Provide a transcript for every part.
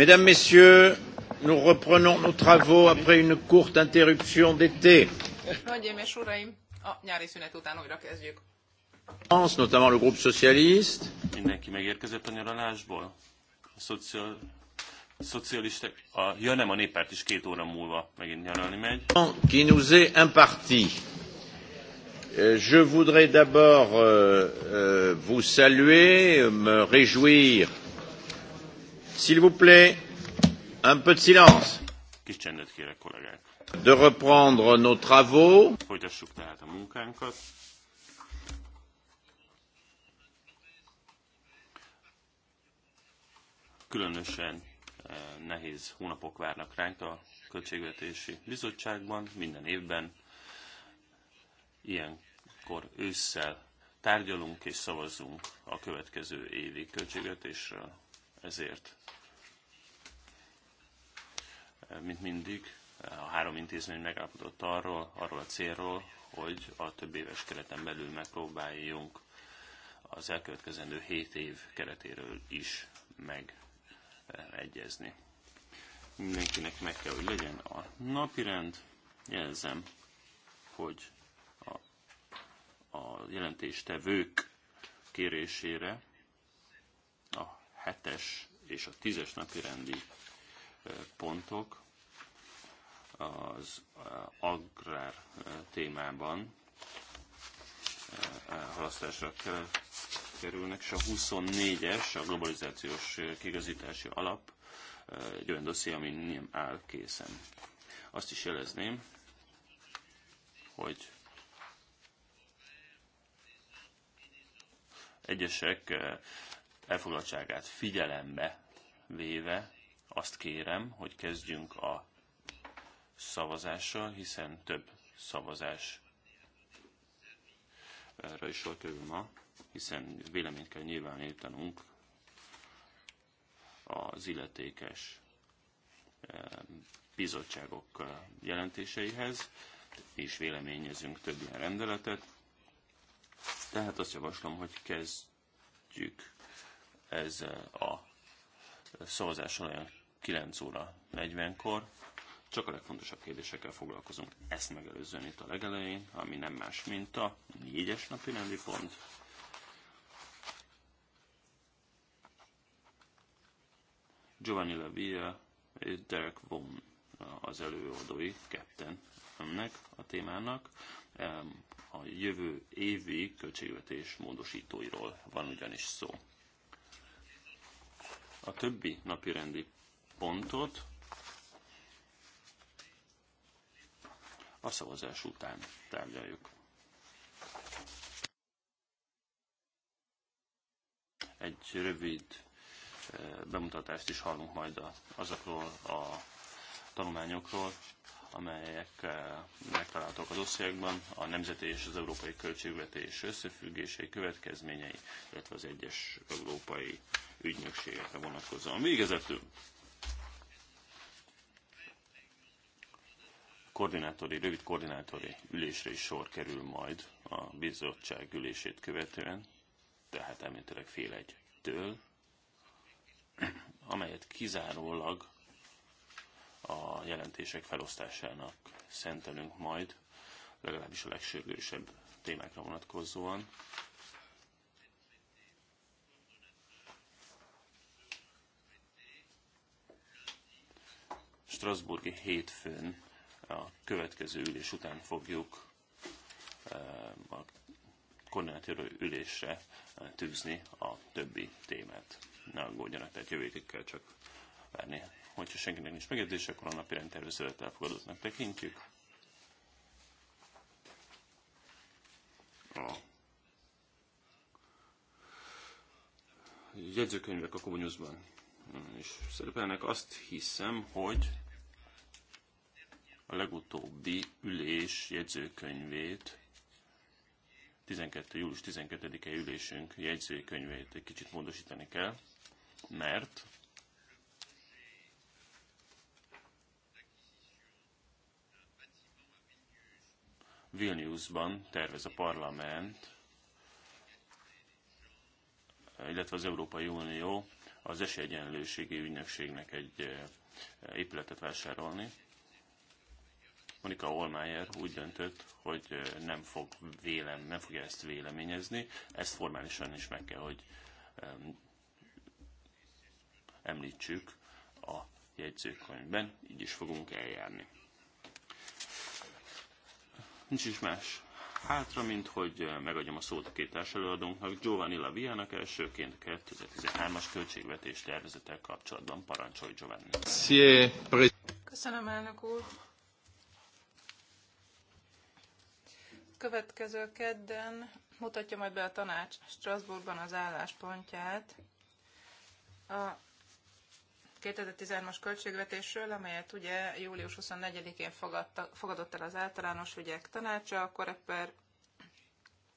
Mesdames, Messieurs, nous reprenons nos travaux après une courte interruption d'été. a France, notamment le groupe socialiste. Mindenki megérkezett a nyaralásból? A szocialisták, a, ja nem, a néppárt is két óra múlva megint nyaralni megy. Qui nous est imparti. Euh, je voudrais d'abord euh, euh, vous saluer, me réjouir S'il vous plaît, un peu de silence. Kis csendet kérek, kollégák. De reprendre nos travaux. Folytassuk tehát a munkánkat. Különösen eh, nehéz hónapok várnak ránk a Költségvetési Bizottságban, minden évben. Ilyenkor ősszel tárgyalunk és szavazunk a következő évi költségvetésről. Ezért mint mindig, a három intézmény megállapodott arról, arról a célról, hogy a több éves kereten belül megpróbáljunk az elkövetkezendő 7 év keretéről is megegyezni. Mindenkinek meg kell, hogy legyen a napirend. Jelzem, hogy a, a jelentéstevők kérésére a 7-es és a 10-es napirendi pontok az eh, agrár eh, témában eh, halasztásra kerülnek, és a 24-es, a globalizációs kigazítási alap egy olyan dosszé, ami nem áll készen. Azt is jelezném, hogy egyesek elfoglaltságát figyelembe véve azt kérem, hogy kezdjünk a szavazással, hiszen több szavazás erre is volt kerül ma, hiszen véleményt kell nyilvánítanunk az illetékes eh, bizottságok eh, jelentéseihez, és véleményezünk több ilyen rendeletet. Tehát azt javaslom, hogy kezdjük ezzel a szavazással olyan 9 óra 40-kor. Csak a legfontosabb kérdésekkel foglalkozunk, ezt megelőzően itt a legelején, ami nem más, mint a 4-es napi rendi pont. Giovanni Lavia és Derek Vaughan az előadói ketten önnek a témának. A jövő évi költségvetés módosítóiról van ugyanis szó. A többi napi rendi pontot a szavazás után tárgyaljuk. Egy rövid eh, bemutatást is hallunk majd azokról a tanulmányokról, amelyek eh, megtalálhatók az osztályokban, a nemzeti és az európai költségvetés összefüggései, következményei, illetve az egyes európai ügynökségekre vonatkozóan. Végezetül koordinátori, rövid koordinátori ülésre is sor kerül majd a bizottság ülését követően, tehát említőleg fél egytől, amelyet kizárólag a jelentések felosztásának szentelünk majd, legalábbis a legsürgősebb témákra vonatkozóan. Strasburgi hétfőn a következő ülés után fogjuk eh, a koordinátor ülésre eh, tűzni a többi témát. Ne aggódjanak, tehát jövő kell csak várni. Hogyha senkinek nincs megjegyzése, akkor a napi rendtervezetet elfogadottnak tekintjük. A jegyzőkönyvek a kommunizmusban mm, is szerepelnek. Azt hiszem, hogy a legutóbbi ülés jegyzőkönyvét, 12. július 12-e ülésünk jegyzőkönyvét egy kicsit módosítani kell, mert Vilniusban tervez a parlament, illetve az Európai Unió az esélyegyenlőségi ügynökségnek egy eh, épületet vásárolni, Monika Olmayer úgy döntött, hogy nem, fog vélem, nem fogja ezt véleményezni, ezt formálisan is meg kell, hogy említsük a jegyzőkönyvben, így is fogunk eljárni. Nincs is más hátra, mint hogy megadjam a szót a két társelőadónknak, Giovanni Laviának elsőként 2013-as költségvetés tervezettel kapcsolatban. Parancsolj Giovanni! Köszönöm, elnök úr! Következő kedden mutatja majd be a tanács Strasbourgban az álláspontját a 2013-as költségvetésről, amelyet ugye július 24-én fogadott el az általános ügyek tanácsa, a Koreper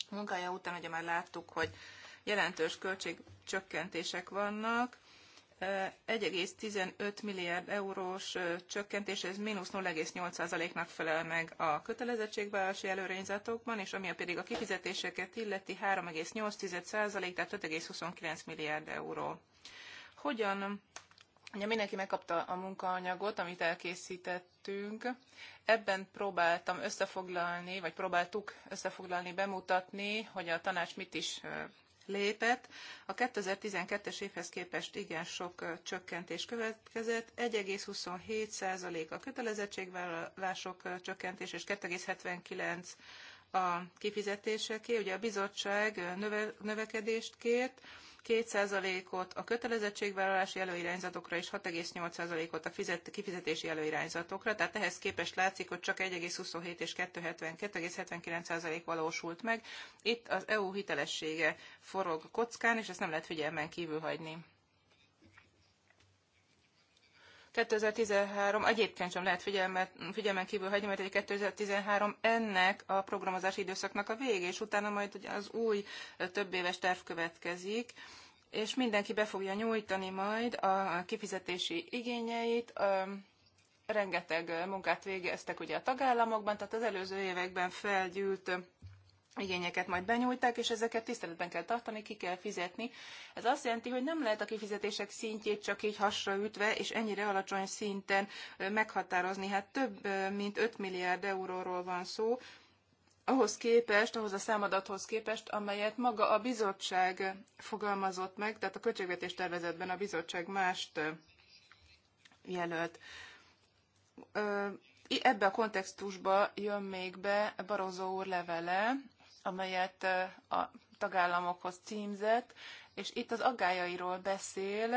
munkája után ugye már láttuk, hogy jelentős költségcsökkentések vannak, 1,15 milliárd eurós csökkentés, ez mínusz 0,8%-nak felel meg a kötelezettségvállalási előrényzatokban, és ami pedig a kifizetéseket illeti 3,8%, tehát 5,29 milliárd euró. Hogyan Ugye mindenki megkapta a munkaanyagot, amit elkészítettünk. Ebben próbáltam összefoglalni, vagy próbáltuk összefoglalni, bemutatni, hogy a tanács mit is lépett. A 2012-es évhez képest igen sok csökkentés következett, 1,27% a kötelezettségvállások csökkentés, és 2,79% a kifizetéseké. Ugye a bizottság növekedést kért, 2%-ot, a kötelezettségvállalási előirányzatokra és 6,8%-ot a fizet, kifizetési előirányzatokra, tehát ehhez képest látszik, hogy csak 1,27 és 2,79% valósult meg. Itt az EU hitelessége forog kockán, és ezt nem lehet figyelmen kívül hagyni. 2013 egyébként sem lehet figyelmet, figyelmen kívül hagyni, mert egy 2013 ennek a programozási időszaknak a vége, és utána majd az új több éves terv következik, és mindenki be fogja nyújtani majd a kifizetési igényeit, rengeteg munkát végeztek ugye a tagállamokban, tehát az előző években felgyűlt igényeket majd benyújták, és ezeket tiszteletben kell tartani, ki kell fizetni. Ez azt jelenti, hogy nem lehet a kifizetések szintjét csak így hasra ütve, és ennyire alacsony szinten meghatározni. Hát több mint 5 milliárd euróról van szó, ahhoz képest, ahhoz a számadathoz képest, amelyet maga a bizottság fogalmazott meg, tehát a költségvetés tervezetben a bizottság mást jelölt. Ebbe a kontextusba jön még be Barozó úr levele, amelyet a tagállamokhoz címzett, és itt az aggájairól beszél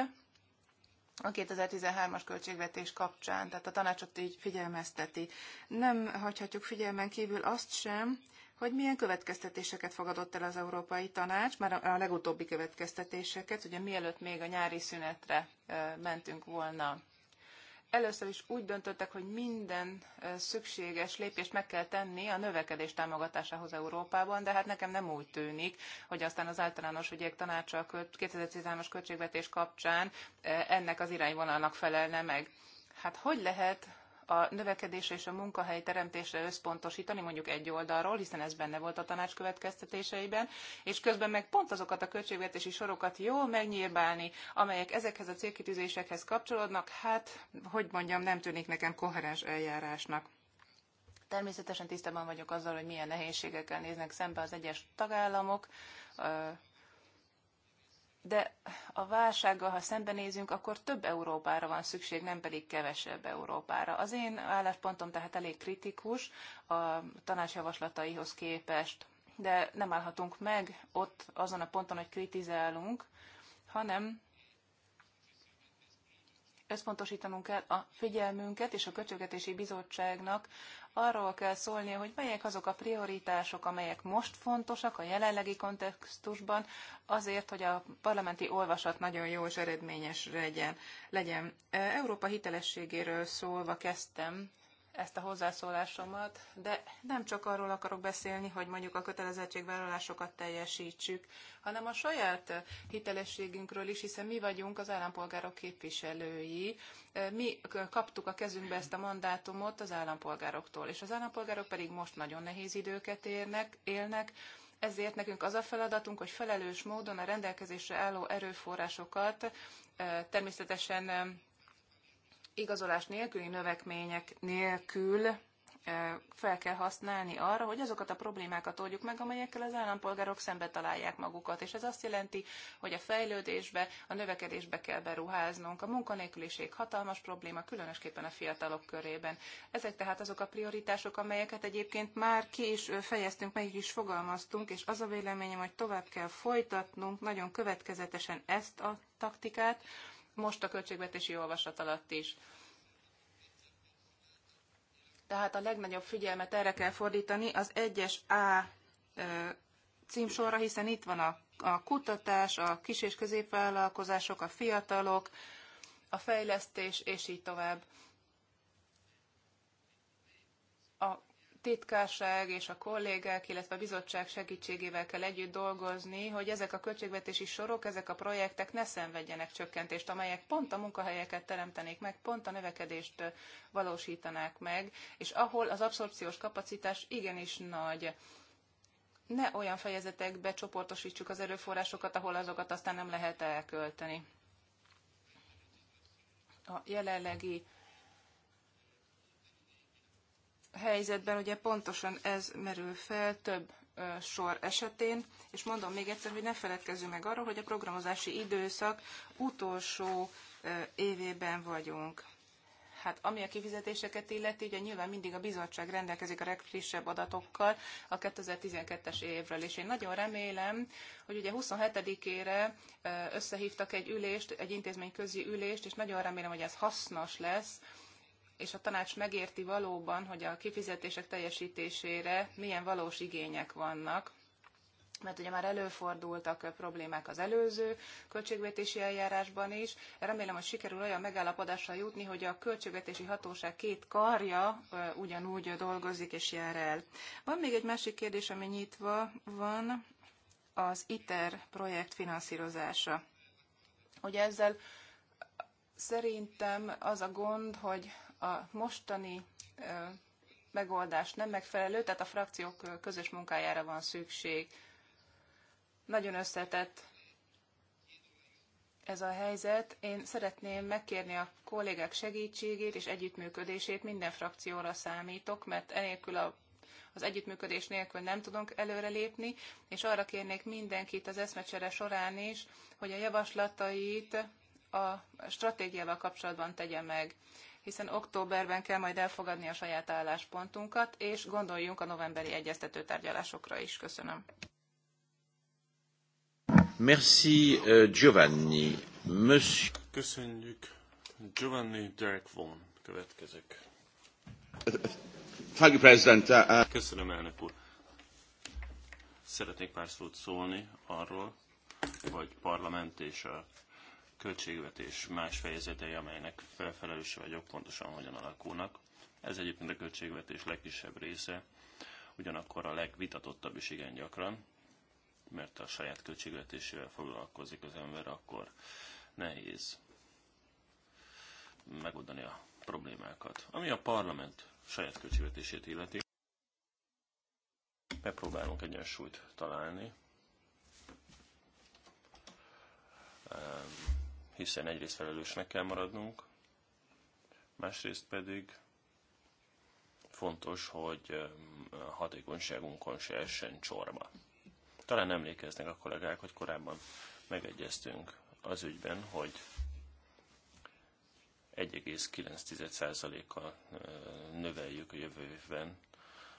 a 2013-as költségvetés kapcsán, tehát a tanácsot így figyelmezteti. Nem hagyhatjuk figyelmen kívül azt sem, hogy milyen következtetéseket fogadott el az Európai Tanács, már a legutóbbi következtetéseket, ugye mielőtt még a nyári szünetre mentünk volna először is úgy döntöttek, hogy minden szükséges lépést meg kell tenni a növekedés támogatásához Európában, de hát nekem nem úgy tűnik, hogy aztán az általános ügyek tanácsa a 2013-as költségvetés kapcsán ennek az irányvonalnak felelne meg. Hát hogy lehet a növekedésre és a munkahely teremtésre összpontosítani, mondjuk egy oldalról, hiszen ez benne volt a tanács következtetéseiben, és közben meg pont azokat a költségvetési sorokat jól megnyírbálni, amelyek ezekhez a célkitűzésekhez kapcsolódnak, hát, hogy mondjam, nem tűnik nekem koherens eljárásnak. Természetesen tisztában vagyok azzal, hogy milyen nehézségekkel néznek szembe az egyes tagállamok, de a válsággal, ha szembenézünk, akkor több Európára van szükség, nem pedig kevesebb Európára. Az én álláspontom tehát elég kritikus a tanács javaslataihoz képest, de nem állhatunk meg ott azon a ponton, hogy kritizálunk, hanem összpontosítanunk kell a figyelmünket, és a Költségvetési Bizottságnak arról kell szólnia, hogy melyek azok a prioritások, amelyek most fontosak a jelenlegi kontextusban, azért, hogy a parlamenti olvasat nagyon jó és eredményes legyen. legyen. Európa hitelességéről szólva kezdtem ezt a hozzászólásomat, de nem csak arról akarok beszélni, hogy mondjuk a kötelezettségvállalásokat teljesítsük, hanem a saját hitelességünkről is, hiszen mi vagyunk az állampolgárok képviselői. Mi kaptuk a kezünkbe ezt a mandátumot az állampolgároktól, és az állampolgárok pedig most nagyon nehéz időket érnek, élnek, ezért nekünk az a feladatunk, hogy felelős módon a rendelkezésre álló erőforrásokat természetesen igazolás nélküli növekmények nélkül e, fel kell használni arra, hogy azokat a problémákat oldjuk meg, amelyekkel az állampolgárok szembe találják magukat. És ez azt jelenti, hogy a fejlődésbe, a növekedésbe kell beruháznunk. A munkanélküliség hatalmas probléma, különösképpen a fiatalok körében. Ezek tehát azok a prioritások, amelyeket egyébként már ki is fejeztünk, meg is fogalmaztunk, és az a véleményem, hogy tovább kell folytatnunk nagyon következetesen ezt a taktikát, most a költségvetési olvasat alatt is. Tehát a legnagyobb figyelmet erre kell fordítani az 1-es A címsorra, hiszen itt van a, a kutatás, a kis- és középvállalkozások, a fiatalok, a fejlesztés, és így tovább. A titkárság és a kollégák, illetve a bizottság segítségével kell együtt dolgozni, hogy ezek a költségvetési sorok, ezek a projektek ne szenvedjenek csökkentést, amelyek pont a munkahelyeket teremtenék meg, pont a növekedést valósítanák meg, és ahol az abszorpciós kapacitás igenis nagy ne olyan fejezetekbe csoportosítsuk az erőforrásokat, ahol azokat aztán nem lehet elkölteni. A jelenlegi helyzetben ugye pontosan ez merül fel több sor esetén, és mondom még egyszer, hogy ne feledkezzünk meg arról, hogy a programozási időszak utolsó évében vagyunk. Hát ami a kifizetéseket illeti, ugye nyilván mindig a bizottság rendelkezik a legfrissebb adatokkal a 2012-es évről, és én nagyon remélem, hogy ugye 27-ére összehívtak egy ülést, egy intézményközi ülést, és nagyon remélem, hogy ez hasznos lesz, és a tanács megérti valóban, hogy a kifizetések teljesítésére milyen valós igények vannak, mert ugye már előfordultak problémák az előző költségvetési eljárásban is. Remélem, hogy sikerül olyan megállapodásra jutni, hogy a költségvetési hatóság két karja ugyanúgy dolgozik és jár el. Van még egy másik kérdés, ami nyitva van, az ITER projekt finanszírozása. Ugye ezzel szerintem az a gond, hogy a mostani megoldás nem megfelelő, tehát a frakciók közös munkájára van szükség. Nagyon összetett ez a helyzet. Én szeretném megkérni a kollégák segítségét és együttműködését, minden frakcióra számítok, mert enélkül a, az együttműködés nélkül nem tudunk előrelépni, és arra kérnék mindenkit az eszmecsere során is, hogy a javaslatait a stratégiával kapcsolatban tegye meg hiszen októberben kell majd elfogadni a saját álláspontunkat, és gondoljunk a novemberi egyeztető tárgyalásokra is. Köszönöm. Merci euh, Giovanni. Monsieur... Köszönjük. Giovanni Derek Vaughan következik. Thank you, President. Uh, uh, Köszönöm, elnök úr. Szeretnék pár szót szólni arról, hogy parlament és a költségvetés más fejezetei, amelynek felfelelős vagyok, pontosan hogyan alakulnak. Ez egyébként a költségvetés legkisebb része, ugyanakkor a legvitatottabb is igen gyakran, mert a saját költségvetésével foglalkozik az ember, akkor nehéz megoldani a problémákat. Ami a parlament saját költségvetését illeti, megpróbálunk egyensúlyt találni. Ehm, hiszen egyrészt felelősnek kell maradnunk, másrészt pedig fontos, hogy hatékonyságunkon se essen csorba. Talán emlékeznek a kollégák, hogy korábban megegyeztünk az ügyben, hogy 1,9%-kal növeljük a jövő évben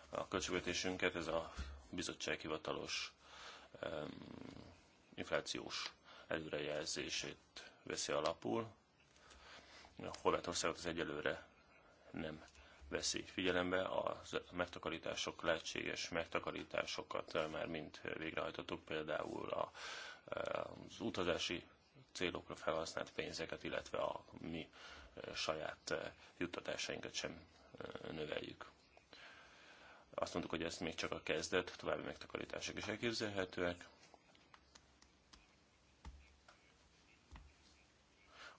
a költségvetésünket, ez a bizottság hivatalos inflációs előrejelzését veszi alapul. A Horvátországot az egyelőre nem veszi figyelembe. A megtakarítások, lehetséges megtakarításokat eh, már mind végrehajtottuk, például a, eh, az utazási célokra felhasznált pénzeket, illetve a mi eh, saját juttatásainkat sem növeljük. Azt mondtuk, hogy ez még csak a kezdet, további megtakarítások is elképzelhetőek.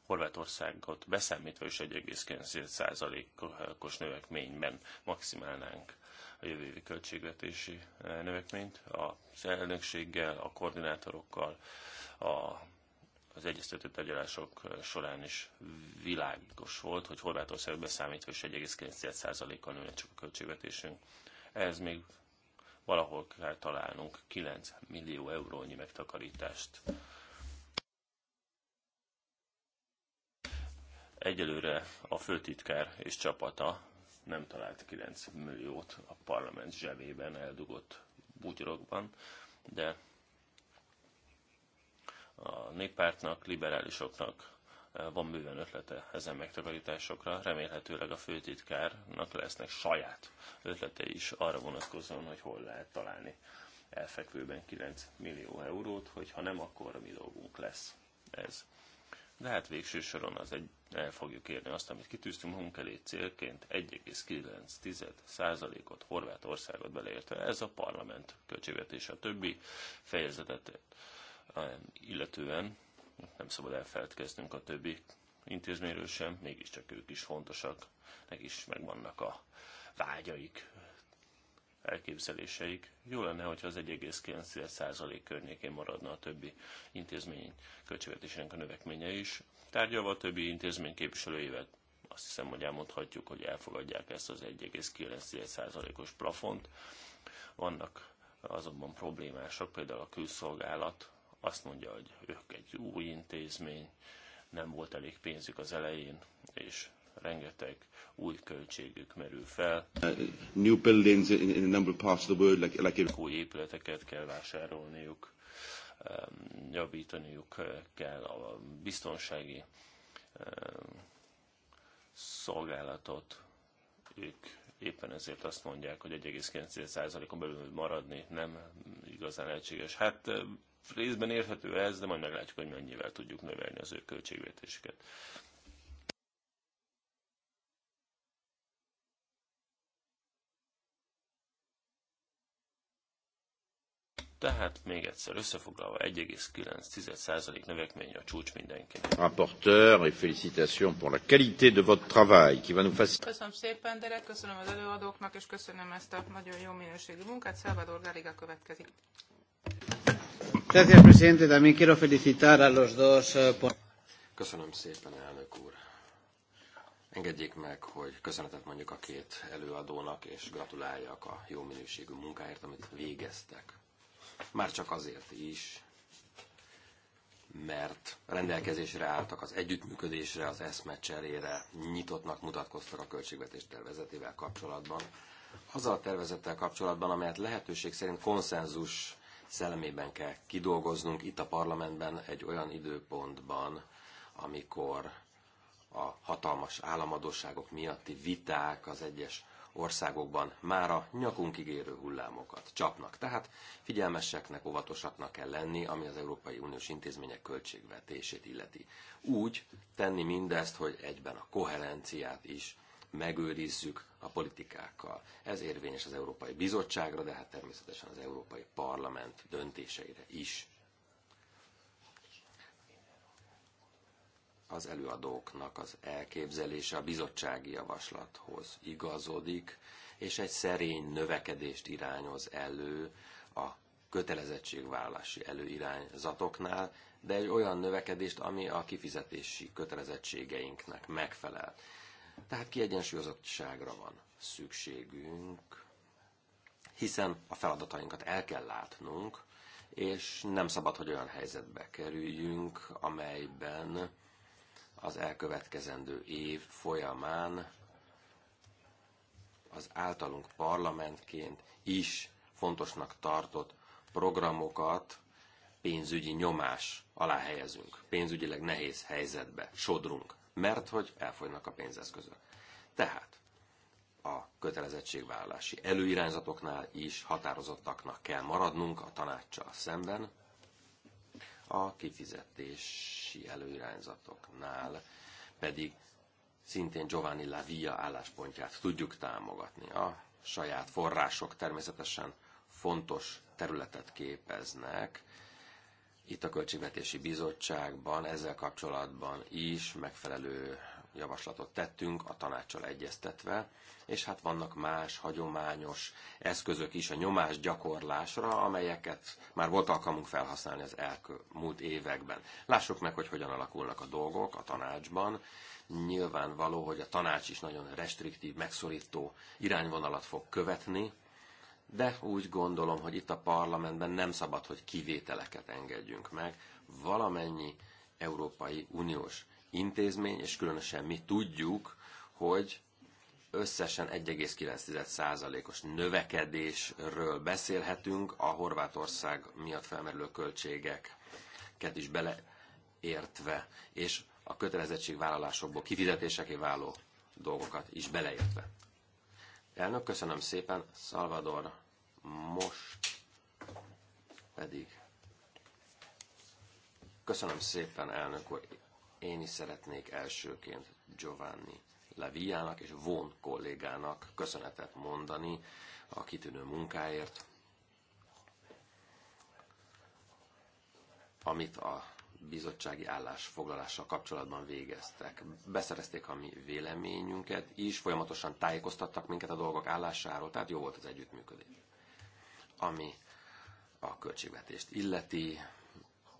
Horvátországot beszámítva is 1,9%-os növekményben maximálnánk a jövő évi költségvetési eh, növekményt a elnökséggel, a koordinátorokkal, a, az egyeztető tárgyalások eh, során is világos volt, hogy Horvátország beszámítva is 1,9%-kal nőne csak a költségvetésünk. Ehhez még valahol kell találnunk 9 millió eurónyi megtakarítást Egyelőre a főtitkár és csapata nem talált 9 milliót a parlament zsebében eldugott bugyrokban, de a néppártnak, liberálisoknak eh, van bőven ötlete ezen megtakarításokra. Remélhetőleg a főtitkárnak lesznek saját ötletei is arra vonatkozóan, hogy hol lehet találni elfekvőben 9 millió eurót, hogyha nem, akkor mi dolgunk lesz ez de hát végső soron az egy, el fogjuk érni azt, amit kitűztünk magunk elé célként, 1,9%-ot Horvátországot beleértve. Ez a parlament költségvetése, a többi fejezetet illetően nem szabad elfeledkeznünk a többi intézményről sem, mégiscsak ők is fontosak, meg is megvannak a vágyaik, elképzeléseik. Jó lenne, hogyha az 1,9% környékén maradna a többi intézmény költségvetésének a növekménye is. Tárgyalva a többi intézmény képviselőjével azt hiszem, hogy elmondhatjuk, hogy elfogadják ezt az 1,9%-os plafont. Vannak azonban problémások, például a külszolgálat azt mondja, hogy ők egy új intézmény, nem volt elég pénzük az elején, és rengeteg új költségük merül fel. Uh, new buildings in, in a number of parts of the world, like, like... Új épületeket kell vásárolniuk, um, javítaniuk uh, kell a biztonsági um, szolgálatot. Ők éppen ezért azt mondják, hogy 1,9%-on belül maradni nem igazán lehetséges. Hát uh, részben érthető ez, de majd meglátjuk, hogy mennyivel tudjuk növelni az ő költségvetésüket. Tehát még egyszer összefoglalva 1,9% növekmény a csúcs mindenkinek. Rapporteur et félicitations pour la qualité de votre travail qui va nous faciliter. Köszönöm szépen, Derek, köszönöm az előadóknak, és köszönöm ezt a nagyon jó minőségű munkát. Salvador Garriga következik. Gracias, presidente. También quiero felicitar a los dos eh, por... Köszönöm szépen, elnök úr. Engedjék meg, hogy köszönetet mondjuk a két előadónak, és gratuláljak a jó minőségű munkáért, amit végeztek. Már csak azért is, mert rendelkezésre álltak az együttműködésre, az eszmecserére, nyitottnak mutatkoztak a költségvetés tervezetével kapcsolatban. Azzal a tervezettel kapcsolatban, amelyet lehetőség szerint konszenzus szellemében kell kidolgoznunk itt a parlamentben egy olyan időpontban, amikor a hatalmas államadóságok miatti viták az egyes országokban mára nyakunkig érő hullámokat csapnak. Tehát figyelmeseknek, óvatosaknak kell lenni, ami az Európai Uniós intézmények költségvetését illeti. Úgy tenni mindezt, hogy egyben a koherenciát is megőrizzük a politikákkal. Ez érvényes az Európai Bizottságra, de hát természetesen az Európai Parlament döntéseire is. az előadóknak az elképzelése a bizottsági javaslathoz igazodik, és egy szerény növekedést irányoz elő a kötelezettségvállási előirányzatoknál, de egy olyan növekedést, ami a kifizetési kötelezettségeinknek megfelel. Tehát kiegyensúlyozottságra van szükségünk, hiszen a feladatainkat el kell látnunk, és nem szabad, hogy olyan helyzetbe kerüljünk, amelyben az elkövetkezendő év folyamán az általunk parlamentként is fontosnak tartott programokat pénzügyi nyomás alá helyezünk. Pénzügyileg nehéz helyzetbe sodrunk, mert hogy elfogynak a pénzeszközök. Tehát a kötelezettségvállalási előirányzatoknál is határozottaknak kell maradnunk a tanácssal szemben, a kifizetési előirányzatoknál pedig szintén Giovanni Lavia álláspontját tudjuk támogatni. A saját források természetesen fontos területet képeznek. Itt a Költségvetési Bizottságban ezzel kapcsolatban is megfelelő javaslatot tettünk a tanácssal egyeztetve, és hát vannak más hagyományos eszközök is a nyomás gyakorlásra, amelyeket már volt alkalmunk felhasználni az elmúlt években. Lássuk meg, hogy hogyan alakulnak a dolgok a tanácsban. Nyilvánvaló, hogy a tanács is nagyon restriktív, megszorító irányvonalat fog követni, de úgy gondolom, hogy itt a parlamentben nem szabad, hogy kivételeket engedjünk meg. Valamennyi Európai Uniós intézmény, és különösen mi tudjuk, hogy összesen 1,9%-os növekedésről beszélhetünk a Horvátország miatt felmerülő költségeket is beleértve, és a kötelezettségvállalásokból kifizetéseké váló dolgokat is beleértve. Elnök, köszönöm szépen, Salvador, most pedig. Köszönöm szépen, elnök úr. Én is szeretnék elsőként Giovanni Leviának és Von kollégának köszönetet mondani a kitűnő munkáért, amit a bizottsági állásfoglalással kapcsolatban végeztek. Beszerezték a mi véleményünket is, folyamatosan tájékoztattak minket a dolgok állásáról, tehát jó volt az együttműködés. Ami a költségvetést illeti,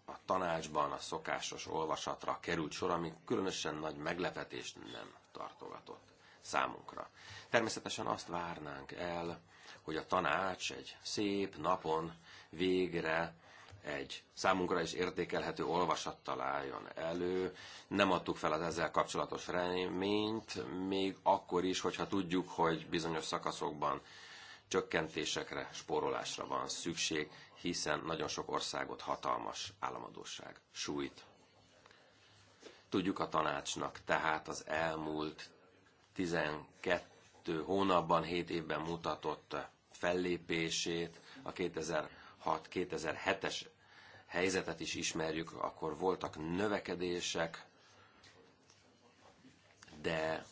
a tanácsban a szokásos olvasatra került sor, ami különösen nagy meglepetést nem tartogatott számunkra. Természetesen azt várnánk el, hogy a tanács egy szép napon végre egy számunkra is értékelhető olvasattal álljon elő. Nem adtuk fel az ezzel kapcsolatos reményt, még akkor is, hogyha tudjuk, hogy bizonyos szakaszokban csökkentésekre, spórolásra van szükség, hiszen nagyon sok országot hatalmas államadóság sújt. Tudjuk a tanácsnak, tehát az elmúlt 12 hónapban, 7 évben mutatott fellépését, a 2006-2007-es helyzetet is ismerjük, akkor voltak növekedések, de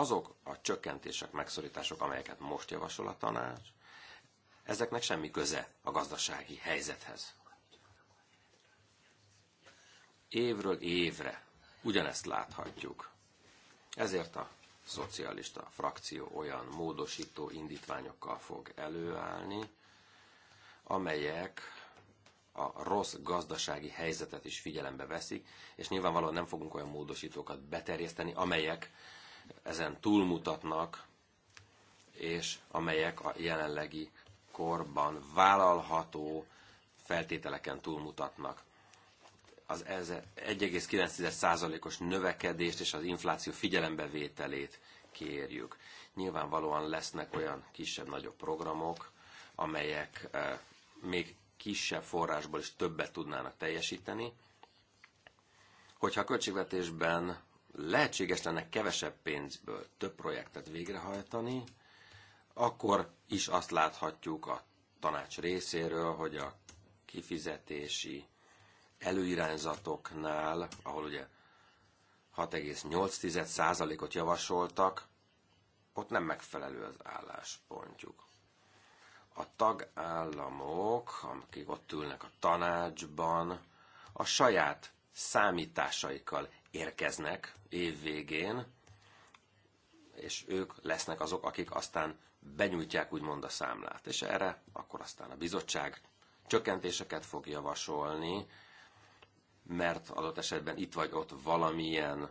azok a csökkentések, megszorítások, amelyeket most javasol a tanács, ezeknek semmi köze a gazdasági helyzethez. Évről évre ugyanezt láthatjuk. Ezért a szocialista frakció olyan módosító indítványokkal fog előállni, amelyek a rossz gazdasági helyzetet is figyelembe veszik, és nyilvánvalóan nem fogunk olyan módosítókat beterjeszteni, amelyek ezen túlmutatnak, és amelyek a jelenlegi korban vállalható feltételeken túlmutatnak. Az 1,9%-os növekedést és az infláció figyelembevételét kérjük. Nyilvánvalóan lesznek olyan kisebb-nagyobb programok, amelyek eh, még kisebb forrásból is többet tudnának teljesíteni. Hogyha a költségvetésben lehetséges lenne kevesebb pénzből több projektet végrehajtani, akkor is azt láthatjuk a tanács részéről, hogy a kifizetési előirányzatoknál, ahol ugye 6,8%-ot javasoltak, ott nem megfelelő az álláspontjuk. A tagállamok, akik ott ülnek a tanácsban, a saját számításaikkal érkeznek év végén, és ők lesznek azok, akik aztán benyújtják úgymond a számlát. És erre akkor aztán a bizottság csökkentéseket fog javasolni, mert adott esetben itt vagy ott valamilyen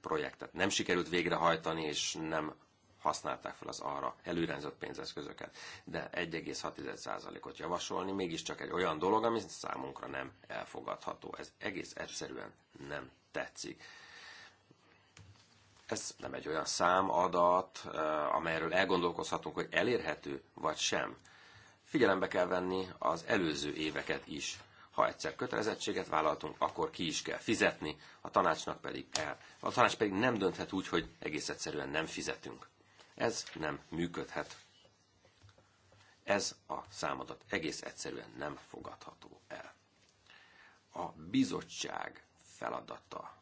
projektet nem sikerült végrehajtani, és nem használták fel az arra előrendzott pénzeszközöket. De 1,6%-ot javasolni mégiscsak egy olyan dolog, ami számunkra nem elfogadható. Ez egész egyszerűen nem tetszik. Ez nem egy olyan szám, adat, amelyről elgondolkozhatunk, hogy elérhető vagy sem. Figyelembe kell venni az előző éveket is. Ha egyszer kötelezettséget vállaltunk, akkor ki is kell fizetni, a tanácsnak pedig el. A tanács pedig nem dönthet úgy, hogy egész egyszerűen nem fizetünk. Ez nem működhet. Ez a számadat egész egyszerűen nem fogadható el. A bizottság feladata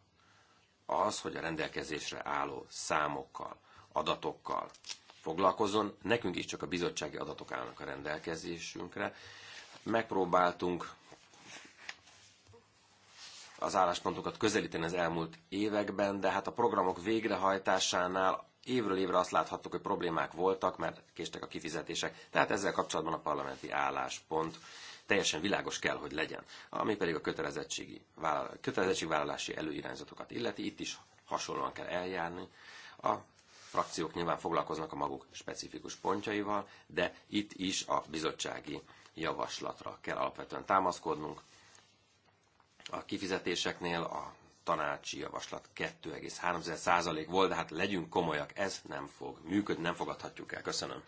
az, hogy a rendelkezésre álló számokkal, adatokkal foglalkozzon. Nekünk is csak a bizottsági adatok állnak a rendelkezésünkre. Megpróbáltunk az álláspontokat közelíteni az elmúlt években, de hát a programok végrehajtásánál évről évre azt láthattuk, hogy problémák voltak, mert késtek a kifizetések. Tehát ezzel kapcsolatban a parlamenti álláspont teljesen világos kell, hogy legyen. Ami pedig a kötelezettségi vállal, kötelezettségvállalási előirányzatokat illeti, itt is hasonlóan kell eljárni. A frakciók nyilván foglalkoznak a maguk specifikus pontjaival, de itt is a bizottsági javaslatra kell alapvetően támaszkodnunk. A kifizetéseknél a tanácsi javaslat 2,3% volt, de hát legyünk komolyak, ez nem fog működni, nem fogadhatjuk el. Köszönöm.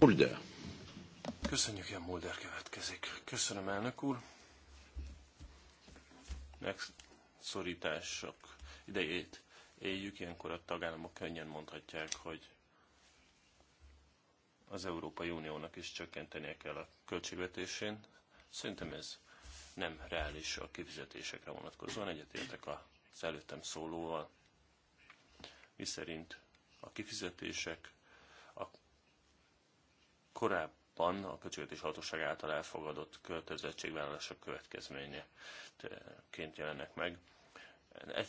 Mulder. Köszönjük, Jan Mulder következik. Köszönöm, elnök úr. Megszorítások idejét éljük, ilyenkor a tagállamok könnyen mondhatják, hogy az Európai Uniónak is csökkentenie kell a költségvetésén. Szerintem ez nem reális a kifizetésekre vonatkozóan, egyetértek az előttem szólóval, miszerint a kifizetések a korábbi ban a költségvetés hatóság által elfogadott kötelezettségvállalások következményeként jelennek meg.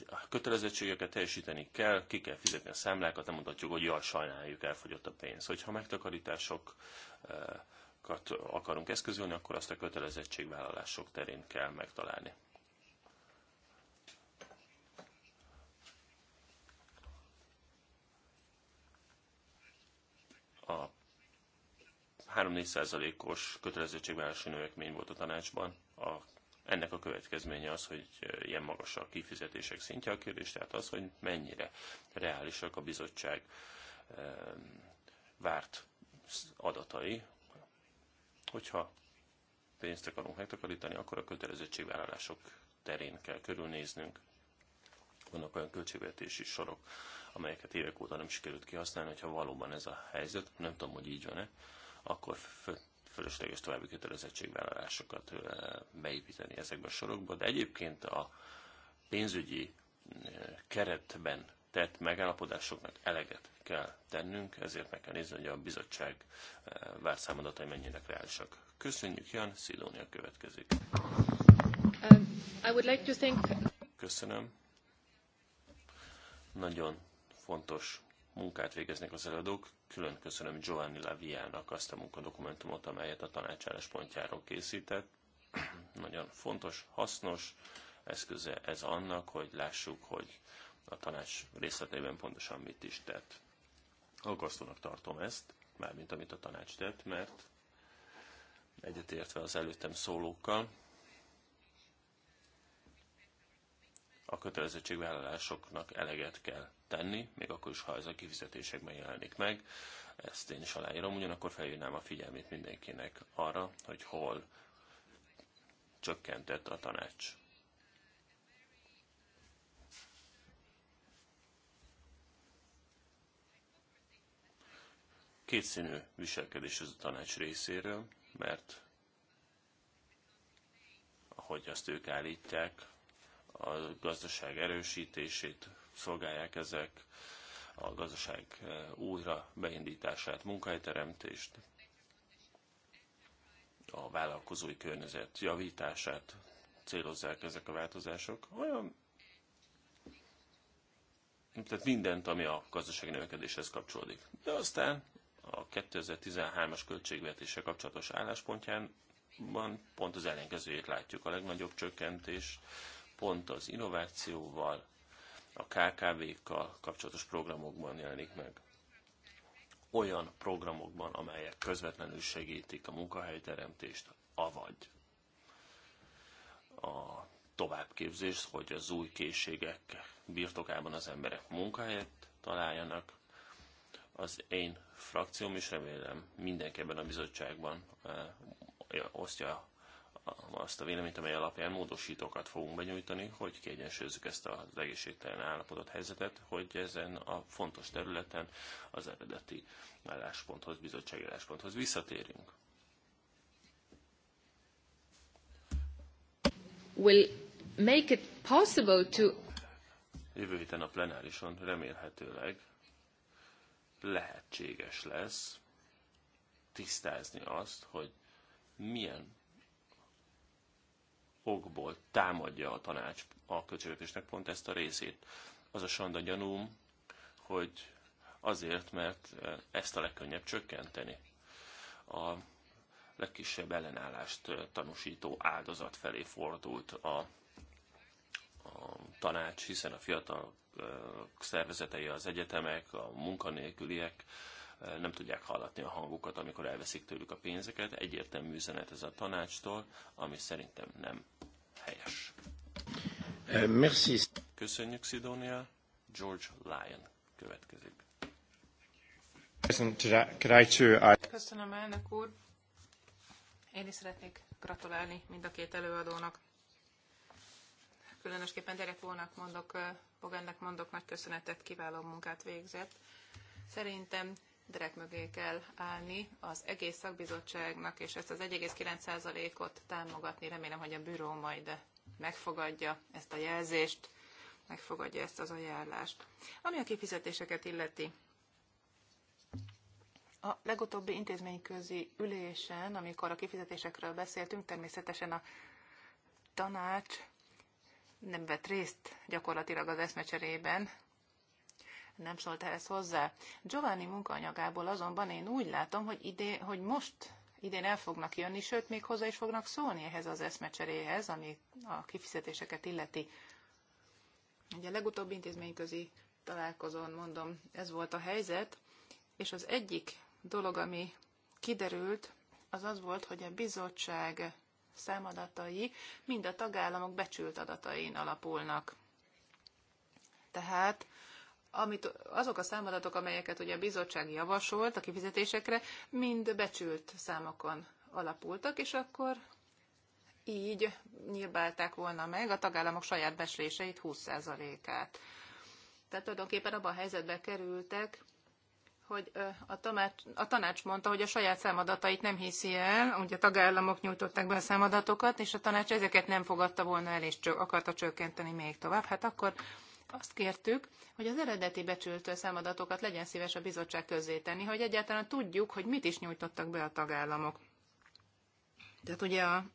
A kötelezettségeket teljesíteni kell, ki kell fizetni a számlákat, nem mondhatjuk, hogy jaj, sajnáljuk, elfogyott a pénz. Hogyha megtakarításokat akarunk eszközölni, akkor azt a kötelezettségvállalások terén kell megtalálni. A 3-4 százalékos kötelezettségvállalási növekmény volt a tanácsban. A, ennek a következménye az, hogy ilyen magas a kifizetések szintje. A kérdés tehát az, hogy mennyire reálisak a bizottság e, várt adatai, hogyha pénzt akarunk megtakarítani, akkor a kötelezettségvállalások terén kell körülnéznünk. Vannak olyan költségvetési sorok, amelyeket évek óta nem sikerült kihasználni, hogyha valóban ez a helyzet, nem tudom, hogy így van-e, akkor fölösleges további kötelezettségvállalásokat beépíteni ezekbe a sorokba, de egyébként a pénzügyi keretben tett megállapodásoknak eleget kell tennünk, ezért meg kell nézni, hogy a bizottság várszámadatai mennyinek reálisak. Köszönjük, Jan, Szidónia következik. Um, I would like to thank... Köszönöm. Nagyon fontos munkát végeznek az előadók. Külön köszönöm Giovanni Laviának azt a munkadokumentumot, amelyet a tanácsállás pontjáról készített. Nagyon fontos, hasznos eszköze ez annak, hogy lássuk, hogy a tanács részleteiben pontosan mit is tett. Aggasztónak tartom ezt, mármint amit a tanács tett, mert egyetértve az előttem szólókkal, a kötelezettségvállalásoknak eleget kell tenni, még akkor is, ha ez a kifizetésekben jelenik meg. Ezt én is aláírom, ugyanakkor felhívnám a figyelmét mindenkinek arra, hogy hol csökkentett a tanács. Kétszínű viselkedés ez a tanács részéről, mert ahogy azt ők állítják, a gazdaság erősítését szolgálják ezek, a gazdaság eh, újra beindítását, munkahelyteremtést, a vállalkozói környezet javítását célozzák ezek a változások. Olyan tehát mindent, ami a gazdasági növekedéshez kapcsolódik. De aztán a 2013-as költségvetése kapcsolatos van pont az ellenkezőjét látjuk. A legnagyobb csökkentés pont az innovációval, a KKV-kkal kapcsolatos programokban jelenik meg. Olyan programokban, amelyek közvetlenül segítik a munkahelyteremtést, avagy a továbbképzést, hogy az új készségek birtokában az emberek munkahelyet találjanak. Az én frakcióm is remélem mindenki ebben a bizottságban eh, osztja azt a véleményt, amely alapján módosítókat fogunk benyújtani, hogy kiegyensúlyozzuk ezt az egészségtelen állapotot, helyzetet, hogy ezen a fontos területen az eredeti állásponthoz, bizottsági állásponthoz visszatérünk. Will make it possible to... Jövő héten a plenárison remélhetőleg lehetséges lesz tisztázni azt, hogy milyen okból támadja a tanács a költségvetésnek pont ezt a részét. Az a sanda gyanúm, hogy azért, mert e, ezt a legkönnyebb csökkenteni. A legkisebb ellenállást e, tanúsító áldozat felé fordult a, a tanács, hiszen a fiatal e, szervezetei, az egyetemek, a munkanélküliek, nem tudják hallatni a hangukat, amikor elveszik tőlük a pénzeket. Egyértelmű üzenet ez a tanácstól, ami szerintem nem helyes. Merci. Köszönjük, Sidonia. George Lyon következik. Köszönöm, elnök úr. Én is szeretnék gratulálni mind a két előadónak. Különösképpen Derek Vónak mondok, Bogennek mondok, nagy köszönetet, kiváló munkát végzett. Szerintem direkt mögé kell állni az egész szakbizottságnak, és ezt az 1,9%-ot támogatni. Remélem, hogy a büró majd megfogadja ezt a jelzést, megfogadja ezt az ajánlást. Ami a kifizetéseket illeti, a legutóbbi intézményközi ülésen, amikor a kifizetésekről beszéltünk, természetesen a tanács nem vett részt gyakorlatilag az eszmecserében, nem szólt ehhez hozzá. Giovanni munkaanyagából azonban én úgy látom, hogy, ide, hogy most idén el fognak jönni, sőt, még hozzá is fognak szólni ehhez az eszmecseréhez, ami a kifizetéseket illeti. Ugye a legutóbbi intézményközi találkozón, mondom, ez volt a helyzet, és az egyik dolog, ami kiderült, az az volt, hogy a bizottság számadatai mind a tagállamok becsült adatain alapulnak. Tehát amit, azok a számadatok, amelyeket ugye a bizottság javasolt a kifizetésekre, mind becsült számokon alapultak, és akkor így nyilválták volna meg a tagállamok saját besléseit 20%-át. Tehát tulajdonképpen abban a helyzetbe kerültek, hogy a tanács, a tanács mondta, hogy a saját számadatait nem hiszi el, ugye a tagállamok nyújtották be a számadatokat, és a tanács ezeket nem fogadta volna el, és akarta csökkenteni még tovább. Hát akkor azt kértük, hogy az eredeti becsült számadatokat legyen szíves a bizottság közzétenni, hogy egyáltalán tudjuk, hogy mit is nyújtottak be a tagállamok. Tehát ugye a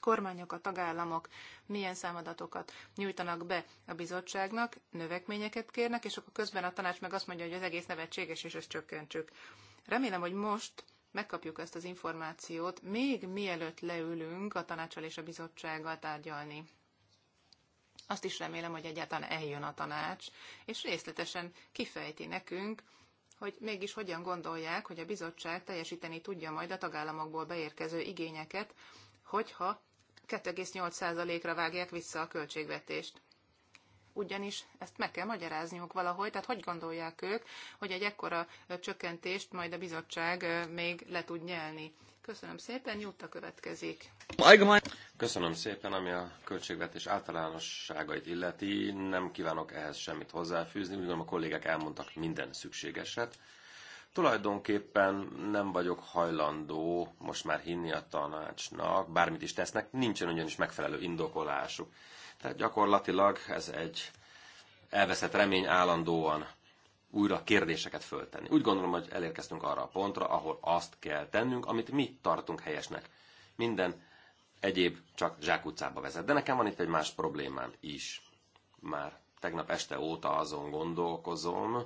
kormányok, a tagállamok milyen számadatokat nyújtanak be a bizottságnak, növekményeket kérnek, és akkor közben a tanács meg azt mondja, hogy az egész nevetséges, és ezt csökkentsük. Remélem, hogy most megkapjuk ezt az információt, még mielőtt leülünk a tanácsal és a bizottsággal tárgyalni. Azt is remélem, hogy egyáltalán eljön a tanács, és részletesen kifejti nekünk, hogy mégis hogyan gondolják, hogy a bizottság teljesíteni tudja majd a tagállamokból beérkező igényeket, hogyha 2,8%-ra vágják vissza a költségvetést ugyanis ezt meg kell magyarázniuk valahogy, tehát hogy gondolják ők, hogy egy ekkora csökkentést majd a bizottság még le tud nyelni. Köszönöm szépen, Jutta következik. Köszönöm szépen, ami a költségvetés általánosságait illeti. Nem kívánok ehhez semmit hozzáfűzni, úgy gondolom a kollégák elmondtak minden szükségeset. Tulajdonképpen nem vagyok hajlandó most már hinni a tanácsnak, bármit is tesznek, nincsen ugyanis megfelelő indokolásuk. Tehát gyakorlatilag ez egy elveszett remény állandóan újra kérdéseket föltenni. Úgy gondolom, hogy elérkeztünk arra a pontra, ahol azt kell tennünk, amit mi tartunk helyesnek. Minden egyéb csak zsákutcába vezet. De nekem van itt egy más problémám is. Már tegnap este óta azon gondolkozom,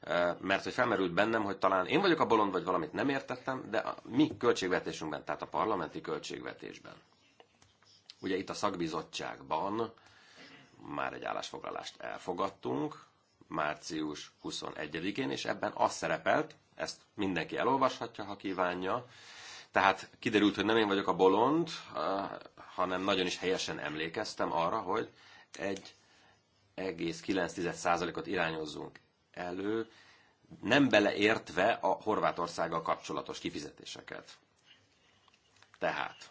eh, mert hogy felmerült bennem, hogy talán én vagyok a bolond, vagy valamit nem értettem, de a mi költségvetésünkben, tehát a parlamenti költségvetésben, ugye itt a szakbizottságban már egy állásfoglalást elfogadtunk, március 21-én, és ebben az szerepelt, ezt mindenki elolvashatja, ha kívánja, tehát kiderült, hogy nem én vagyok a bolond, hanem nagyon is helyesen emlékeztem arra, hogy egy 1,9%-ot irányozzunk elő, nem beleértve a Horvátországgal kapcsolatos kifizetéseket. Tehát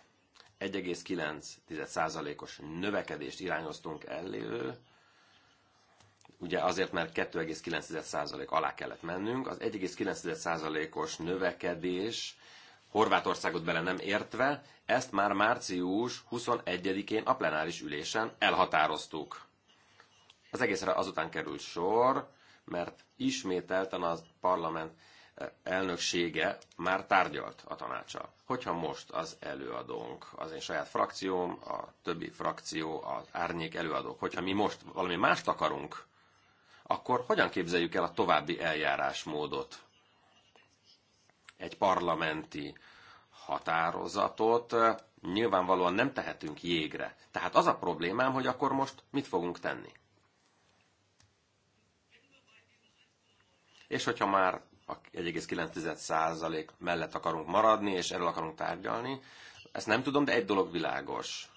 1,9%-os növekedést irányoztunk elő, ugye azért, mert 2,9% alá kellett mennünk. Az 1,9%-os növekedés, Horvátországot bele nem értve, ezt már március 21-én a plenáris ülésen elhatároztuk. Az egészre azután került sor, mert ismételten a parlament eh, elnöksége már tárgyalt a tanácsa. Hogyha most az előadónk, az én saját frakcióm, a többi frakció, az árnyék előadók, hogyha mi most valami mást akarunk, akkor hogyan képzeljük el a további eljárásmódot? Egy parlamenti határozatot eh, nyilvánvalóan nem tehetünk jégre. Tehát az a problémám, hogy akkor most mit fogunk tenni? És hogyha már a 1,9% mellett akarunk maradni, és erről akarunk tárgyalni, ezt nem tudom, de egy dolog világos.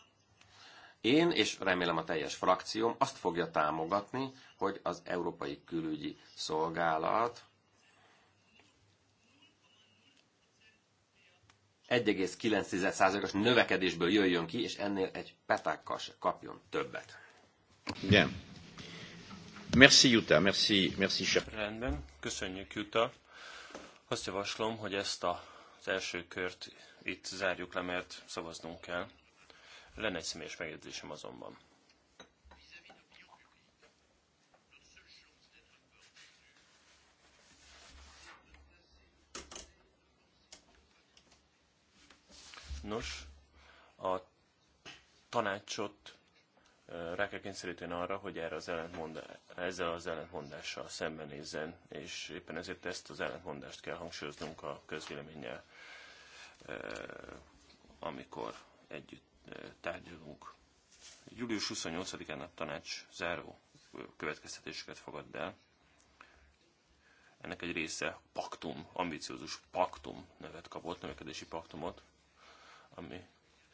Én, és remélem a teljes frakcióm azt fogja támogatni, hogy az Európai Külügyi Szolgálat 1,9%-os növekedésből jöjjön ki, és ennél egy petákkal se kapjon többet. Bien. Merci, Jutta. Merci, merci, chef. Rendben. Köszönjük, Jutta. Azt javaslom, hogy ezt a, az első kört itt zárjuk le, mert szavaznunk kell. Lenne egy személyes megjegyzésem azonban. Nos, a tanácsot rá kell kényszeríteni arra, hogy erre az ezzel az ellentmondással szembenézzen, és éppen ezért ezt az ellentmondást kell hangsúlyoznunk a közvéleménnyel, amikor együtt tárgyalunk. Július 28-án a tanács záró következtetéseket fogad el. Ennek egy része paktum, ambiciózus paktum nevet kapott, növekedési paktumot, ami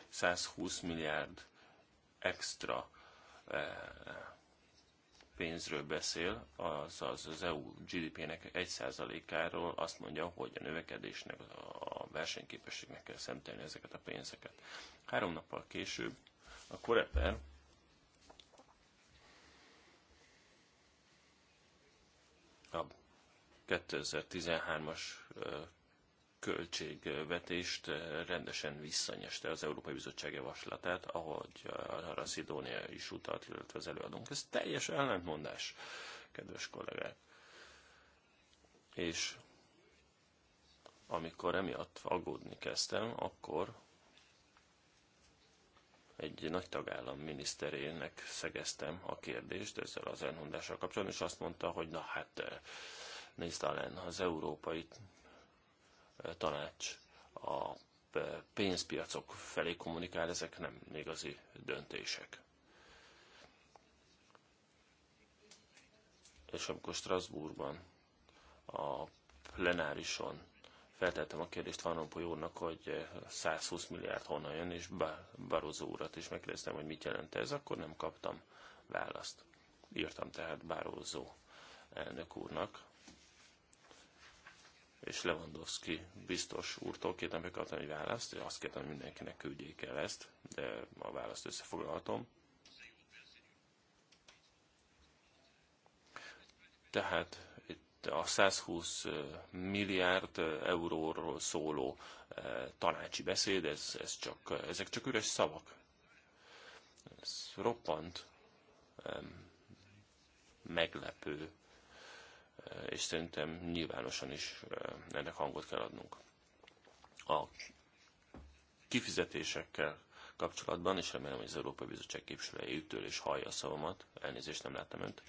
120 milliárd extra eh, pénzről beszél, azaz az EU GDP-nek 1%-áról azt mondja, hogy a növekedésnek, a versenyképességnek kell szemtelni ezeket a pénzeket. Három nappal később a Koreper a 2013-as költségvetést rendesen visszanyeste az Európai Bizottság javaslatát, ahogy a Szidónia is utalt, illetve az előadónk. Ez teljes ellentmondás, kedves kollégák. És amikor emiatt aggódni kezdtem, akkor egy nagy tagállam miniszterének szegeztem a kérdést ezzel az elmondással kapcsolatban, és azt mondta, hogy na hát eh, nézd talán az európai eh, tanács a eh, pénzpiacok felé kommunikál, ezek nem igazi döntések. És amikor Strasbourgban a plenárison Feltettem a kérdést Van Rompuy úrnak, hogy 120 eh, milliárd honnan jön, és Barozó úrat is megkérdeztem, hogy mit jelent ez, akkor nem kaptam választ. Írtam tehát Barozó elnök úrnak, és Lewandowski biztos úrtól két napja kaptam egy választ, és azt kértem, hogy mindenkinek küldjék el ezt, de a választ összefoglalhatom. Tehát a 120 milliárd euróról szóló tanácsi beszéd, ez, ez csak, ezek csak üres szavak. Ez roppant meglepő, és szerintem nyilvánosan is ennek hangot kell adnunk. A kifizetésekkel kapcsolatban, és remélem, hogy az Európai Bizottság képviselőjétől és hallja a szavamat, elnézést nem láttam önt.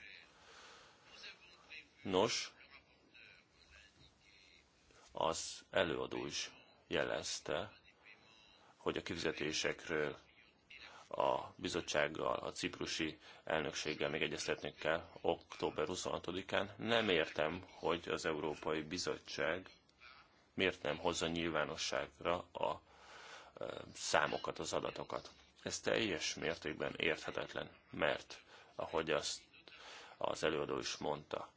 Nos, az előadó is jelezte, hogy a kifizetésekről a bizottsággal, a ciprusi elnökséggel még egyeztetnünk kell október 26-án. Nem értem, hogy az Európai Bizottság miért nem hozza nyilvánosságra a számokat, az adatokat. Ez teljes mértékben érthetetlen, mert ahogy azt az előadó is mondta,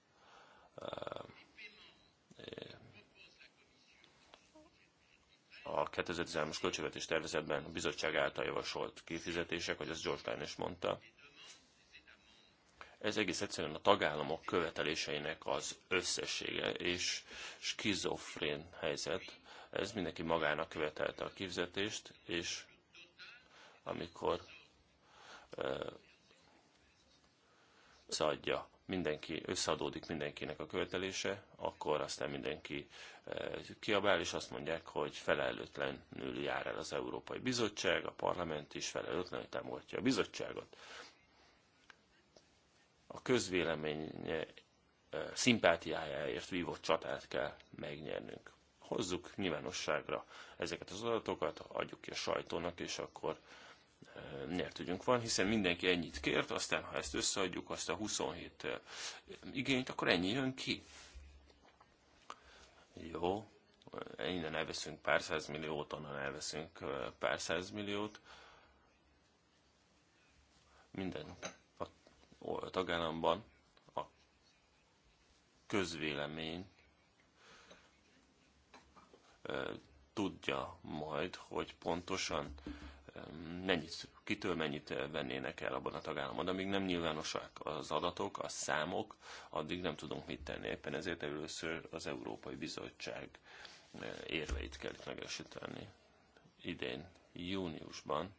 a 2013-as költségvetés tervezetben a bizottság által javasolt kifizetések, hogy ezt George Lyon is mondta, ez egész egyszerűen a tagállamok követeléseinek az összessége és skizofrén helyzet. Ez mindenki magának követelte a kifizetést, és amikor uh, szadja mindenki összeadódik mindenkinek a követelése, akkor aztán mindenki eh, kiabál, és azt mondják, hogy felelőtlenül jár el az Európai Bizottság, a parlament is felelőtlenül támogatja a bizottságot. A közvélemény eh, szimpátiájáért vívott csatát kell megnyernünk. Hozzuk nyilvánosságra ezeket az adatokat, adjuk ki a sajtónak, és akkor nyertügyünk van, hiszen mindenki ennyit kért, aztán ha ezt összeadjuk, azt a 27 eh, igényt, akkor ennyi jön ki. Jó, eh, innen elveszünk pár százmilliót, onnan elveszünk eh, pár százmilliót. Minden a tagállamban a közvélemény tudja majd, hogy pontosan mennyit, kitől mennyit vennének el abban a tagállamban. Amíg nem nyilvánosak az adatok, a számok, addig nem tudunk mit tenni. Éppen ezért először az Európai Bizottság eh, érveit kell megesíteni. Idén, júniusban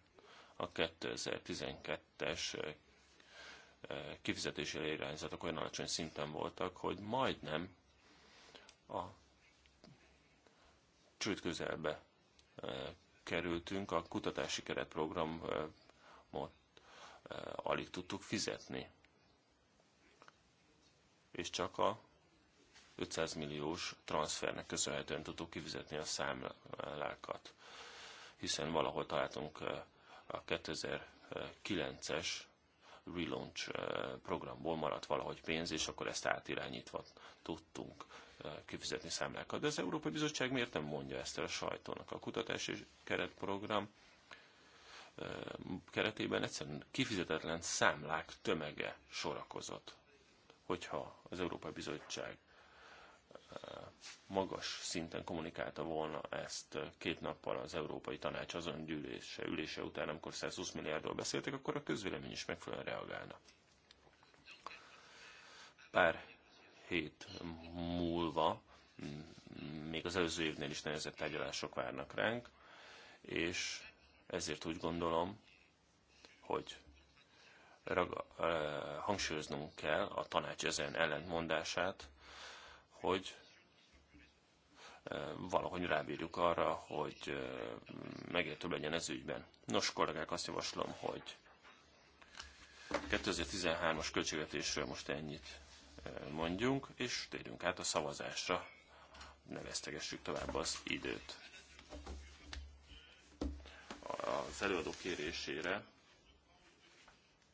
a 2012-es eh, eh, kifizetési irányzatok olyan alacsony szinten voltak, hogy majdnem a csőd közelbe kerültünk, a kutatási keretprogramot eh, alig tudtuk fizetni. És csak a 500 milliós transfernek köszönhetően tudtuk kifizetni a számlákat, hiszen valahol találtunk eh, a 2009-es relaunch eh, programból maradt valahogy pénz, és akkor ezt átirányítva tudtunk kifizetni számlákat. De az Európai Bizottság miért nem mondja ezt el a sajtónak? A kutatási keretprogram keretében egyszerűen kifizetetlen számlák tömege sorakozott. Hogyha az Európai Bizottság magas szinten kommunikálta volna ezt két nappal az Európai Tanács azon gyűlése, ülése után, amikor 120 milliárdról beszéltek, akkor a közvélemény is megfelelően reagálna. Pár hét múlva, még az előző évnél is nehezebb tárgyalások várnak ránk, és ezért úgy gondolom, hogy raga, eh, hangsúlyoznunk kell a tanács ezen ellentmondását, hogy eh, valahogy rábírjuk arra, hogy eh, megértőbb legyen ez ügyben. Nos, kollégák, azt javaslom, hogy 2013-as költségvetésről most ennyit mondjunk, és térjünk át a szavazásra. Ne vesztegessük tovább az időt. Az előadó kérésére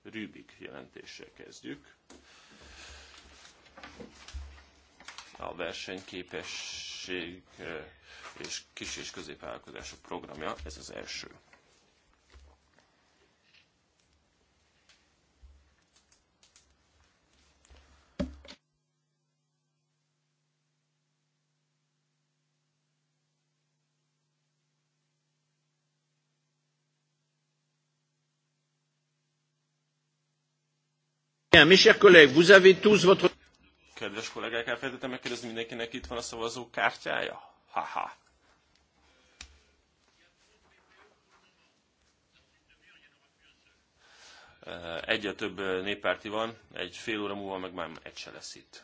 Rübik jelentéssel kezdjük. A versenyképesség eh, és kis- és középvállalkozások programja, ez az első. Kedves kollégák, elfelejtettem megkérdezni, mindenkinek itt van a szavazó kártyája? Haha. Eh, egyre több eh, néppárti van, egy fél óra múlva meg már egy se lesz itt.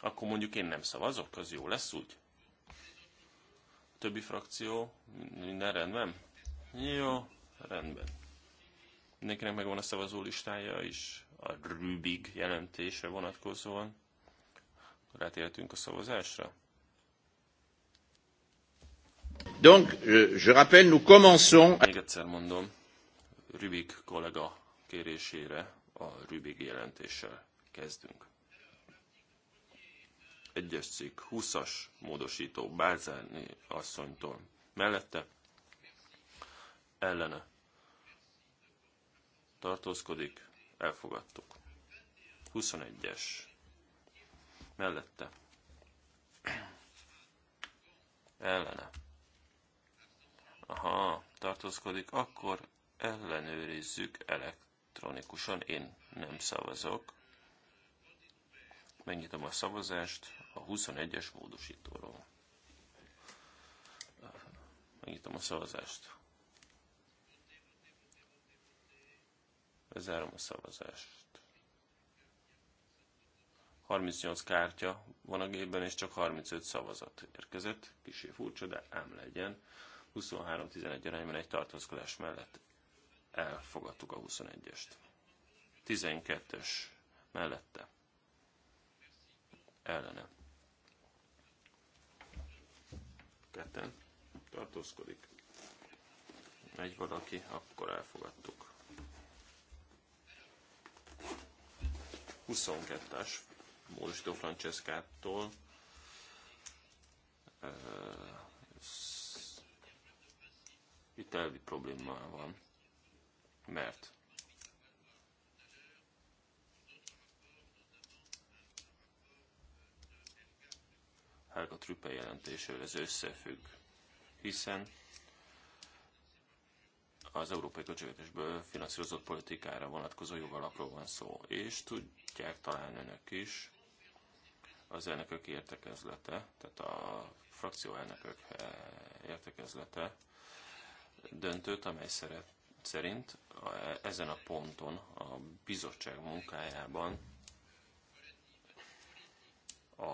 Akkor mondjuk én nem szavazok, az jó lesz úgy? A többi frakció, minden rendben? Jó, rendben. Mindenkinek megvan a szavazó listája is a Rubik jelentése vonatkozóan. Rátérhetünk a szavazásra. Donc, je, je rappelle, nous commençons... Még egyszer mondom, Rubik kollega kérésére a Rubik jelentéssel kezdünk. Egyes cikk, 20-as módosító Bálzáni asszonytól mellette, ellene tartózkodik, elfogadtuk. 21-es mellette ellene. Aha, tartózkodik, akkor ellenőrizzük elektronikusan. Én nem szavazok. Megnyitom a szavazást a 21-es módosítóról. Megnyitom a szavazást. Lezárom a szavazást. 38 kártya van a gépben, és csak 35 szavazat érkezett. Kicsi furcsa, de ám legyen. 23-11 arányban egy tartózkodás mellett elfogadtuk a 21-est. 12-es mellette. Ellene. Ketten tartózkodik. Egy valaki, akkor elfogadtuk. 22-es módosító Franceszkától. itt elvi probléma van, mert Helga Trüppel jelentésével ez összefügg, hiszen az európai költségvetésből finanszírozott politikára vonatkozó jogalapról van szó, és tudják talán önök is, az elnökök értekezlete, tehát a frakció elnökök eh, értekezlete döntőt amely szeret, szerint a, eh, ezen a ponton a bizottság munkájában a,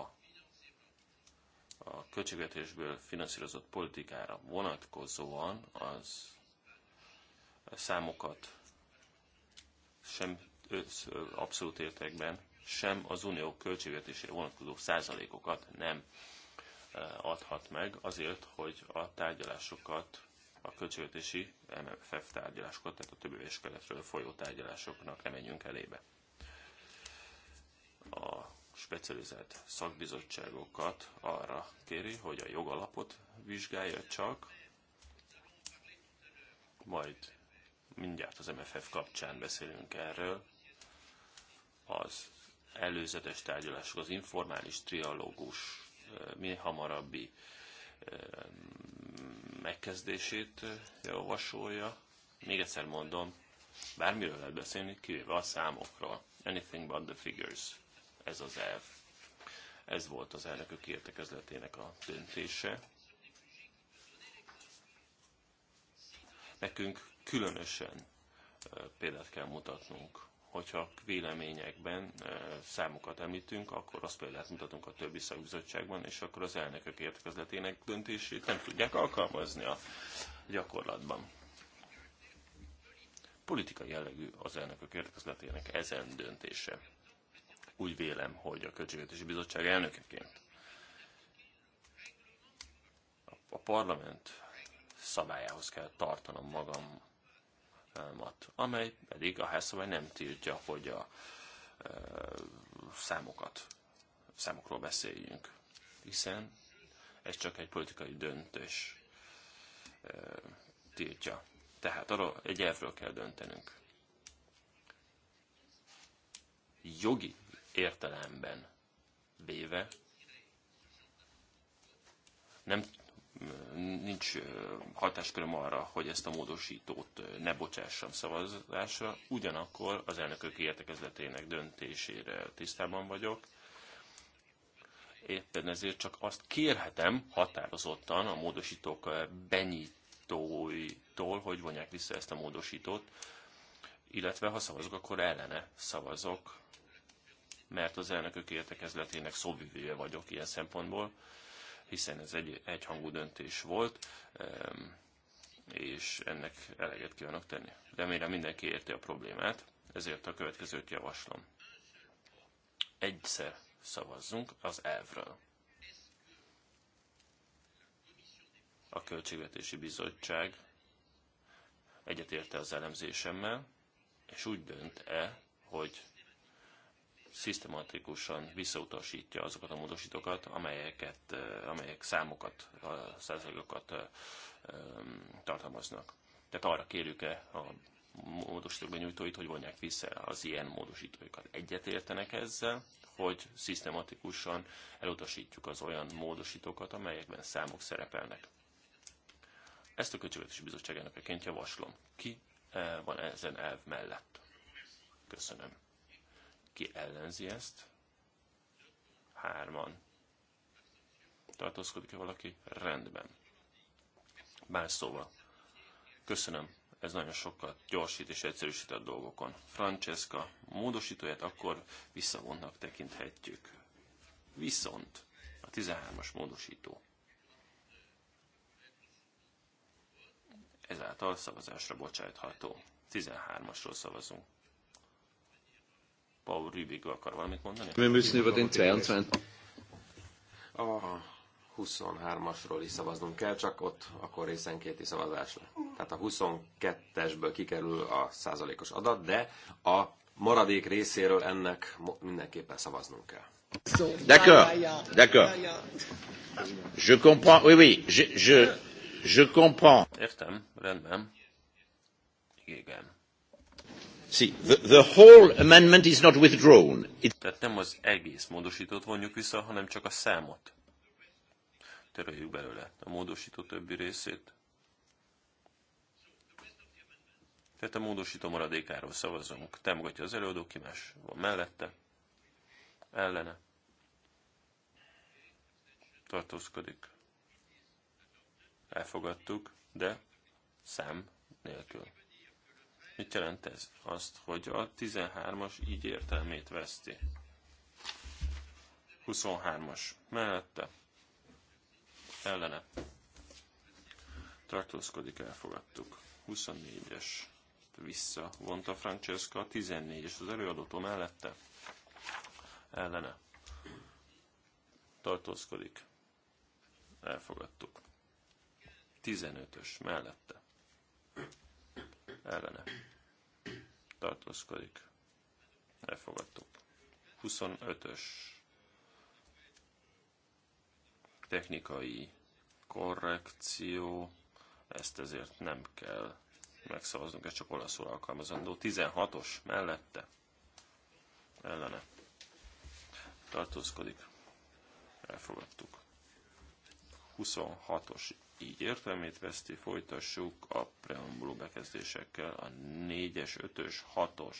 a költségvetésből finanszírozott politikára vonatkozóan az számokat sem abszolút értékben, sem az unió költségvetésére vonatkozó százalékokat nem adhat meg azért, hogy a tárgyalásokat, a költségvetési MFF tárgyalásokat, tehát a többi és keletről folyó tárgyalásoknak nem menjünk elébe. A specializált szakbizottságokat arra kéri, hogy a jogalapot vizsgálja csak, majd mindjárt az MFF kapcsán beszélünk erről, az előzetes tárgyalások, az informális trialógus mi hamarabbi megkezdését javasolja. Még egyszer mondom, bármiről lehet beszélni, kivéve a számokról. Anything but the figures. Ez az elv. Ez volt az elnökök értekezletének a döntése. Nekünk különösen példát kell mutatnunk. Hogyha véleményekben számokat említünk, akkor azt példát mutatunk a többi szakbizottságban, és akkor az elnökök értekezletének döntését nem tudják alkalmazni a gyakorlatban. Politikai jellegű az elnökök értekezletének ezen döntése. Úgy vélem, hogy a Költségvetési Bizottság elnökeként a parlament szabályához kell tartanom magam számat, amely pedig a házszabály nem tiltja, hogy a számokat, számokról beszéljünk, hiszen ez csak egy politikai döntés tiltja. Tehát arról egy elvről kell döntenünk. Jogi értelemben véve nem nincs hatásköröm arra, hogy ezt a módosítót ne bocsássam szavazásra, ugyanakkor az elnökök értekezletének döntésére tisztában vagyok. Éppen ezért csak azt kérhetem határozottan a módosítók benyitóitól, hogy vonják vissza ezt a módosítót, illetve ha szavazok, akkor ellene szavazok, mert az elnökök értekezletének szóvivője vagyok ilyen szempontból hiszen ez egy egyhangú döntés volt, és ennek eleget kívánok tenni. Remélem mindenki érti a problémát, ezért a következőt javaslom. Egyszer szavazzunk az elvről. A Költségvetési Bizottság egyetérte az elemzésemmel, és úgy dönt-e, hogy szisztematikusan visszautasítja azokat a módosítókat, amelyeket, amelyek számokat, százalékokat tartalmaznak. Tehát arra kérjük-e a módosítók benyújtóit, hogy vonják vissza az ilyen módosítóikat. Egyet értenek ezzel, hogy szisztematikusan elutasítjuk az olyan módosítókat, amelyekben számok szerepelnek. Ezt a Költségvetési Bizottság elnökeként javaslom. Ki van ezen elv mellett? Köszönöm. Ki ellenzi ezt? Hárman. Tartózkodik-e valaki? Rendben. Más szóval. Köszönöm. Ez nagyon sokat gyorsít és egyszerűsít a dolgokon. Francesca módosítóját akkor visszavontnak tekinthetjük. Viszont a 13-as módosító. Ezáltal szavazásra bocsátható. 13-asról szavazunk. Paul Rübig akar valamit mondani? Mi müssen über den 22. A 23-asról is szavaznunk kell, csak ott akkor részenkéti szavazás le. Tehát a 22-esből kikerül a százalékos adat, de a maradék részéről ennek mindenképpen szavaznunk kell. D'accord, d'accord. Je comprends, oui, oui, je, je, je comprends. Értem, rendben. Igen. See, the, the whole amendment is not withdrawn. It... Tehát nem az egész módosítót vonjuk vissza, hanem csak a számot. Töröljük belőle a módosító többi részét. Tehát a módosító maradékáról szavazunk. Támogatja az előadó, ki más van mellette, ellene. Tartózkodik. Elfogadtuk, de szám nélkül. Mit jelent ez? Azt, hogy a 13-as így értelmét veszti. 23-as. Mellette. Ellene. Tartózkodik, elfogadtuk. 24-es. Vissza vonta Francesca. 14-es az előadótól mellette. Ellene. Tartózkodik. Elfogadtuk. 15-ös mellette. Ellene tartózkodik. Elfogadtuk. 25-ös technikai korrekció, ezt ezért nem kell megszavaznunk, ez csak olaszul alkalmazandó. 16-os mellette ellene tartózkodik. Elfogadtuk. 26-os így értelmét veszti, folytassuk a preambuló bekezdésekkel, a 4-es, 5-ös, 6-os,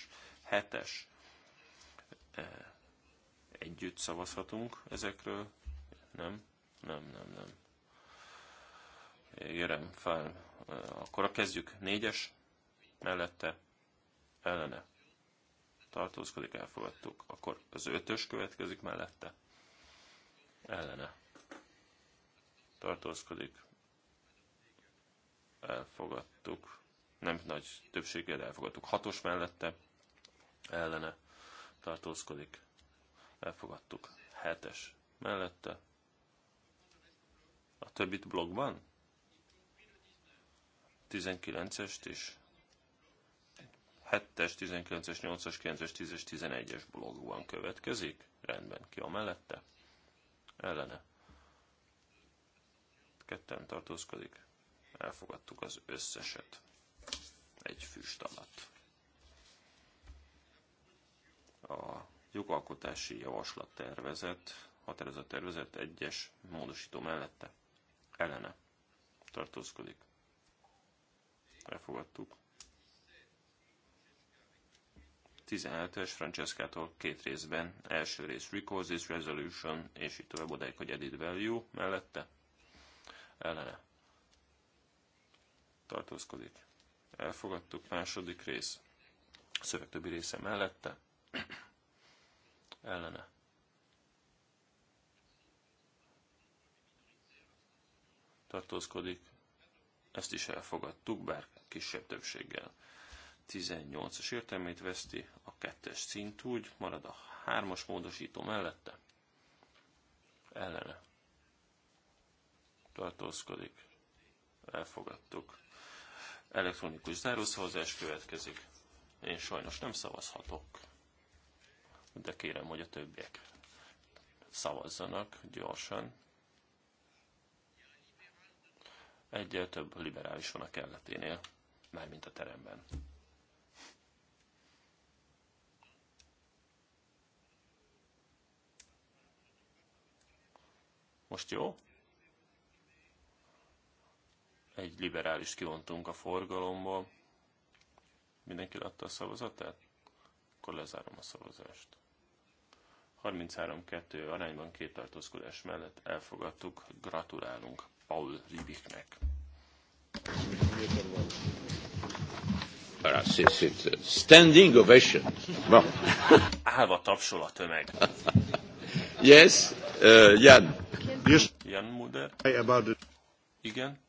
7-es együtt szavazhatunk ezekről? Nem? Nem, nem, nem. Érem fel. Eh, akkor a kezdjük. 4-es, mellette, ellene. Tartózkodik, elfogadtuk. Akkor az 5-ös következik mellette. Ellene. Tartózkodik, elfogadtuk, nem nagy többséggel elfogadtuk, hatos mellette ellene tartózkodik, elfogadtuk, hetes mellette, a többit blogban? 19-est is. 7-es, 19-es, 8-as, 9-es, 10-es, 11-es blogban következik. Rendben, ki a mellette? Ellene. Ketten tartózkodik elfogadtuk az összeset egy füst alatt. A jogalkotási javaslat tervezet, határozat tervezet egyes módosító mellette ellene tartózkodik. Elfogadtuk. 17-es Francescától két részben, első rész Recourses Resolution, és itt tovább odáig, hogy Edit Value mellette, ellene tartózkodik. Elfogadtuk második rész. A szöveg többi része mellette. Ellene. Tartózkodik. Ezt is elfogadtuk, bár kisebb többséggel. 18-as értelmét veszti, a kettes szint úgy, marad a hármas módosító mellette. Ellene. Tartózkodik. Elfogadtuk. Elektronikus zárószavazás következik. Én sajnos nem szavazhatok, de kérem, hogy a többiek szavazzanak gyorsan. Egyel több liberális van a kelleténél, mármint a teremben. Most jó? egy liberális kivontunk a forgalomból. Mindenki adta a szavazatát? Akkor lezárom a szavazást. 33-2 arányban két tartózkodás mellett elfogadtuk. Gratulálunk Paul Ribiknek. Standing ovation. Bon. Állva tapsol a tömeg. yes, uh, Jan. Yes. Jan Mulder. About it. Igen.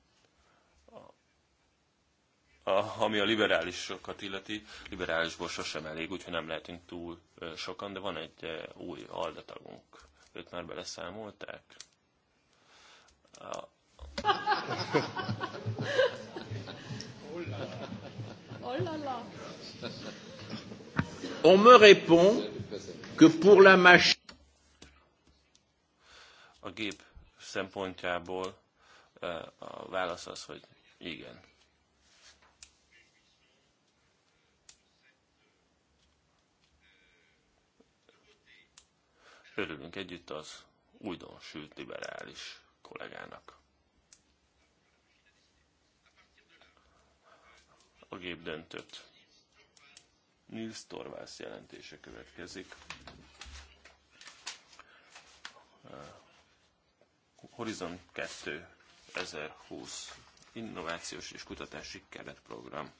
A, ami a liberálisokat illeti, liberálisból sosem elég, úgyhogy nem lehetünk túl sokan, de van egy új aldatagunk. Őt már beleszámolták? On me répond que pour la machine... A gép szempontjából a válasz az, hogy igen. Örülünk együtt az újdonsült liberális kollégának. A gép döntött. Nils Torvász jelentése következik. Horizon 2020 innovációs és kutatási keretprogram.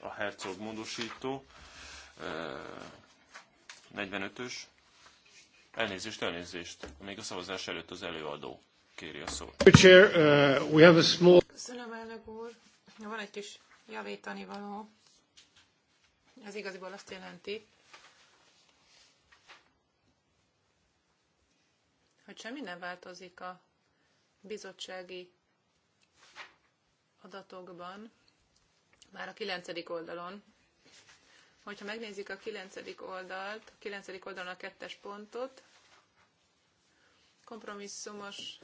a Herzog módosító, 45-ös, eh, elnézést, elnézést, még a szavazás előtt az előadó kéri a szót. Eh, Köszönöm, elnök úr. Van egy kis javítani való. Ez igaziból azt jelenti, hogy semmi nem változik a bizottsági adatokban, már a kilencedik oldalon. Hogyha megnézik a kilencedik oldalt, a kilencedik oldalon a kettes pontot, kompromisszumos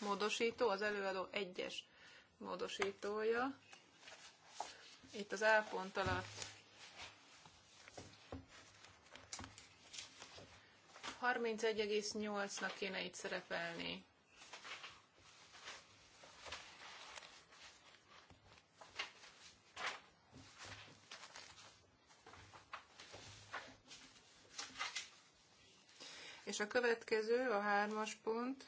módosító, az előadó egyes módosítója. Itt az A pont alatt 31,8-nak kéne itt szerepelni. És a következő, a hármas pont,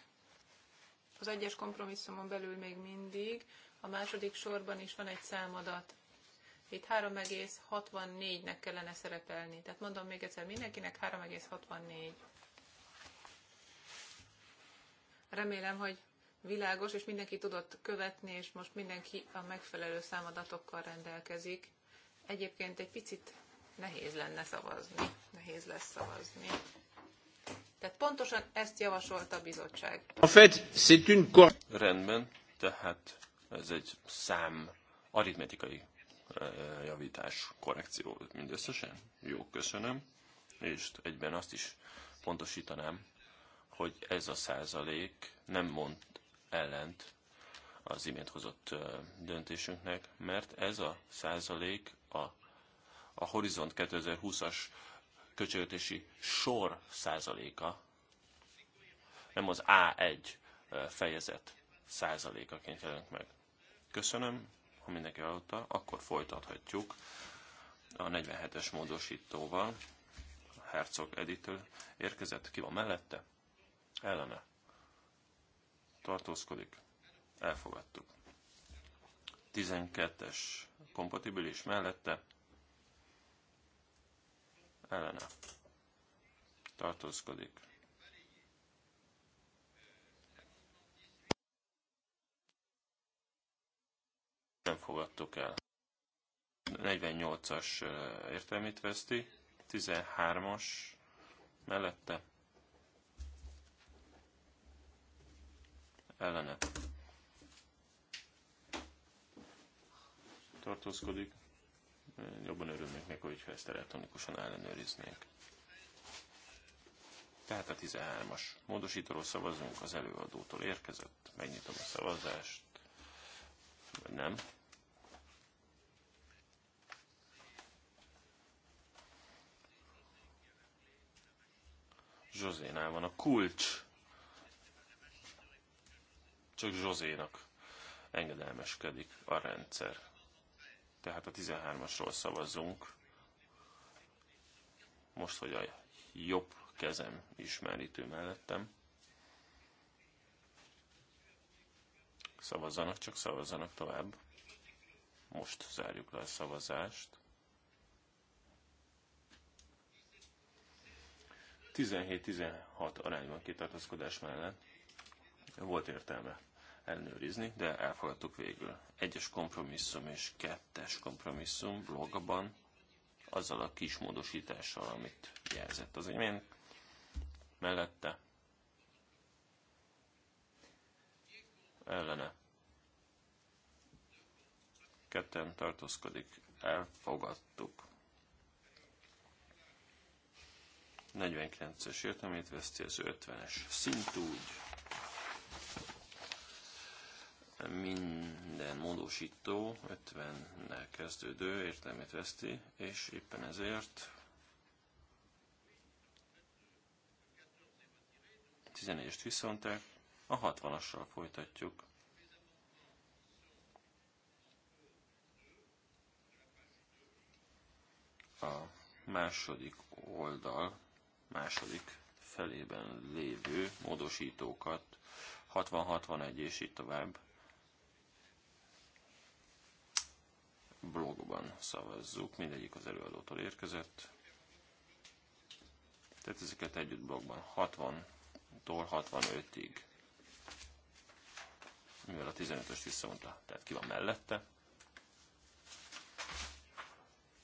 az egyes kompromisszumon belül még mindig, a második sorban is van egy számadat. Itt 3,64-nek kellene szerepelni. Tehát mondom még egyszer mindenkinek 3,64. Remélem, hogy világos, és mindenki tudott követni, és most mindenki a megfelelő számadatokkal rendelkezik. Egyébként egy picit nehéz lenne szavazni, nehéz lesz szavazni. Tehát pontosan ezt javasolta a bizottság. A FED, Rendben, tehát ez egy szám aritmetikai eh, javítás, korrekció mindösszesen. Jó, köszönöm. És egyben azt is pontosítanám, hogy ez a százalék nem mond ellent az imént hozott eh, döntésünknek, mert ez a százalék a, a Horizont 2020-as költségvetési sor százaléka, nem az A1 fejezet százalékaként jelent meg. Köszönöm, ha mindenki hallotta, akkor folytathatjuk a 47-es módosítóval. A Herzog Editől érkezett, ki van mellette? Ellene. Tartózkodik. Elfogadtuk. 12-es kompatibilis mellette ellene tartózkodik. Nem fogadtuk el. 48-as értelmét veszti, 13-as mellette ellene tartózkodik jobban örülnék meg, hogyha ezt elektronikusan ellenőriznék. Tehát a 13-as módosítóról szavazunk, az előadótól érkezett, megnyitom a szavazást, vagy nem. Zsozénál van a kulcs. Csak Zsozénak engedelmeskedik a rendszer tehát a 13-asról szavazzunk. Most, hogy a jobb kezem ismerítő mellettem. Szavazzanak, csak szavazzanak tovább. Most zárjuk le a szavazást. 17-16 arányban kitartaszkodás mellett volt értelme ellenőrizni, de elfogadtuk végül. Egyes kompromisszum és kettes kompromisszum blogban azzal a kis módosítással, amit jelzett az imént. Mellette ellene ketten tartózkodik, elfogadtuk. 49-es értelmét veszti az 50-es. Szint úgy minden módosító 50-nel kezdődő értelmét veszti, és éppen ezért 14-est viszonták, a 60-assal folytatjuk. A második oldal, második felében lévő módosítókat 60-61 és így tovább blogban szavazzuk, mindegyik az előadótól érkezett. Tehát ezeket együtt blogban 60-tól 65-ig. Mivel a 15-ös visszavonta, tehát ki van mellette.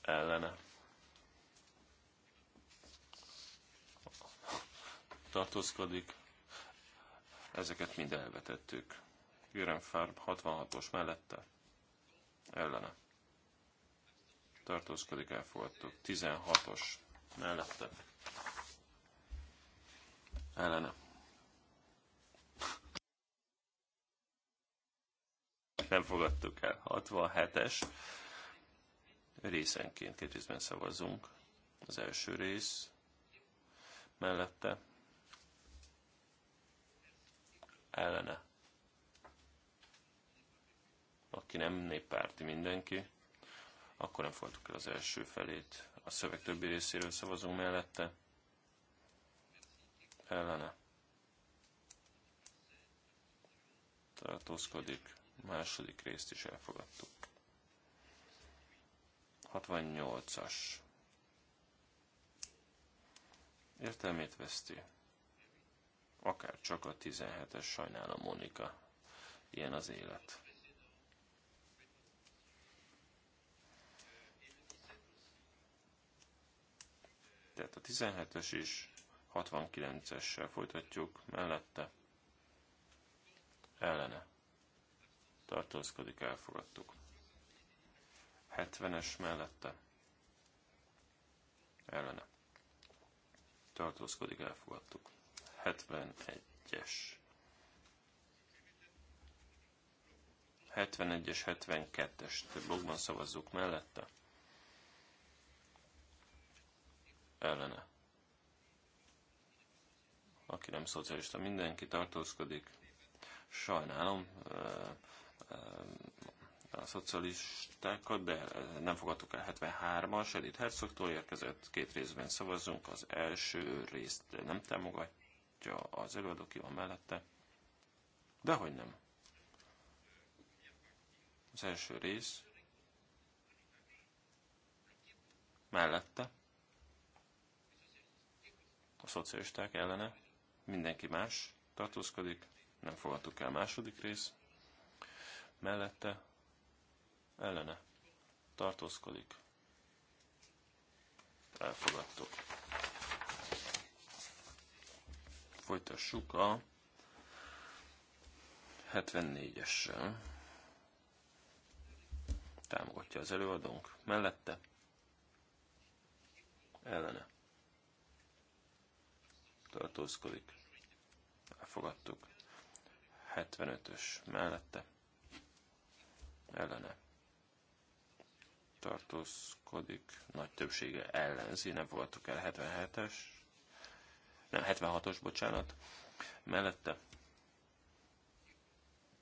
Ellene. Tartózkodik. Ezeket mind elvetettük. Jürgen Farb 66-os mellette. Ellene tartózkodik, elfogadtuk. 16-os mellette ellene. Nem fogadtuk el. 67-es részenként két részben szavazunk. Az első rész mellette ellene. Aki nem néppárti mindenki, akkor nem fogadtuk el az első felét. A szöveg többi részéről szavazunk mellette. Ellene. Tartózkodik. Második részt is elfogadtuk. 68-as. Értelmét veszti. Akár csak a 17-es, sajnálom Monika. Ilyen az élet. Tehát a 17-es és 69-essel folytatjuk mellette. Ellene. Tartózkodik, elfogadtuk. 70-es mellette. Ellene. Tartózkodik, elfogadtuk. 71-es. 71-es, 72-es blogban szavazzuk mellette. ellene. Aki nem szocialista, mindenki tartózkodik. Sajnálom a szocialistákat, de nem fogadtuk el 73-as, Edith Herzogtól érkezett, két részben szavazunk, az első részt nem támogatja az előadó, ki van mellette, dehogy nem. Az első rész mellette, a szocialisták ellene, mindenki más tartózkodik, nem fogadtuk el második rész, mellette, ellene, tartózkodik, elfogadtuk. Folytassuk a 74-essel. Támogatja az előadónk. Mellette. Ellene tartózkodik. Elfogadtuk. 75-ös mellette ellene tartózkodik, nagy többsége ellenzi, nem fogadtuk el 77-es, nem 76-os, bocsánat, mellette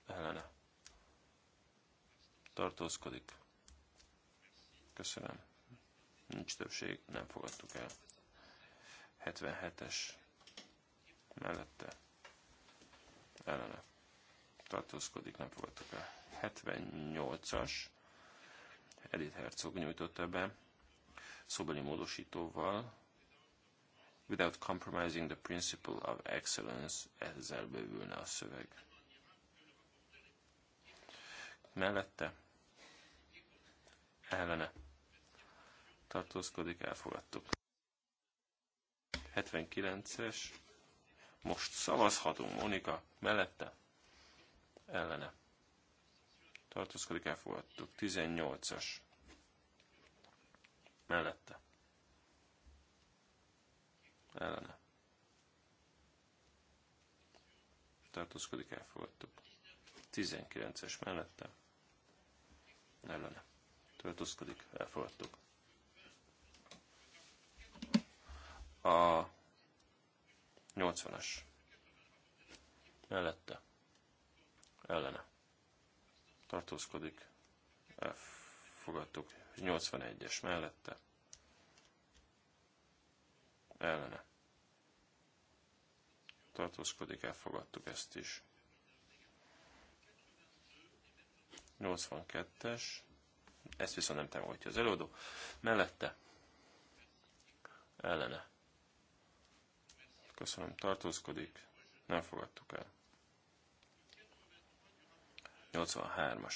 ellene tartózkodik. Köszönöm. Nincs többség, nem fogadtuk el. 77-es mellette ellene tartózkodik, nem fogadtak el. 78-as Edith Herzog nyújtotta be szóbeli módosítóval without compromising the principle of excellence, ezzel bővülne a szöveg. Mellette ellene tartózkodik, elfogadtuk. 79-es most szavazhatunk, Monika, mellette, ellene. Tartózkodik, elfogadtuk. 18-as. Mellette. Ellene. Tartózkodik, elfogadtuk. 19-es mellette. Ellene. Tartózkodik, elfogadtuk. A 80-as. Mellette. Ellene. Tartózkodik. Elfogadtuk. 81-es mellette. Ellene. Tartózkodik, elfogadtuk ezt is. 82-es. Ezt viszont nem támogatja az előadó. Mellette. Ellene Köszönöm. Tartózkodik. Nem fogadtuk el. 83-as.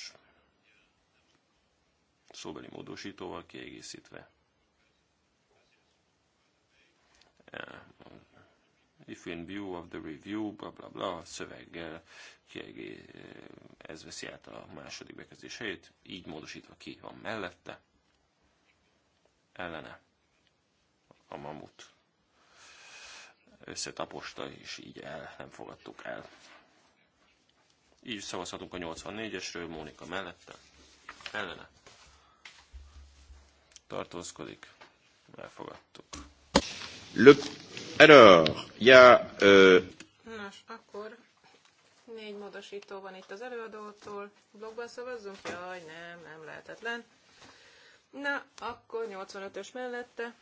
Szóbeli módosítóval kiegészítve. Eh, if in view of the review, bla bla bla, szöveggel eh, ez veszi át a második bekezdés helyét, így módosítva ki van mellette, ellene a mamut összetaposta, és így el nem fogadtuk el. Így szavazhatunk a 84-esről, Mónika mellette, ellene. Tartózkodik, elfogadtuk. Le... error, ja, euh, Nos, akkor négy módosító van itt az előadótól. Blogban szavazzunk? Jaj, nem, nem lehetetlen. Na, akkor 85-ös mellette.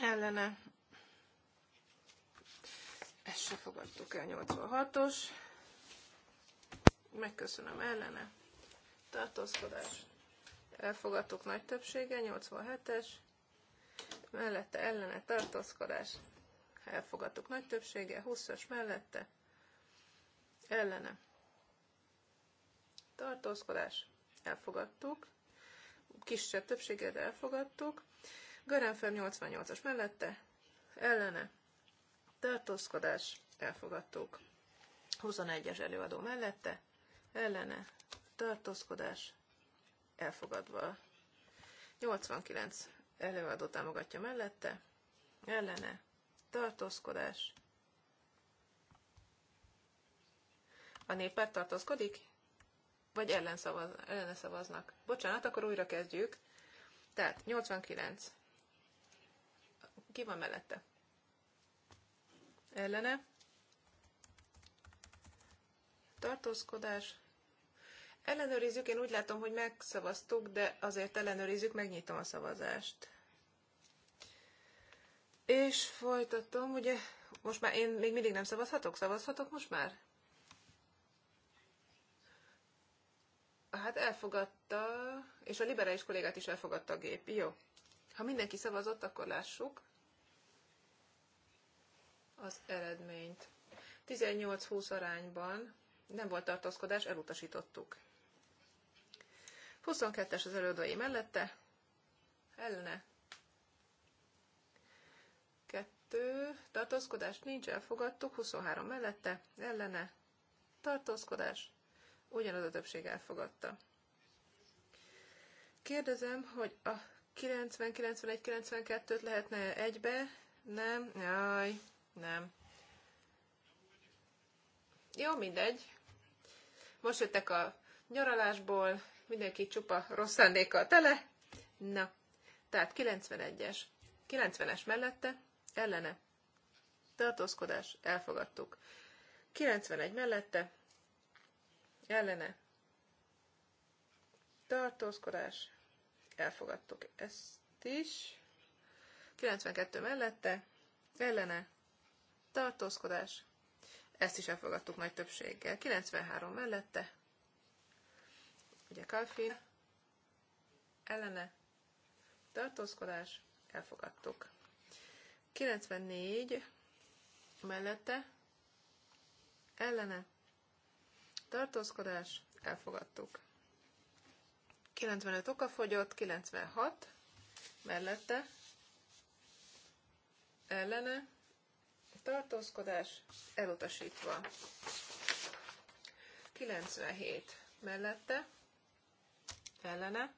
Ellene ezt se fogadtuk el, 86-os. Megköszönöm ellene. Tartózkodás. Elfogadtuk nagy többsége, 87-es. Mellette ellene tartózkodás. Elfogadtuk nagy többsége, 20-as mellette. Ellene. Tartózkodás. Elfogadtuk. Kisebb többséget elfogadtuk. Garenfem 88-as mellette. Ellene tartózkodás, elfogadtuk. 21-es előadó mellette, ellene, tartózkodás, elfogadva. 89 előadó támogatja mellette, ellene, tartózkodás. A néppárt tartózkodik? Vagy ellen szavaz, ellene szavaznak? Bocsánat, akkor újra kezdjük. Tehát 89. Ki van mellette? ellene, tartózkodás, ellenőrizzük, én úgy látom, hogy megszavaztuk, de azért ellenőrizzük, megnyitom a szavazást. És folytatom, ugye, most már én még mindig nem szavazhatok? Szavazhatok most már? Hát elfogadta, és a liberális kollégát is elfogadta a gép. Jó. Ha mindenki szavazott, akkor lássuk az eredményt. 18-20 arányban nem volt tartózkodás, elutasítottuk. 22-es az előadói mellette, ellene. Kettő, tartózkodás nincs, elfogadtuk, 23 mellette, ellene, tartózkodás, ugyanaz a többség elfogadta. Kérdezem, hogy a 90, 91, 92-t lehetne egybe? Nem? Jaj, nem. Jó, mindegy. Most jöttek a nyaralásból, mindenki csupa rossz szándékkal tele. Na, tehát 91-es. 90-es mellette, ellene. Tartózkodás, elfogadtuk. 91 mellette, ellene. Tartózkodás, elfogadtuk ezt is. 92 mellette, ellene tartózkodás, ezt is elfogadtuk nagy többséggel. 93 mellette, ugye Kalfin, ellene, tartózkodás, elfogadtuk. 94 mellette, ellene, tartózkodás, elfogadtuk. 95 okafogyott, 96 mellette, ellene, tartózkodás elutasítva. 97 mellette, ellene,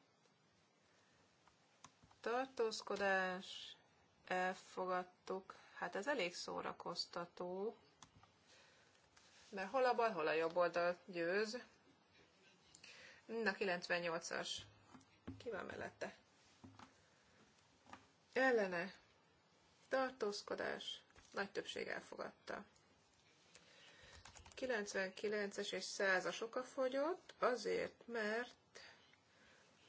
tartózkodás, elfogadtuk. Hát ez elég szórakoztató, mert hol a bal, hol a jobb oldal győz. Na, 98-as. Ki van mellette? Ellene. Tartózkodás nagy többség elfogadta. 99-es és 100-as fogyott, azért, mert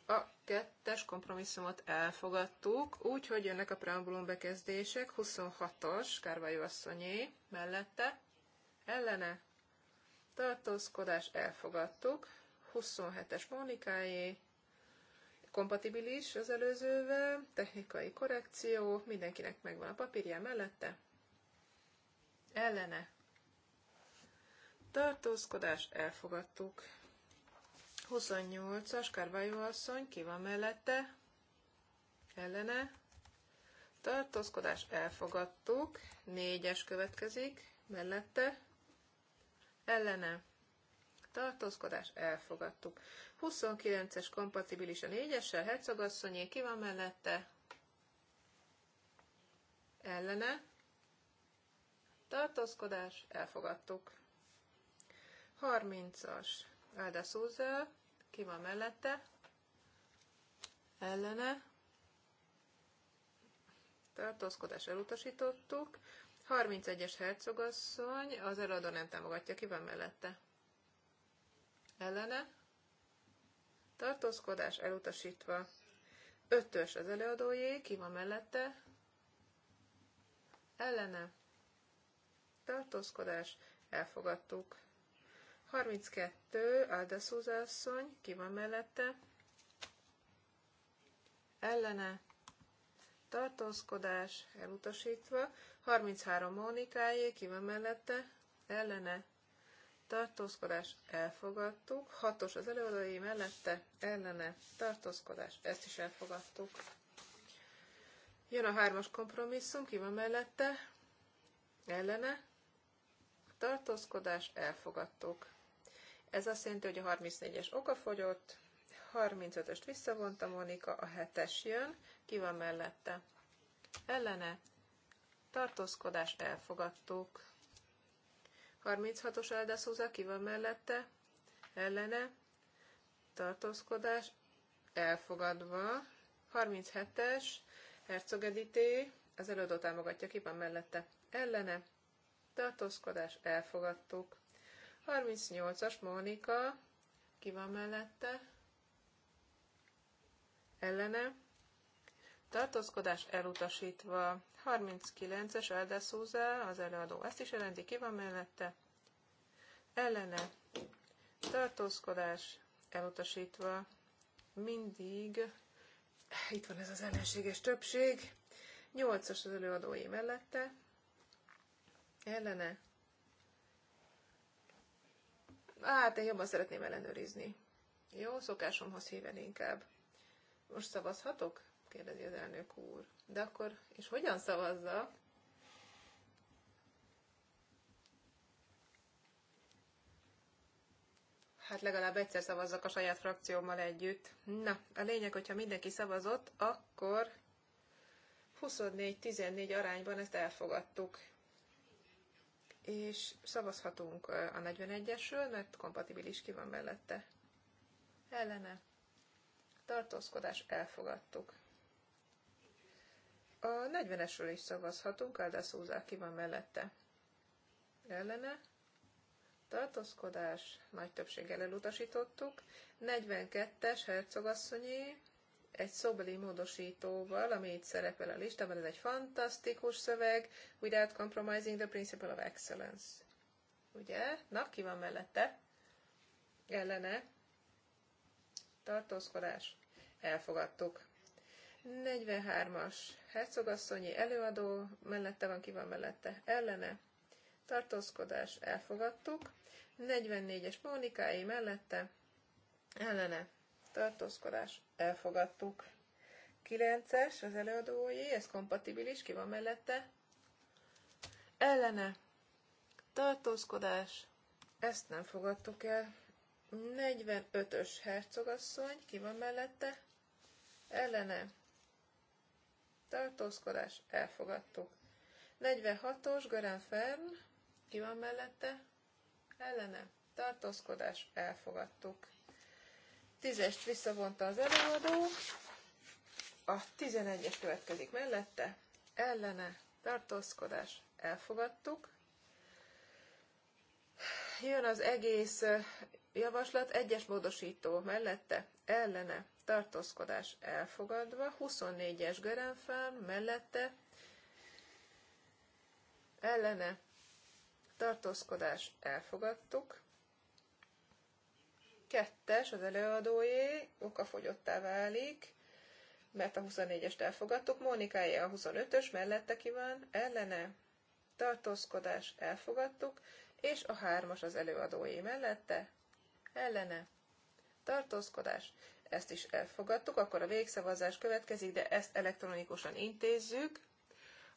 a kettes kompromisszumot elfogadtuk, úgyhogy jönnek a preambulum bekezdések, 26-os, Kárvályó asszonyé, mellette, ellene, tartózkodás, elfogadtuk, 27-es Mónikájé, kompatibilis az előzővel, technikai korrekció, mindenkinek megvan a papírja mellette, ellene tartózkodás elfogadtuk. 28-as Kárvályó asszony, ki van mellette? Ellene. Tartózkodás elfogadtuk. 4-es következik, mellette. Ellene. Tartózkodás elfogadtuk. 29-es kompatibilis a 4-essel, Hercogasszonyé, ki van mellette? Ellene tartózkodás, elfogadtuk. 30-as Áda Szúza, ki van mellette, ellene, tartózkodás elutasítottuk. 31-es hercogasszony, az eladó nem támogatja, ki van mellette? Ellene, tartózkodás elutasítva. 5-ös az előadójé, ki van mellette? Ellene, tartózkodás, elfogadtuk. 32, Alda Szúza asszony, ki van mellette? Ellene, tartózkodás, elutasítva. 33, Mónikájé, ki van mellette? Ellene, tartózkodás, elfogadtuk. 6-os az előadói mellette, ellene, tartózkodás, ezt is elfogadtuk. Jön a hármas kompromisszum, ki van mellette? Ellene, tartózkodás, elfogadtuk. Ez azt jelenti, hogy a 34-es okafogyott, 35-öst visszavonta Monika, a 7-es jön, ki van mellette? Ellene, tartózkodás, elfogadtuk. 36-os áldaszúza, ki van mellette? Ellene, tartózkodás, elfogadva. 37-es, hercogedité, az előadó támogatja, ki van mellette? Ellene, tartózkodás, elfogadtuk. 38-as Mónika, ki van mellette? Ellene. Tartózkodás elutasítva. 39-es Eldeszúzá, az előadó ezt is jelenti, ki van mellette? Ellene. Tartózkodás elutasítva. Mindig itt van ez az ellenséges többség. 8-as az előadói mellette, ellene. Hát én jobban szeretném ellenőrizni. Jó, szokásomhoz híven inkább. Most szavazhatok? kérdezi az elnök úr. De akkor, és hogyan szavazza? Hát legalább egyszer szavazzak a saját frakciómmal együtt. Na, a lényeg, hogyha mindenki szavazott, akkor 24-14 arányban ezt elfogadtuk és szavazhatunk a 41-esről, mert kompatibilis ki van mellette. Ellene. Tartózkodás elfogadtuk. A 40-esről is szavazhatunk, Áldász Húzá ki van mellette. Ellene. Tartózkodás, nagy többséggel elutasítottuk. 42-es hercogasszonyé, egy szobeli módosítóval, ami itt szerepel a listában, ez egy fantasztikus szöveg, without compromising the principle of excellence. Ugye? Na, ki van mellette? Ellene. Tartózkodás. Elfogadtuk. 43-as. Hercogasszonyi előadó. Mellette van, ki van mellette? Ellene. Tartózkodás. Elfogadtuk. 44-es Mónikái mellette. Ellene tartózkodás, elfogadtuk. 9-es az előadói, ez kompatibilis, ki van mellette? Ellene, tartózkodás, ezt nem fogadtuk el. 45-ös hercogasszony, ki van mellette? Ellene, tartózkodás, elfogadtuk. 46-os Garán Fern, ki van mellette? Ellene, tartózkodás, elfogadtuk. Tízest visszavonta az előadó, a tizenegyes következik mellette, ellene, tartózkodás, elfogadtuk. Jön az egész javaslat, egyes módosító mellette, ellene, tartózkodás elfogadva, 24-es Gerenfám mellette, ellene, tartózkodás elfogadtuk, kettes az előadóé, okafogyottá válik, mert a 24-est elfogadtuk, Mónikáé a 25-ös, mellette ki van, ellene, tartózkodás, elfogadtuk, és a 3-as az előadóé mellette, ellene, tartózkodás, ezt is elfogadtuk, akkor a végszavazás következik, de ezt elektronikusan intézzük.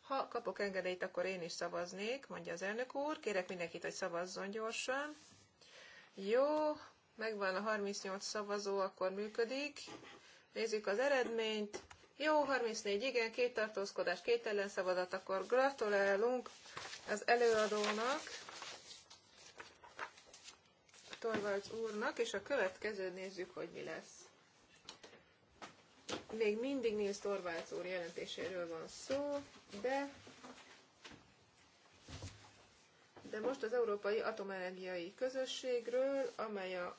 Ha kapok engedélyt, akkor én is szavaznék, mondja az elnök úr. Kérek mindenkit, hogy szavazzon gyorsan. Jó, megvan a 38 szavazó, akkor működik. Nézzük az eredményt. Jó, 34 igen, két tartózkodás, két ellenszavazat, akkor gratulálunk az előadónak, Torvalds úrnak, és a következő nézzük, hogy mi lesz. Még mindig Nils Torvalds úr jelentéséről van szó, de de most az Európai Atomenergiai Közösségről, amely a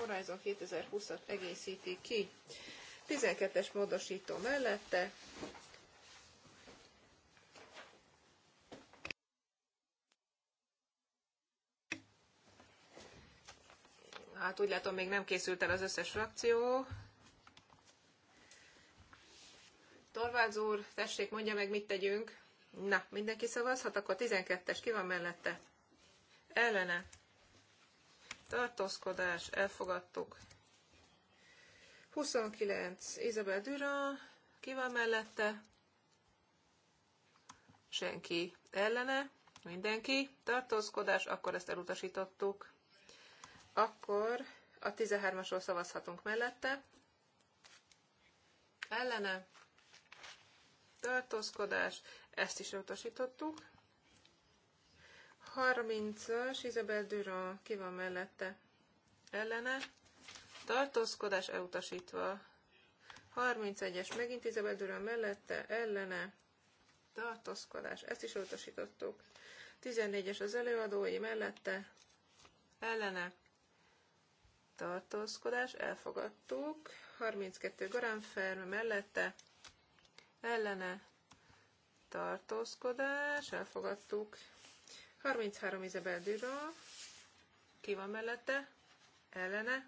Horizon 2020-at egészíti ki. 12-es módosító mellette Hát úgy látom, még nem készült el az összes frakció. Torvalds úr, tessék, mondja meg, mit tegyünk. Na, mindenki szavazhat, akkor 12-es ki van mellette? Ellene tartózkodás, elfogadtuk. 29, Izabel Düra, ki van mellette? Senki ellene, mindenki, tartózkodás, akkor ezt elutasítottuk. Akkor a 13-asról szavazhatunk mellette. Ellene, tartózkodás, ezt is elutasítottuk. 30-as, Isabel Dura, ki van mellette? Ellene. Tartózkodás elutasítva. 31-es, megint Isabel Dura mellette, ellene. Tartózkodás, ezt is elutasítottuk. 14-es az előadói mellette, ellene. Tartózkodás, elfogadtuk. 32 Garánferm mellette, ellene. Tartózkodás, elfogadtuk. 33 Izabel Düről, ki van mellette, ellene,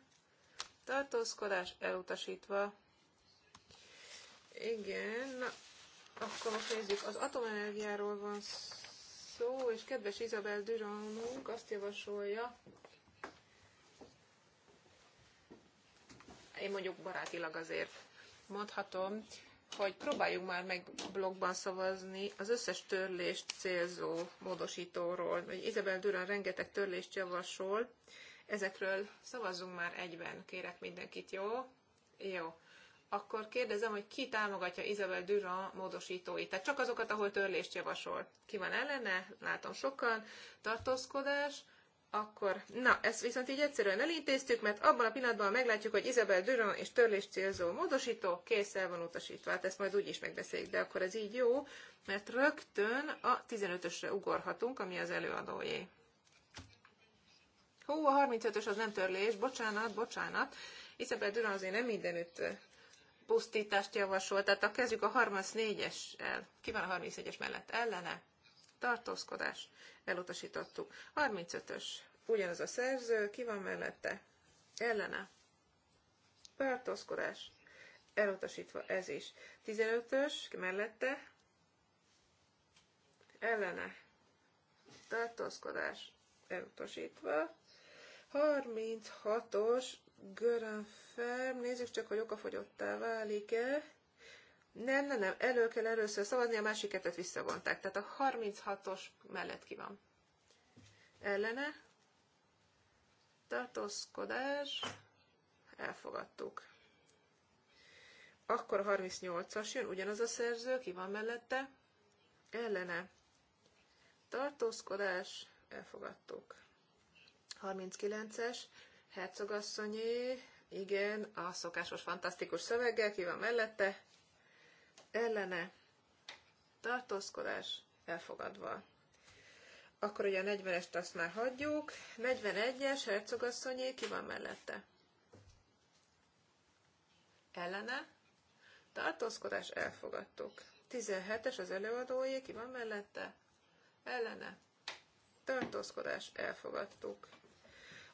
tartózkodás elutasítva. Igen, na, akkor most nézzük, az atomenergiáról van szó, és kedves Izabel Düranunk azt javasolja, én mondjuk barátilag azért mondhatom, hogy próbáljunk már meg blogban szavazni az összes törlést célzó módosítóról. Izabel Durán rengeteg törlést javasol, ezekről szavazzunk már egyben, kérek mindenkit, jó? Jó. Akkor kérdezem, hogy ki támogatja Izabel Durand módosítóit? Tehát csak azokat, ahol törlést javasol. Ki van ellene? Látom sokan. Tartózkodás? akkor, na, ezt viszont így egyszerűen elintéztük, mert abban a pillanatban meglátjuk, hogy Isabel Duron és törlés célzó módosító kész el van utasítva. Hát ezt majd úgy is megbeszéljük, de akkor ez így jó, mert rögtön a 15-ösre ugorhatunk, ami az előadójé. Hú, a 35-ös az nem törlés, bocsánat, bocsánat. Isabel Duran azért nem mindenütt pusztítást javasolt, tehát a kezdjük a 34-essel. Ki van a 34-es mellett? Ellene? Tartózkodás elutasítottuk. 35-ös, ugyanaz a szerző, ki van mellette? Ellene. Tartózkodás, elutasítva ez is. 15-ös, mellette? Ellene. Tartózkodás, elutasítva. 36-os, görönfem, nézzük csak, hogy okafogyottá válik-e. Nem, nem, nem, elő kell először szavazni, a másik kettőt visszavonták. Tehát a 36-os mellett ki van. Ellene. Tartózkodás. Elfogadtuk. Akkor a 38-as jön, ugyanaz a szerző, ki van mellette. Ellene. Tartózkodás. Elfogadtuk. 39-es. Hercogasszonyé. Igen, a szokásos fantasztikus szöveggel, ki van mellette ellene tartózkodás elfogadva. Akkor ugye a 40-est azt már hagyjuk. 41-es, hercogasszonyé, ki van mellette? Ellene. Tartózkodás elfogadtuk. 17-es az előadójé, ki van mellette? Ellene. Tartózkodás elfogadtuk.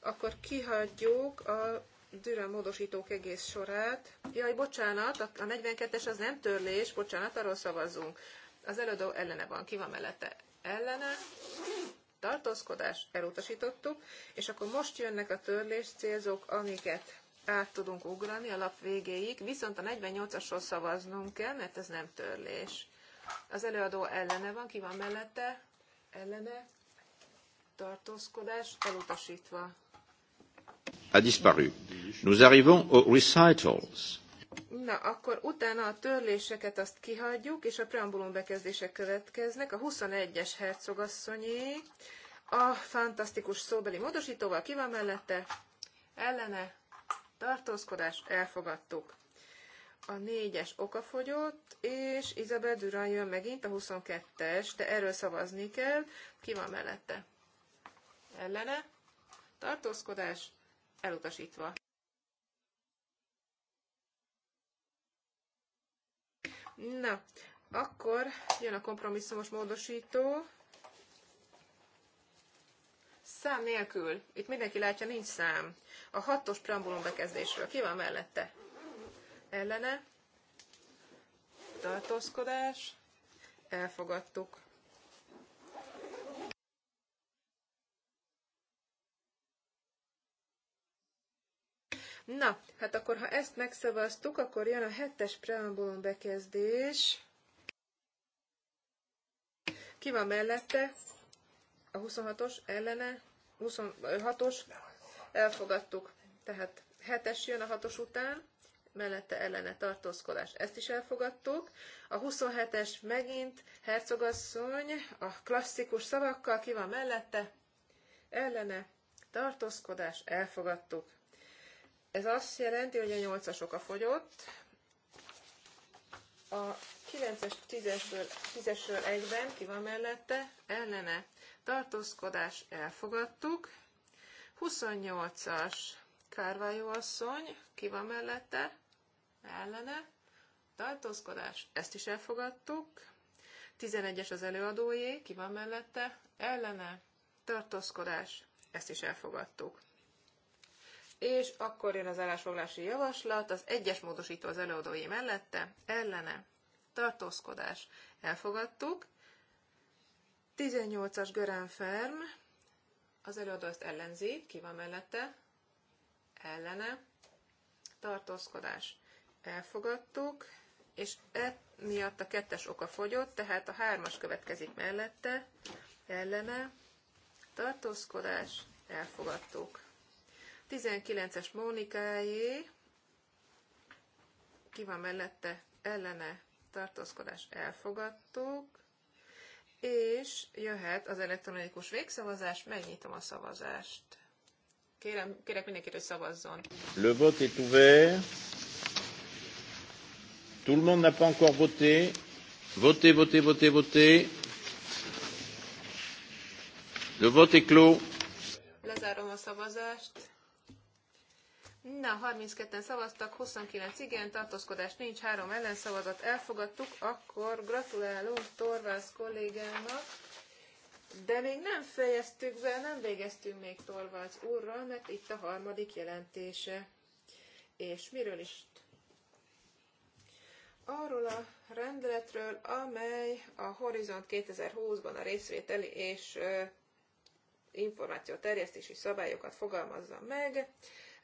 Akkor kihagyjuk a Düren módosítók egész sorát. Jaj, bocsánat, a 42-es az nem törlés, bocsánat, arról szavazunk. Az előadó ellene van, ki van mellette? Ellene, tartózkodás, elutasítottuk, és akkor most jönnek a törlés célzók, amiket át tudunk ugrani a lap végéig, viszont a 48-asról szavaznunk kell, mert ez nem törlés. Az előadó ellene van, ki van mellette? Ellene, tartózkodás, elutasítva a disparu. Nous arrivons aux recitals. Na, akkor utána a törléseket azt kihagyjuk, és a preambulum bekezdések következnek. A 21-es hercogasszonyé a fantasztikus szóbeli módosítóval ki van mellette, ellene, tartózkodás, elfogadtuk. A 4-es okafogyott, és Izabel Durán jön megint a 22-es, de erről szavazni kell. Ki van mellette? Ellene, tartózkodás, elutasítva. Na, akkor jön a kompromisszumos módosító. Szám nélkül. Itt mindenki látja, nincs szám. A hatos preambulum bekezdésről. Ki van mellette? Ellene. Tartózkodás. Elfogadtuk. Na, hát akkor ha ezt megszavaztuk, akkor jön a hetes preambulum bekezdés. Ki van mellette? A 26-os ellene? 26-os? Elfogadtuk. Tehát hetes jön a hatos után mellette ellene tartózkodás. Ezt is elfogadtuk. A 27-es megint hercogasszony a klasszikus szavakkal ki van mellette, ellene tartózkodás, elfogadtuk. Ez azt jelenti, hogy a 8-as oka fogyott. A 9-es, 10-esből, 10-esről egyben ki van mellette, ellene tartózkodás elfogadtuk. 28-as Kárvályó asszony, ki van mellette, ellene tartózkodás, ezt is elfogadtuk. 11-es az előadójé, ki van mellette, ellene tartózkodás, ezt is elfogadtuk és akkor jön az állásfoglási javaslat, az egyes módosító az előadói mellette, ellene, tartózkodás, elfogadtuk. 18-as Görán Ferm, az előadó ezt ellenzi, ki van mellette, ellene, tartózkodás, elfogadtuk, és e miatt a kettes oka fogyott, tehát a hármas következik mellette, ellene, tartózkodás, elfogadtuk. 19-es Mónikájé, ki van mellette, ellene tartózkodás elfogadtuk, és jöhet az elektronikus végszavazás, megnyitom a szavazást. Kérem, kérek mindenkit, hogy szavazzon. Le vote est ouvert. Tout le monde n'a pas encore voté. Votez, votez, votez, votez. Le vote est clos. Lezárom a szavazást. Na, 32-en szavaztak, 29 igen, tartózkodás nincs, 3 ellenszavazat elfogadtuk, akkor gratulálunk Torvász kollégának, de még nem fejeztük be, nem végeztünk még Torvász úrral, mert itt a harmadik jelentése. És miről is? Arról a rendeletről, amely a Horizont 2020-ban a részvételi és információ terjesztési szabályokat fogalmazza meg.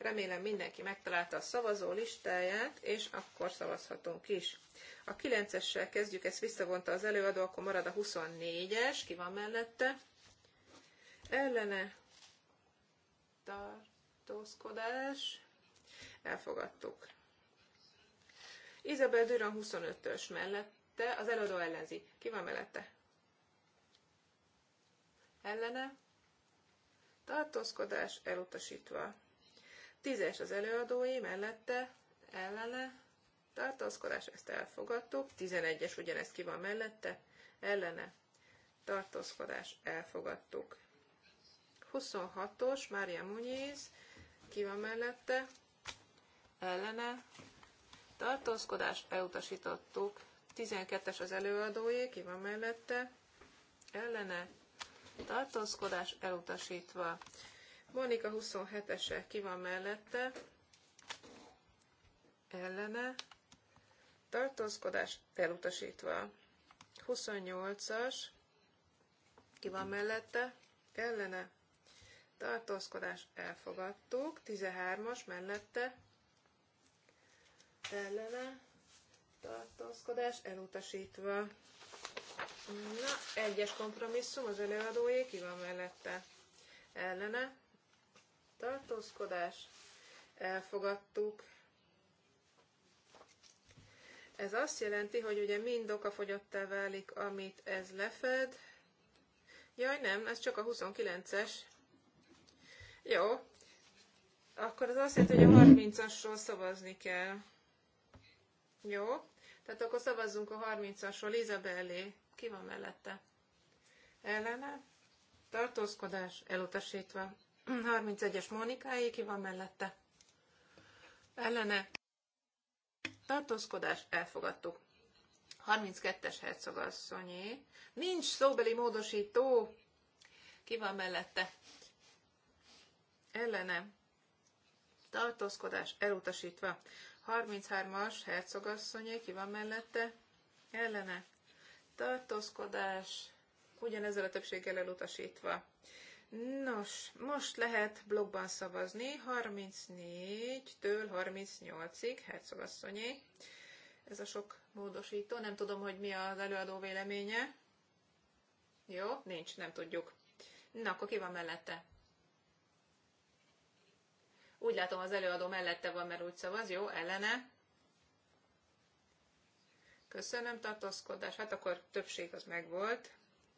Remélem mindenki megtalálta a szavazó listáját, és akkor szavazhatunk is. A 9-essel kezdjük, ezt visszavonta az előadó, akkor marad a 24-es, ki van mellette. Ellene tartózkodás, elfogadtuk. Isabel Duran 25-ös mellette, az előadó ellenzi. Ki van mellette? Ellene. Tartózkodás elutasítva. Tízes az előadói, mellette, ellene, tartózkodás, ezt elfogadtuk. Tizenegyes ugyanezt ki van mellette, ellene, tartózkodás, elfogadtuk. 26-os, Mária Munyéz, ki van mellette, ellene, tartózkodás, elutasítottuk. 12-es az előadói, ki van mellette, ellene, tartózkodás elutasítva. Monika 27-ese ki van mellette, ellene, tartózkodás elutasítva. 28-as, ki van mellette, ellene, tartózkodás elfogadtuk, 13-as mellette, ellene, tartózkodás elutasítva. Na, egyes kompromisszum az előadóé, ki van mellette? Ellene, tartózkodás, elfogadtuk. Ez azt jelenti, hogy ugye mind okafogyottá válik, amit ez lefed. Jaj, nem, ez csak a 29-es. Jó. Akkor az azt jelenti, hogy a 30-asról szavazni kell. Jó. Tehát akkor szavazzunk a 30-asról. Izabellé. Ki van mellette? Ellene? Tartózkodás elutasítva. 31-es Mónikáé, ki van mellette? Ellene. Tartózkodás, elfogadtuk. 32-es hercogasszonyé. Nincs szóbeli módosító. Ki van mellette? Ellene. Tartózkodás elutasítva. 33-as hercogasszonyé. Ki van mellette? Ellene. Tartózkodás ugyanezzel a többséggel elutasítva. Nos, most lehet blogban szavazni 34-től 38-ig, hercogasszonyé. Ez a sok módosító. Nem tudom, hogy mi az előadó véleménye. Jó, nincs, nem tudjuk. Na, akkor ki van mellette? Úgy látom, az előadó mellette van, mert úgy szavaz. Jó, ellene. Köszönöm, tartózkodás. Hát akkor többség az megvolt.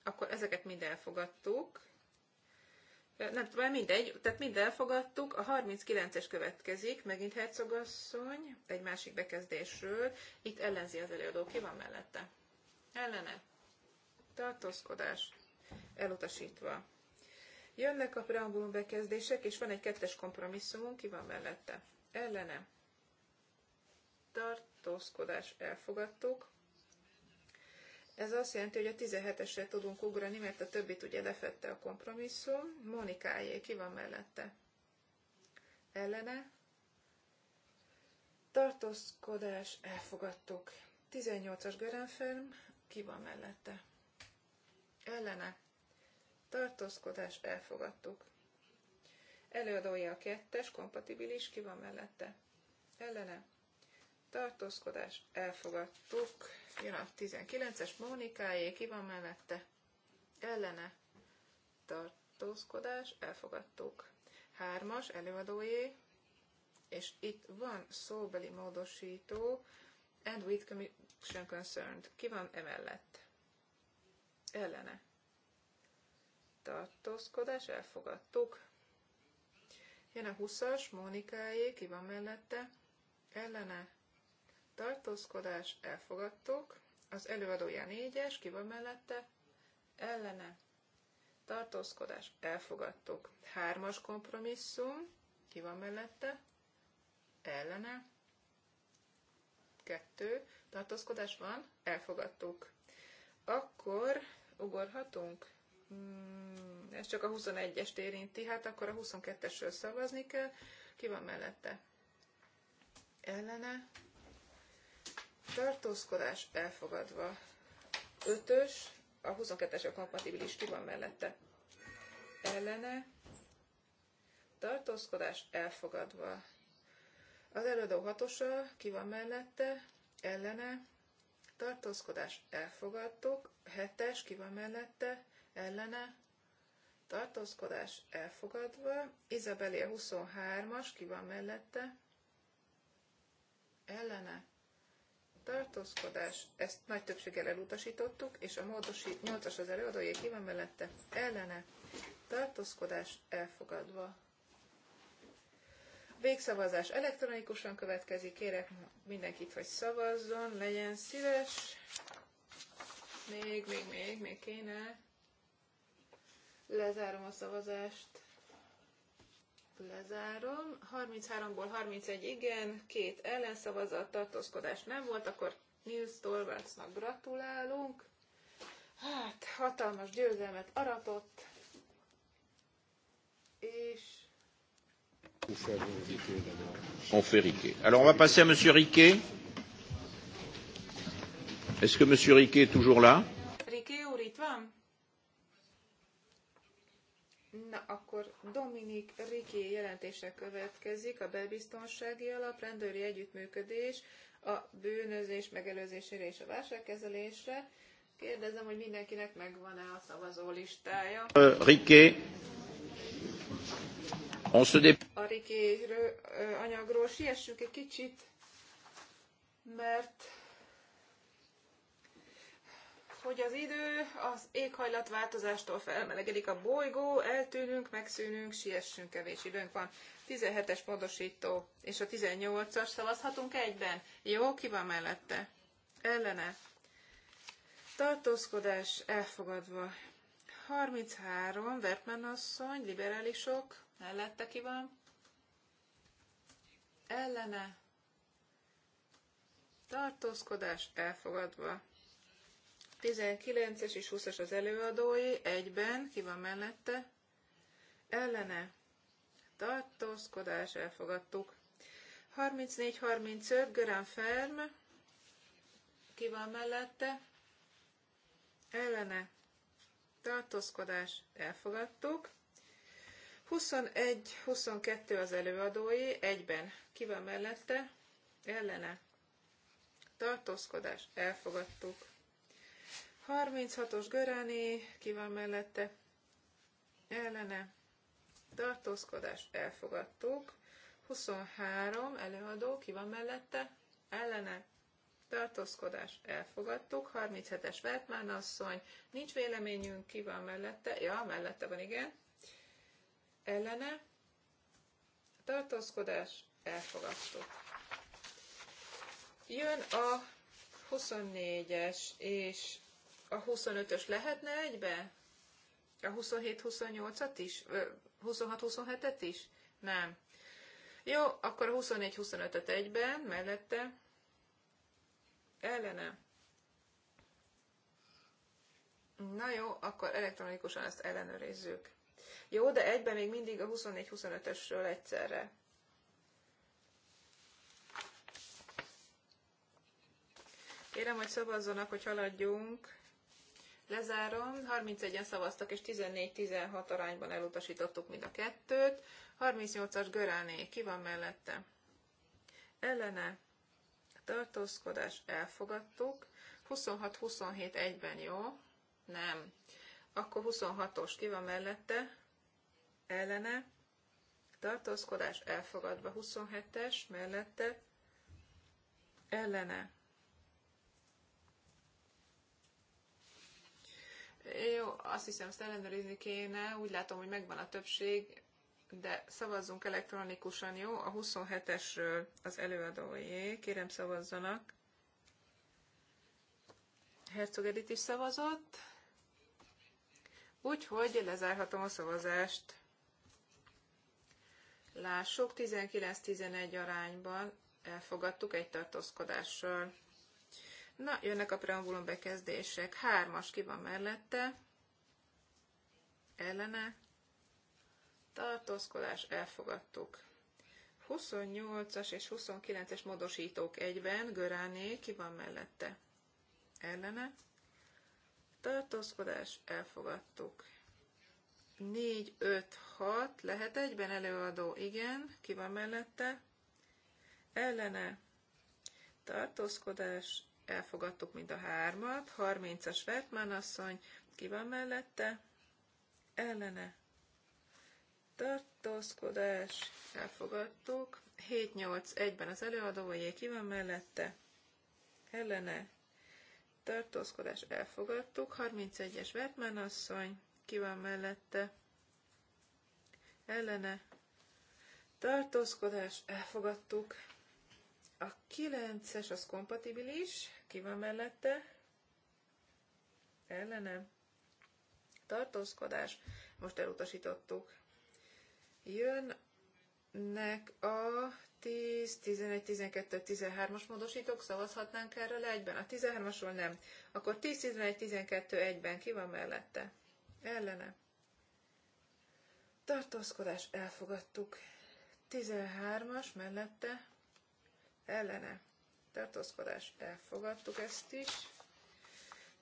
Akkor ezeket mind elfogadtuk nem tudom, mindegy, tehát mind elfogadtuk, a 39-es következik, megint hercogasszony, egy másik bekezdésről, itt ellenzi az előadó, ki van mellette? Ellene. Tartózkodás. Elutasítva. Jönnek a preambulum bekezdések, és van egy kettes kompromisszumunk, ki van mellette? Ellene. Tartózkodás elfogadtuk. Ez azt jelenti, hogy a 17-esre tudunk ugrani, mert a többit ugye lefette a kompromisszum. Monikájé, ki van mellette? Ellene? Tartózkodás, elfogadtuk. 18-as Görenfelm, ki van mellette? Ellene? Tartózkodás, elfogadtuk. Előadója a kettes, kompatibilis, ki van mellette? Ellene? Tartózkodás, elfogadtuk. Jön a 19-es Mónikáé, ki van mellette? Ellene tartózkodás, elfogadtuk. Hármas előadójé, és itt van szóbeli módosító, and with commission concerned. Ki van emellett? Ellene. Tartózkodás, elfogadtuk. Jön a 20-as, Mónikáé, ki van mellette? Ellene tartózkodás, elfogadtuk. Az előadója négyes, ki van mellette? Ellene, tartózkodás, elfogadtuk. Hármas kompromisszum, ki van mellette? Ellene, kettő, tartózkodás van, elfogadtuk. Akkor ugorhatunk? Hmm, ez csak a 21-est érinti, hát akkor a 22-esről szavazni kell. Ki van mellette? Ellene, tartózkodás elfogadva. 5-ös, a 22 a kompatibilis ki van mellette. Ellene, tartózkodás elfogadva. Az előadó hatosa, ki van mellette, ellene, tartózkodás elfogadtuk, hetes, ki van mellette, ellene, tartózkodás elfogadva, Izabeli a 23-as, ki van mellette, ellene, tartózkodás, ezt nagy többséggel elutasítottuk, és a módosít 8-as az előadójé ki van mellette, ellene, tartózkodás elfogadva. Végszavazás elektronikusan következik, kérek mindenkit, hogy szavazzon, legyen szíves. Még, még, még, még kéne. Lezárom a szavazást lezárom. 33-ból 31 igen, két ellenszavazat, tartózkodás nem volt, akkor Nils Torvaldsnak gratulálunk. Hát, hatalmas győzelmet aratott, és... On fait Riquet. Alors on va passer à Monsieur Riquet. Est-ce que Monsieur Riquet est toujours là? Riquet úr itt van? Na akkor Dominik Riki jelentése következik, a belbiztonsági alap, rendőri együttműködés, a bűnözés megelőzésére és a válságkezelésre. Kérdezem, hogy mindenkinek megvan-e a szavazó listája. Euh, Riké. A Riki anyagról siessünk egy kicsit, mert hogy az idő az éghajlatváltozástól felmelegedik a bolygó, eltűnünk, megszűnünk, siessünk, kevés időnk van. 17-es módosító és a 18-as szavazhatunk egyben. Jó, ki van mellette? Ellene. Tartózkodás elfogadva. 33, Vertman asszony, liberálisok, mellette ki van? Ellene. Tartózkodás elfogadva. 19-es és 20-as az előadói, egyben, ki van mellette, ellene, tartózkodás, elfogadtuk. 34-35, Görán Ferm, ki van mellette, ellene, tartózkodás, elfogadtuk. 21-22 az előadói, egyben, ki van mellette, ellene, tartózkodás, elfogadtuk. 36-os Göráné, ki van mellette? Ellene. Tartózkodás, elfogadtuk. 23 előadó, ki van mellette? Ellene. Tartózkodás, elfogadtuk. 37-es Vertmán asszony, nincs véleményünk, ki van mellette? Ja, mellette van, igen. Ellene. Tartózkodás, elfogadtuk. Jön a 24-es és a 25-ös lehetne egybe? A 27-28-at is? 26-27-et is? Nem. Jó, akkor a 24-25-et egyben, mellette, ellene. Na jó, akkor elektronikusan ezt ellenőrizzük. Jó, de egyben még mindig a 24-25-ösről egyszerre. Kérem, hogy szavazzanak, hogy haladjunk. Lezárom. 31-en szavaztak, és 14-16 arányban elutasítottuk mind a kettőt. 38-as Göráné, ki van mellette? Ellene tartózkodás elfogadtuk. 26-27 egyben jó? Nem. Akkor 26-os ki van mellette? Ellene tartózkodás elfogadva. 27-es mellette? Ellene Jó, azt hiszem, ezt ellenőrizni kéne. Úgy látom, hogy megvan a többség, de szavazzunk elektronikusan, jó? A 27-esről az előadójé. Kérem, szavazzanak. Herzog Edith is szavazott. Úgyhogy lezárhatom a szavazást. Lássuk, 19-11 arányban elfogadtuk egy tartózkodással. Na, jönnek a preambulum bekezdések. Hármas ki van mellette. Ellene. Tartózkodás elfogadtuk. 28-as és 29-es módosítók egyben, Göráné, ki van mellette? Ellene. Tartózkodás elfogadtuk. 4, 5, 6, lehet egyben előadó, igen, ki van mellette? Ellene. Tartózkodás elfogadtuk mind a hármat. 30-as Vertman asszony, ki van mellette? Ellene. Tartózkodás, elfogadtuk. 7-8-1-ben az előadójé, ki van mellette? Ellene. Tartózkodás, elfogadtuk. 31-es Vertman asszony, ki van mellette? Ellene. Tartózkodás, elfogadtuk. A 9-es az kompatibilis, ki van mellette? Ellene. Tartózkodás, most elutasítottuk. Jönnek a 10, 11, 12, 13-as módosítók, szavazhatnánk erről egyben? A 13-asról nem. Akkor 10, 11, 12, egyben ki van mellette? Ellene. Tartózkodás elfogadtuk. 13-as mellette ellene tartózkodás elfogadtuk ezt is.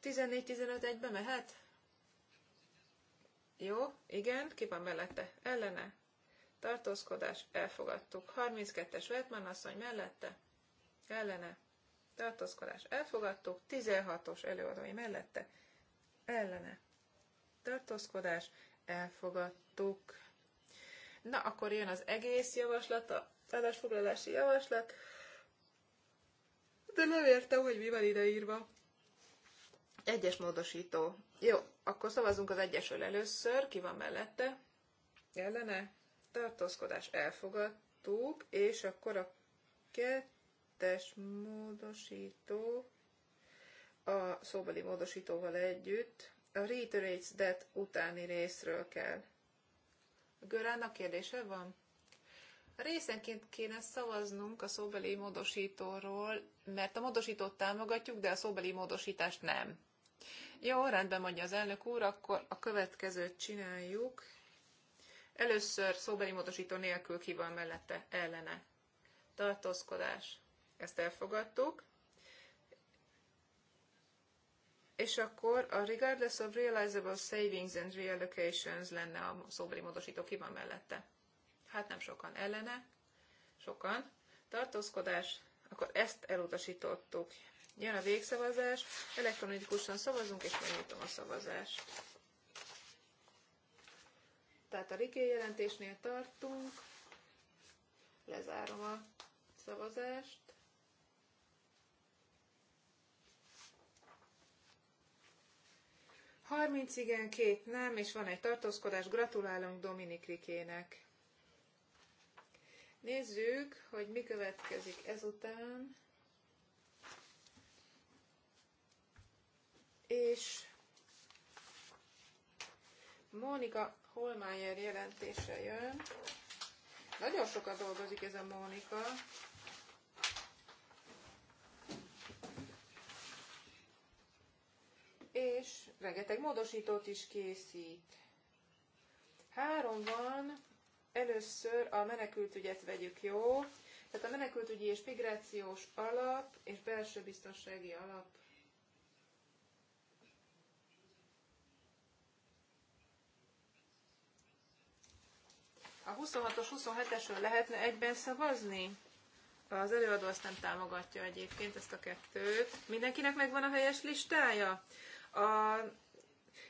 14-15 egybe mehet? Jó, igen, ki van mellette? Ellene. Tartózkodás, elfogadtuk. 32-es Vetman asszony mellette? Ellene. Tartózkodás, elfogadtuk. 16-os előadói mellette? Ellene. Tartózkodás, elfogadtuk. Na, akkor jön az egész javaslat, a állásfoglalási javaslat. De nem értem, hogy mi van ideírva. Egyes módosító. Jó, akkor szavazunk az egyesről először. Ki van mellette? Ellene? Tartózkodás elfogadtuk, és akkor a kettes módosító a szóbeli módosítóval együtt a reiterates that utáni részről kell. Görán a kérdése van? Részenként kéne szavaznunk a szóbeli módosítóról, mert a módosítót támogatjuk, de a szóbeli módosítást nem. Jó, rendben mondja az elnök úr, akkor a következőt csináljuk. Először szóbeli módosító nélkül ki van mellette ellene. Tartózkodás. Ezt elfogadtuk. És akkor a regardless of realizable savings and reallocations lenne a szóbeli módosító ki van mellette hát nem sokan ellene, sokan, tartózkodás, akkor ezt elutasítottuk. Jön a végszavazás, elektronikusan szavazunk, és megnyitom a szavazást. Tehát a Riké jelentésnél tartunk, lezárom a szavazást. Harminc igen, két nem, és van egy tartózkodás. Gratulálunk Dominik Rikének! Nézzük, hogy mi következik ezután. És Mónika Holmeyer jelentése jön. Nagyon sokat dolgozik ez a Mónika. És rengeteg módosítót is készít. Három van, Először a menekültügyet vegyük jó. Tehát a menekültügyi és migrációs alap és belső biztonsági alap A 26-os, 27-esről lehetne egyben szavazni? Az előadó azt nem támogatja egyébként ezt a kettőt. Mindenkinek megvan a helyes listája? A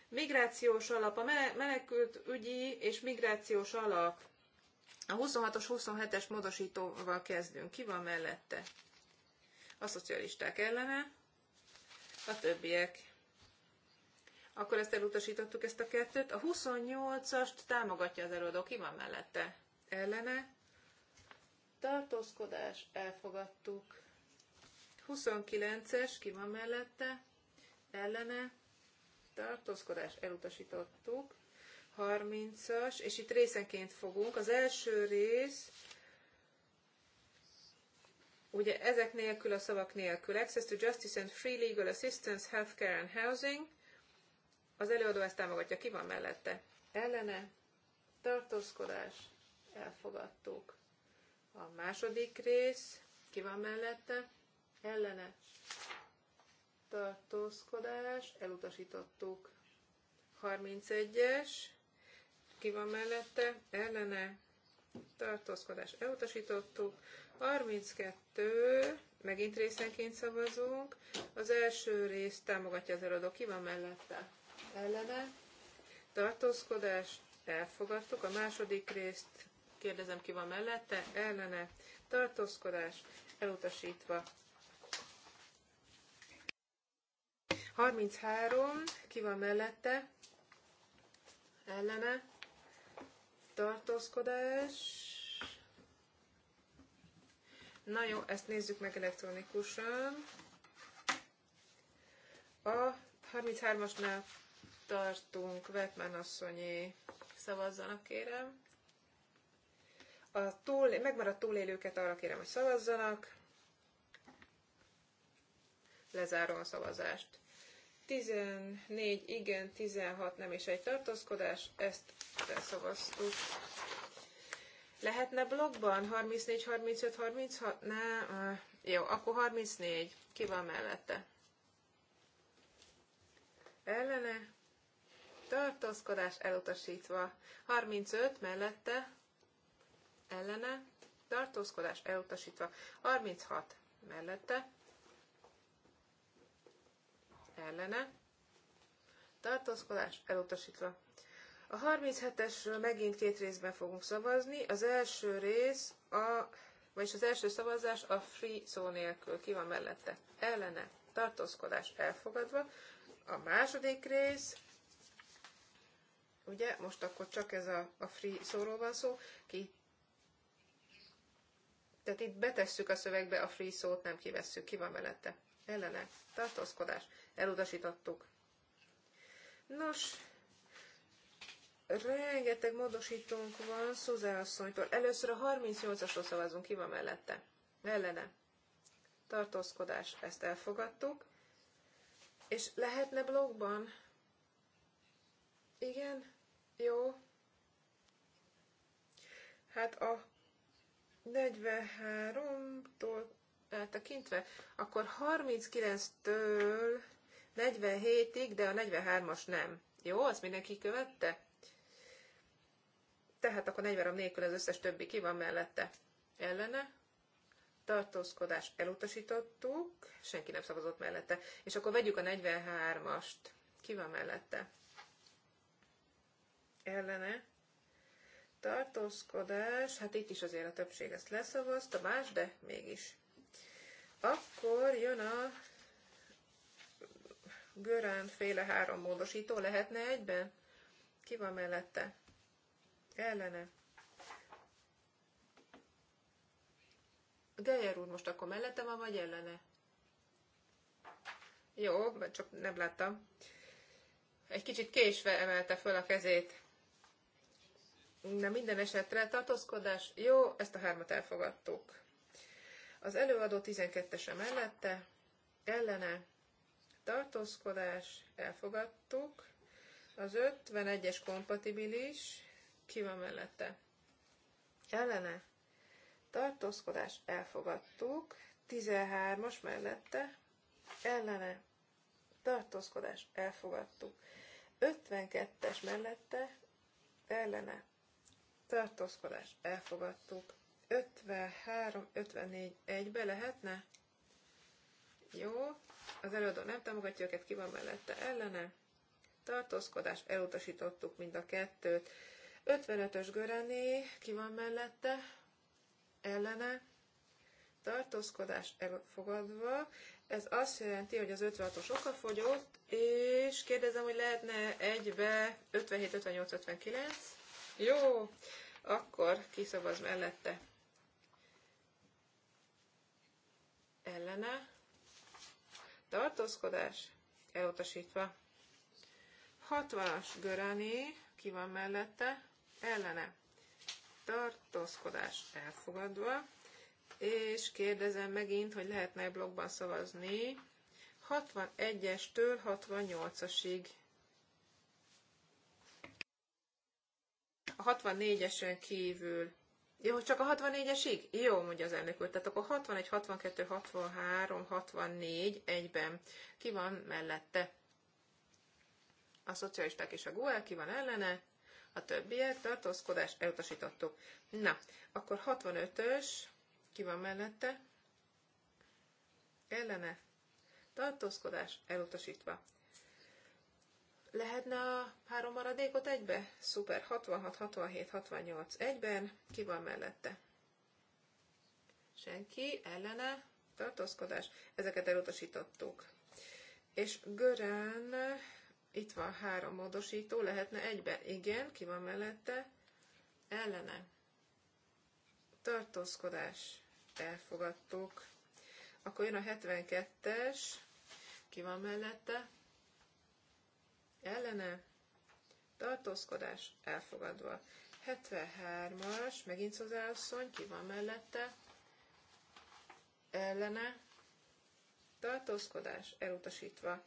migrációs alap, a menekült ügyi és migrációs alap. A 26-os, 27-es módosítóval kezdünk. Ki van mellette? A szocialisták ellene, a többiek. Akkor ezt elutasítottuk, ezt a kettőt. A 28-ast támogatja az előadó. Ki van mellette? Ellene. Tartózkodás, elfogadtuk. 29-es, ki van mellette? Ellene. Tartózkodás, elutasítottuk. 30-as, és itt részenként fogunk. Az első rész, ugye ezek nélkül a szavak nélkül, access to justice and free legal assistance, healthcare and housing, az előadó ezt támogatja, ki van mellette? Ellene, tartózkodás, elfogadtuk. A második rész, ki van mellette? Ellene, tartózkodás, elutasítottuk. 31-es, ki van mellette, ellene, tartózkodás elutasítottuk, 32, megint részenként szavazunk, az első rész támogatja az eladó, ki van mellette, ellene, tartózkodás, elfogadtuk, a második részt kérdezem, ki van mellette, ellene, tartózkodás, elutasítva. 33, ki van mellette, ellene, tartózkodás. Na jó, ezt nézzük meg elektronikusan. A 33-asnál tartunk, Vetmen asszonyi, szavazzanak kérem. A túl, megmaradt túlélőket arra kérem, hogy szavazzanak. Lezárom a szavazást. 14 igen, 16 nem és egy tartózkodás, ezt leszavaztuk. Lehetne blogban 34, 35, 36? Ne, jó, akkor 34. Ki van mellette? Ellene? Tartózkodás elutasítva. 35 mellette? Ellene? Tartózkodás elutasítva. 36 mellette? ellene, tartózkodás elutasítva. A 37-esről megint két részben fogunk szavazni. Az első rész, a, vagyis az első szavazás a free szó nélkül. Ki van mellette? Ellene. Tartózkodás elfogadva. A második rész, ugye, most akkor csak ez a, a free szóról van szó, ki tehát itt betesszük a szövegbe a free szót, nem kivesszük, ki van mellette ellene tartózkodás elutasítottuk. Nos, rengeteg módosítónk van Szuzán asszonytól. Először a 38-asról szavazunk, ki van mellette? Ellene. Tartózkodás, ezt elfogadtuk. És lehetne blogban? Igen? Jó. Hát a 43-tól eltekintve, akkor 39-től 47-ig, de a 43-as nem. Jó, azt mindenki követte? Tehát akkor 43 nélkül az összes többi ki van mellette. Ellene? Tartózkodás elutasítottuk, senki nem szavazott mellette. És akkor vegyük a 43-ast. Ki van mellette? Ellene? Tartózkodás, hát itt is azért a többség ezt leszavazta, más, de mégis. Akkor jön a Görán féle három módosító. Lehetne egyben? Ki van mellette? Ellene. Geyer úr most akkor mellette van, vagy ellene? Jó, csak nem láttam. Egy kicsit késve emelte föl a kezét. Na minden esetre tartózkodás. Jó, ezt a hármat elfogadtuk. Az előadó 12-ese mellette, ellene, tartózkodás, elfogadtuk. Az 51-es kompatibilis, ki van mellette? Ellene, tartózkodás, elfogadtuk. 13-as mellette, ellene, tartózkodás, elfogadtuk. 52-es mellette, ellene, tartózkodás, elfogadtuk. 53-54-1-be lehetne? Jó. Az előadó nem támogatja őket, ki van mellette ellene? Tartózkodás, elutasítottuk mind a kettőt. 55-ös Görené, ki van mellette? Ellene? Tartózkodás elfogadva. Ez azt jelenti, hogy az 56-os oka fogyott, és kérdezem, hogy lehetne egybe 57, 58, 59? Jó, akkor kiszavaz mellette ellene, tartózkodás elutasítva. 60-as Görani, ki van mellette, ellene, tartózkodás elfogadva, és kérdezem megint, hogy lehetne blogban szavazni 61-estől 68-asig. A 64-esen kívül jó, csak a 64-esig? Jó, mondja az elnök úr. Tehát akkor 61, 62, 63, 64 egyben. Ki van mellette? A szocialisták és a GUE, ki van ellene? A többiek, tartózkodás, elutasítottuk. Na, akkor 65-ös, ki van mellette? Ellene, tartózkodás, elutasítva. Lehetne a három maradékot egybe? Szuper, 66, 67, 68 egyben. Ki van mellette? Senki, ellene, tartózkodás. Ezeket elutasítottuk. És Görán, itt van három módosító, lehetne egybe? Igen, ki van mellette? Ellene. Tartózkodás. Elfogadtuk. Akkor jön a 72-es. Ki van mellette? ellene, tartózkodás elfogadva. 73-as, megint hozzáasszony, ki van mellette, ellene, tartózkodás elutasítva.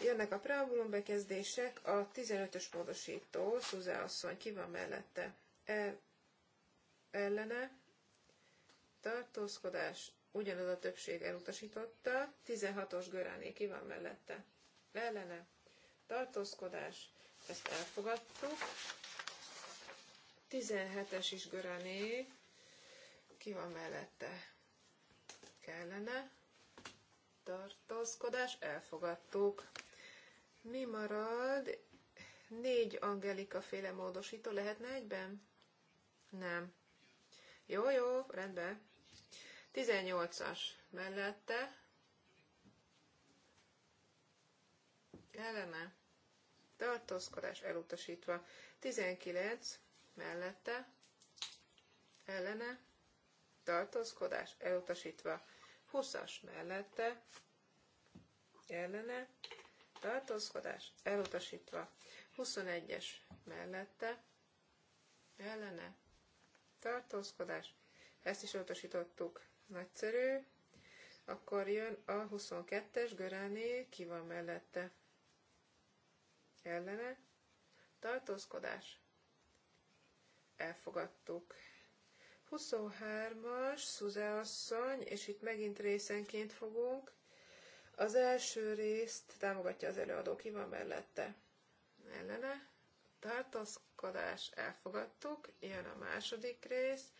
Jönnek a preambulum bekezdések, a 15-ös módosító, Szuzá asszony, ki van mellette, El, ellene, tartózkodás, ugyanaz a többség elutasította, 16-os Göráné, ki van mellette, ellene, tartózkodás, ezt elfogadtuk. 17-es is Görané, ki van mellette? Kellene. Tartózkodás, elfogadtuk. Mi marad? Négy Angelika féle módosító lehetne egyben? Nem. Jó, jó, rendben. 18-as mellette ellene tartózkodás elutasítva. 19 mellette ellene tartózkodás elutasítva. 20-as mellette ellene tartózkodás elutasítva. 21-es mellette ellene tartózkodás. Ezt is elutasítottuk. Nagyszerű. Akkor jön a 22-es Göráné, ki van mellette? ellene, tartózkodás, elfogadtuk. 23-as, Szuze asszony, és itt megint részenként fogunk. Az első részt támogatja az előadó, ki van mellette? Ellene. Tartózkodás, elfogadtuk. Jön a második rész.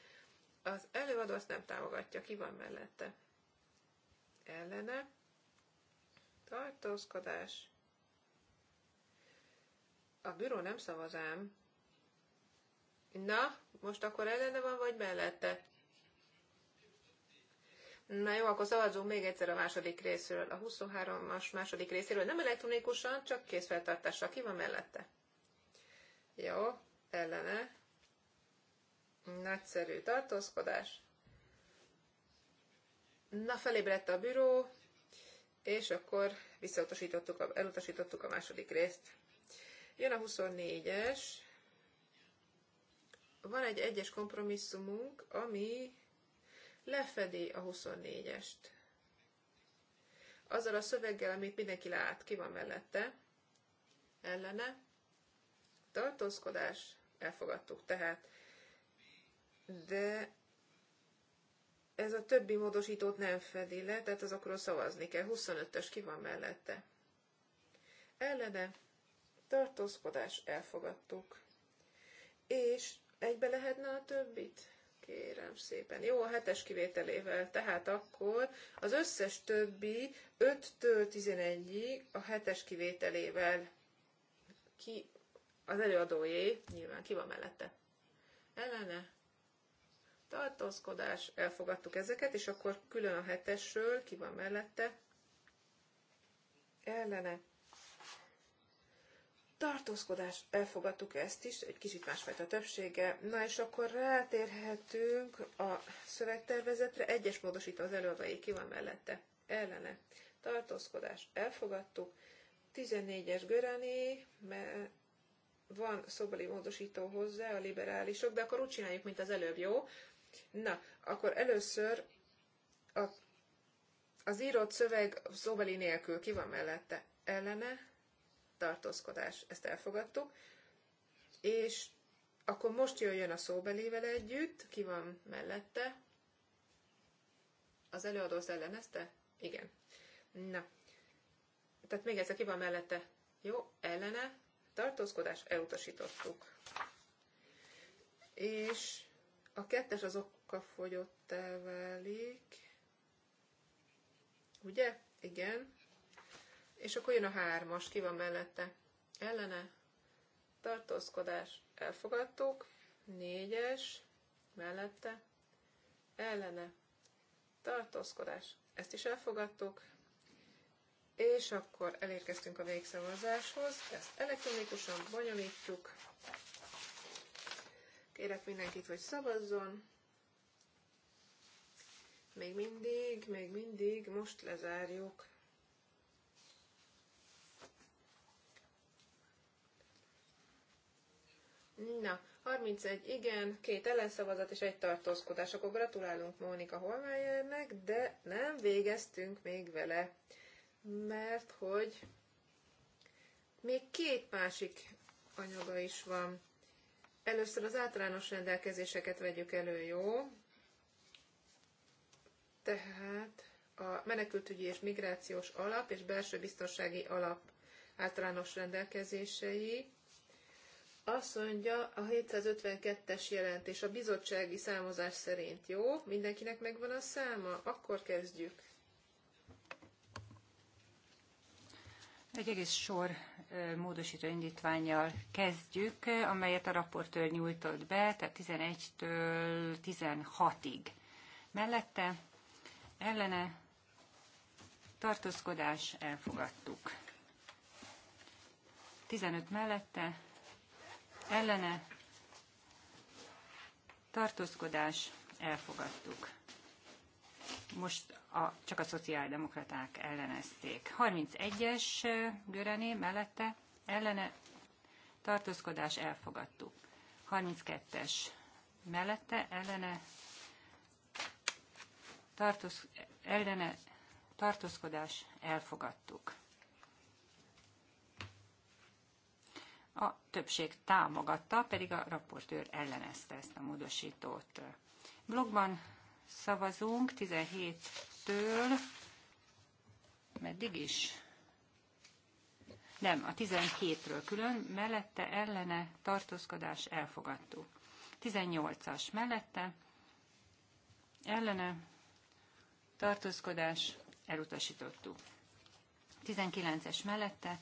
Az előadó azt nem támogatja, ki van mellette? Ellene. Tartózkodás, a büro nem szavaz ám. Na, most akkor ellene van, vagy mellette? Na jó, akkor szavazzunk még egyszer a második részről, a 23-as második részéről. Nem elektronikusan, csak készfeltartással. Ki van mellette? Jó, ellene. Nagyszerű tartózkodás. Na, felébredt a büró, és akkor visszautasítottuk, a, elutasítottuk a második részt. Jön a 24-es. Van egy egyes kompromisszumunk, ami lefedi a 24-est. Azzal a szöveggel, amit mindenki lát, ki van mellette, ellene, tartózkodás, elfogadtuk tehát. De ez a többi módosítót nem fedi le, tehát akkor szavazni kell. 25-ös ki van mellette. Ellene, tartózkodás elfogadtuk. És egybe lehetne a többit? Kérem szépen. Jó, a hetes kivételével. Tehát akkor az összes többi 5-től 11-ig a hetes kivételével ki az előadójé, nyilván ki van mellette. Ellene. Tartózkodás, elfogadtuk ezeket, és akkor külön a hetesről, ki van mellette. Ellene tartózkodás, elfogadtuk ezt is, egy kicsit másfajta többsége. Na és akkor rátérhetünk a szövegtervezetre. Egyes módosító az előadói ki van mellette. Ellene. Tartózkodás. Elfogadtuk. 14-es Görani, mert van szobali módosító hozzá a liberálisok, de akkor úgy csináljuk, mint az előbb, jó? Na, akkor először a, az írott szöveg szobali nélkül ki van mellette? Ellene? tartózkodás. Ezt elfogadtuk. És akkor most jöjjön a szóbelével együtt, ki van mellette. Az előadó az ellenezte? Igen. Na. Tehát még egyszer ki van mellette? Jó, ellene, tartózkodás, elutasítottuk. És a kettes az okka el válik. Ugye? Igen. És akkor jön a hármas, ki van mellette? Ellene, tartózkodás, elfogadtuk, négyes, mellette, ellene, tartózkodás, ezt is elfogadtuk, és akkor elérkeztünk a végszavazáshoz, ezt elektronikusan bonyolítjuk. Kérek mindenkit, hogy szavazzon. Még mindig, még mindig, most lezárjuk Na, 31 igen, két ellenszavazat és egy tartózkodás. Akkor gratulálunk Mónika Holmájernek, de nem végeztünk még vele, mert hogy még két másik anyaga is van. Először az általános rendelkezéseket vegyük elő, jó? Tehát a menekültügyi és migrációs alap és belső biztonsági alap általános rendelkezései azt mondja, a 752-es jelentés a bizottsági számozás szerint jó, mindenkinek megvan a száma, akkor kezdjük. Egy egész sor módosító indítványjal kezdjük, amelyet a raportőr nyújtott be, tehát 11-től 16-ig. Mellette ellene tartózkodás elfogadtuk. 15 mellette ellene tartózkodás elfogadtuk. Most a, csak a szociáldemokraták ellenezték. 31-es Görené mellette ellene tartózkodás elfogadtuk. 32-es mellette ellene ellene tartózkodás elfogadtuk. a többség támogatta, pedig a raportőr ellenezte ezt a módosítót. Blogban szavazunk 17-től, meddig is? Nem, a 17-ről külön, mellette ellene tartózkodás elfogadtuk. 18-as mellette ellene tartózkodás elutasítottuk. 19-es mellette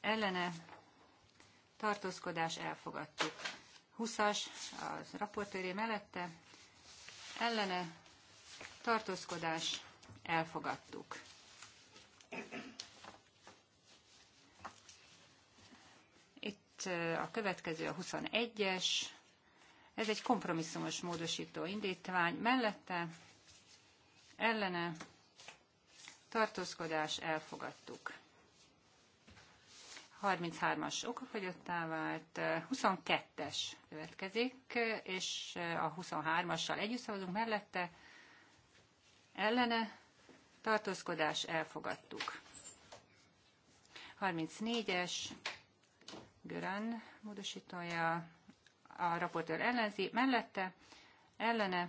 ellene tartózkodás elfogadtuk. 20-as az raportőré mellette, ellene tartózkodás elfogadtuk. Itt a következő a 21-es, ez egy kompromisszumos módosító indítvány, mellette ellene tartózkodás elfogadtuk. 33-as okafogyottá vált, 22-es következik, és a 23-assal együtt szavazunk mellette, ellene, tartózkodás, elfogadtuk. 34-es, Görön módosítója, a raportőr ellenzi, mellette, ellene,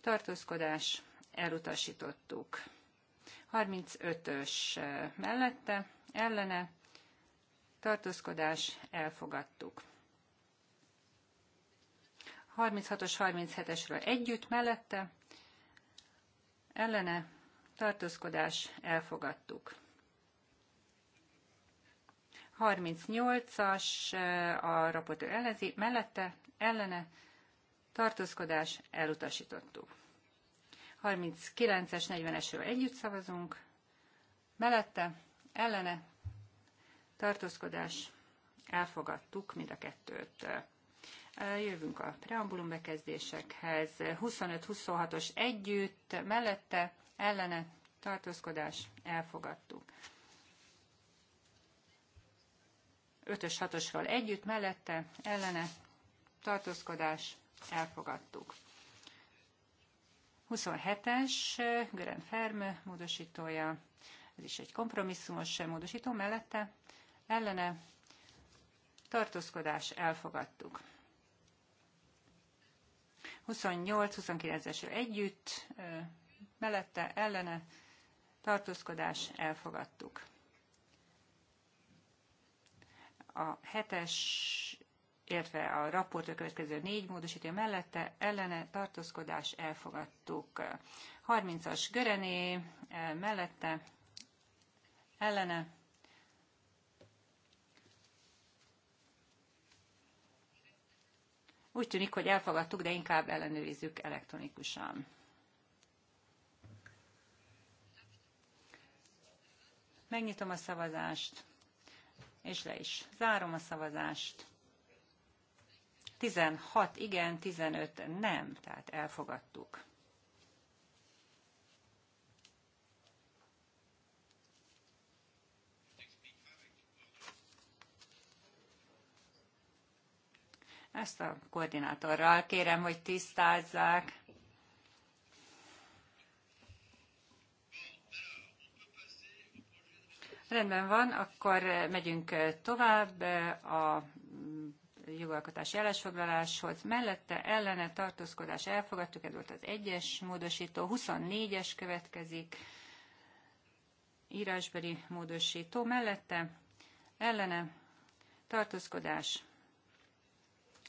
tartózkodás, elutasítottuk. 35-ös mellette, ellene tartózkodás elfogadtuk. 36-os, 37-esről együtt mellette ellene tartózkodás elfogadtuk. 38-as eh, a raportőr ellenzi, mellette ellene tartózkodás elutasítottuk. 39-es, 40-esről együtt szavazunk, mellette ellene tartózkodás elfogadtuk mind a kettőt. E, jövünk a preambulum bekezdésekhez. 25-26-os együtt, mellette, ellene, tartózkodás, elfogadtuk. 5-ös, 6-osról együtt, mellette, ellene, tartózkodás, elfogadtuk. 27-es, Gören Ferm módosítója, ez is egy kompromisszumos módosító mellette. Ellene tartózkodás elfogadtuk. 28-29-esről együtt, mellette, ellene, tartózkodás elfogadtuk. A hetes, illetve a a következő négy módosítja mellette, ellene, tartózkodás elfogadtuk. 30-as Görené mellette, ellene. Úgy tűnik, hogy elfogadtuk, de inkább ellenőrizzük elektronikusan. Megnyitom a szavazást, és le is zárom a szavazást. 16 igen, 15 nem, tehát elfogadtuk. Ezt a koordinátorral kérem, hogy tisztázzák. Rendben van, akkor megyünk tovább a jogalkotási állásfoglaláshoz. Mellette ellene tartózkodás elfogadtuk, ez volt az egyes módosító, 24-es következik, írásbeli módosító mellette, ellene tartózkodás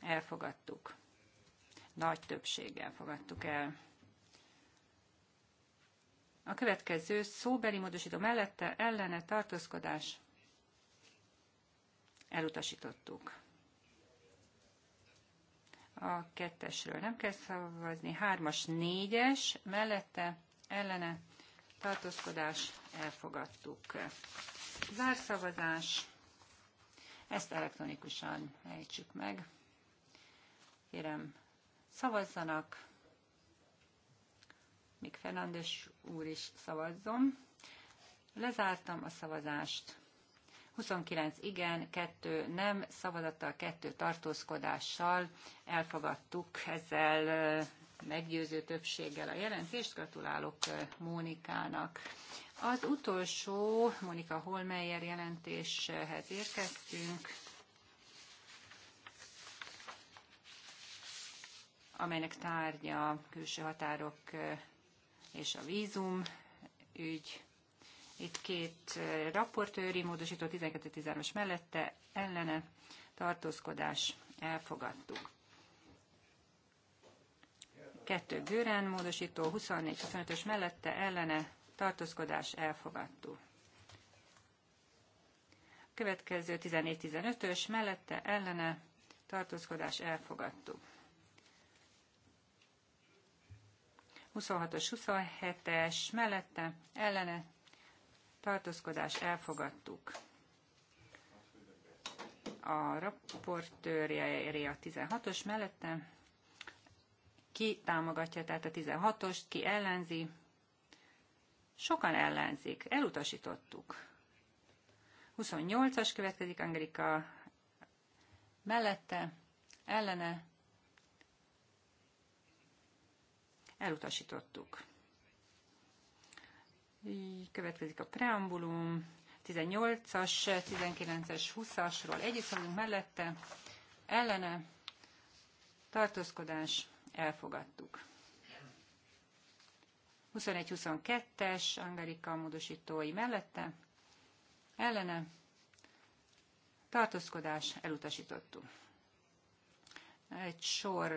elfogadtuk. Nagy többséggel fogadtuk el. A következő szóbeli módosító mellette ellene tartózkodás elutasítottuk. A kettesről nem kell szavazni. Hármas, négyes mellette ellene tartózkodás elfogadtuk. Zárszavazás. Ezt elektronikusan ejtsük meg. Kérem, szavazzanak. Még Fernandes úr is szavazzon. Lezártam a szavazást. 29 igen, 2 nem, szavazattal, 2 tartózkodással elfogadtuk ezzel meggyőző többséggel a jelentést. Gratulálok Mónikának. Az utolsó Mónika Holmeyer jelentéshez érkeztünk. amelynek tárgya külső határok és a vízum ügy. Itt két raportőri módosító 12-13-as mellette ellene tartózkodás elfogadtuk. Kettő Gőren módosító 24-25-ös mellette ellene tartózkodás elfogadtuk. Következő 14-15-ös mellette ellene tartózkodás elfogadtuk. 26-os, 27-es mellette ellene tartózkodás elfogadtuk. A raportőrje a 16-os mellette. Ki támogatja tehát a 16-ost, ki ellenzi? Sokan ellenzik, elutasítottuk. 28-as következik Angelika mellette, ellene Elutasítottuk. következik a preambulum. 18-as, 19-es, 20-asról együtt szólunk mellette. Ellene tartózkodás elfogadtuk. 21-22-es Angelika módosítói mellette, ellene tartózkodás elutasítottuk. Egy sor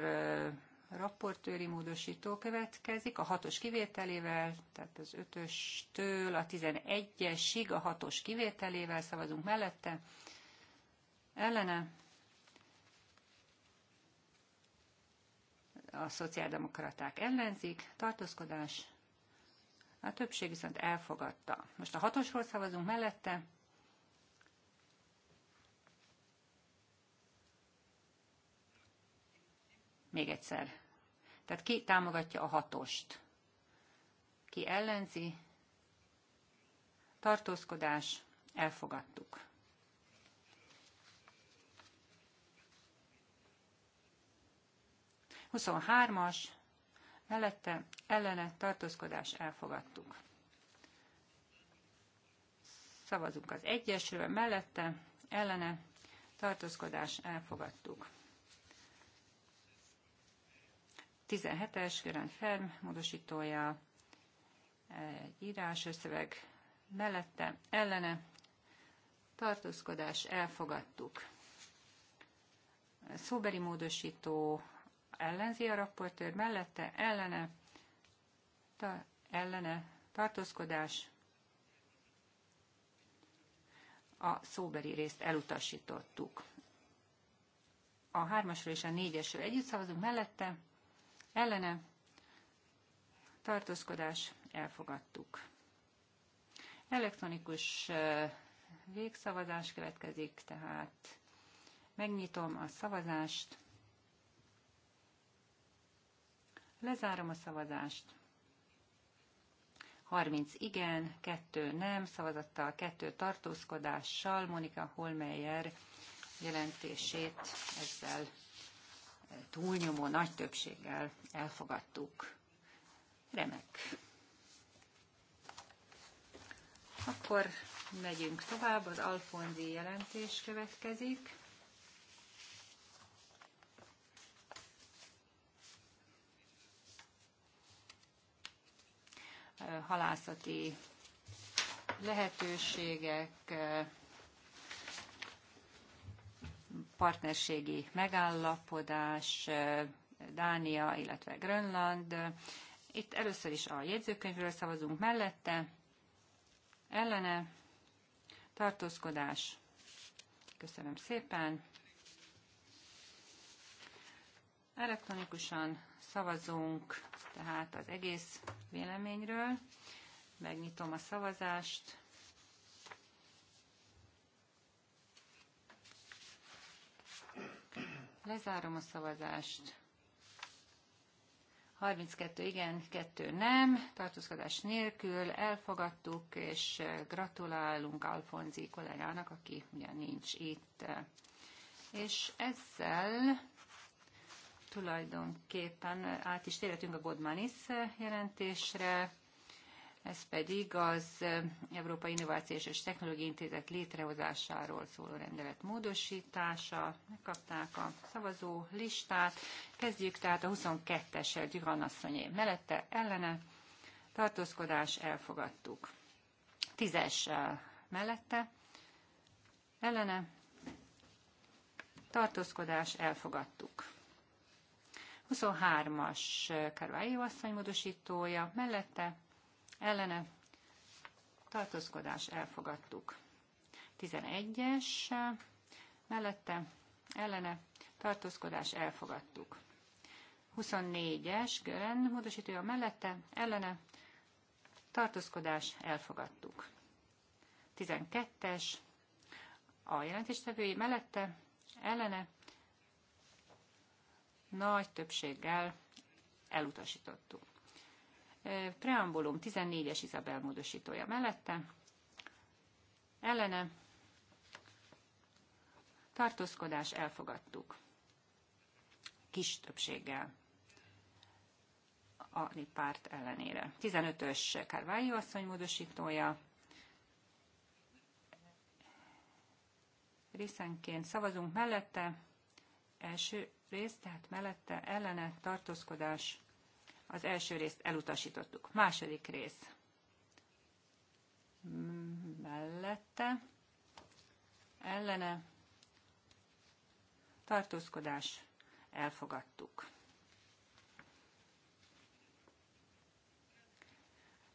raportőri módosító következik, a hatos kivételével, tehát az ötöstől a 11-esig a hatos kivételével szavazunk mellette. Ellene a szociáldemokraták ellenzik, tartózkodás, a többség viszont elfogadta. Most a hatosról szavazunk mellette. Még egyszer tehát ki támogatja a hatost? Ki ellenzi? Tartózkodás, elfogadtuk. Huszonhármas, mellette ellene tartózkodás, elfogadtuk. Szavazunk az egyesről, mellette ellene tartózkodás, elfogadtuk. 17-es Görán Ferm módosítója, egy írás összeveg mellette, ellene, tartózkodás, elfogadtuk. Szóberi módosító ellenzi a raportőr mellette, ellene, ta, ellene, tartózkodás, a Szóberi részt elutasítottuk. A hármasról és a négyesről együtt szavazunk mellette, ellene tartózkodás elfogadtuk. Elektronikus végszavazás következik, tehát megnyitom a szavazást, lezárom a szavazást, 30 igen, 2 nem, szavazattal 2 tartózkodással Monika Holmeyer jelentését ezzel túlnyomó nagy többséggel elfogadtuk. Remek. Akkor megyünk tovább, az Alfonzi jelentés következik. Halászati lehetőségek, partnerségi megállapodás, Dánia, illetve Grönland. Itt először is a jegyzőkönyvről szavazunk mellette, ellene, tartózkodás. Köszönöm szépen. Elektronikusan szavazunk tehát az egész véleményről. Megnyitom a szavazást. Lezárom a szavazást. 32 igen, 2 nem, tartózkodás nélkül elfogadtuk, és gratulálunk Alfonzi kollégának, aki ugye nincs itt. És ezzel tulajdonképpen át is térhetünk a Godmanis jelentésre ez pedig az Európai Innovációs és Technológiai Intézet létrehozásáról szóló rendelet módosítása. Megkapták a szavazó listát. Kezdjük tehát a 22-essel Gyuran asszonyé mellette ellene. Tartózkodás elfogadtuk. 10-es mellette ellene. Tartózkodás elfogadtuk. 23-as Carvalho asszony módosítója mellette ellene tartózkodás elfogadtuk. 11-es mellette ellene tartózkodás elfogadtuk. 24-es Gören módosítója mellette ellene tartózkodás elfogadtuk. 12-es a jelentéstevői mellette ellene nagy többséggel elutasítottuk. Preambulum 14-es Izabel módosítója mellette. Ellene. Tartózkodás elfogadtuk. Kis többséggel a párt ellenére. 15-ös Carvalho asszony módosítója. Részenként szavazunk mellette. Első rész, tehát mellette ellene tartózkodás az első részt elutasítottuk. Második rész mellette, ellene, tartózkodás, elfogadtuk.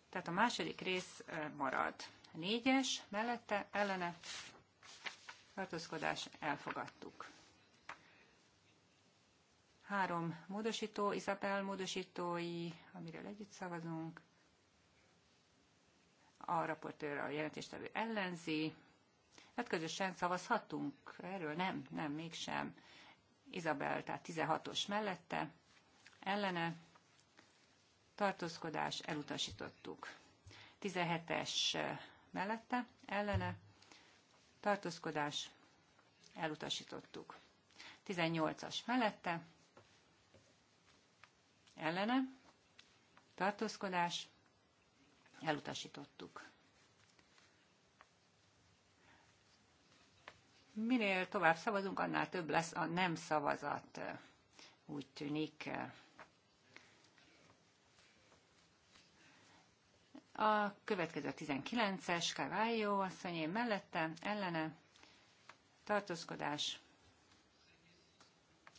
Tehát a második rész marad. Négyes, mellette, ellene, tartózkodás, elfogadtuk. Három módosító, Izabel módosítói, amiről együtt szavazunk. A raportőr a jelentéstevő ellenzi. Hát közösen szavazhatunk erről? Nem, nem, mégsem. Izabel, tehát 16-os mellette, ellene, tartózkodás, elutasítottuk. 17-es mellette, ellene, tartózkodás, elutasítottuk. 18-as mellette, ellene, tartózkodás, elutasítottuk. Minél tovább szavazunk, annál több lesz a nem szavazat, úgy tűnik. A következő 19-es Carvalho asszonyé mellette, ellene, tartózkodás,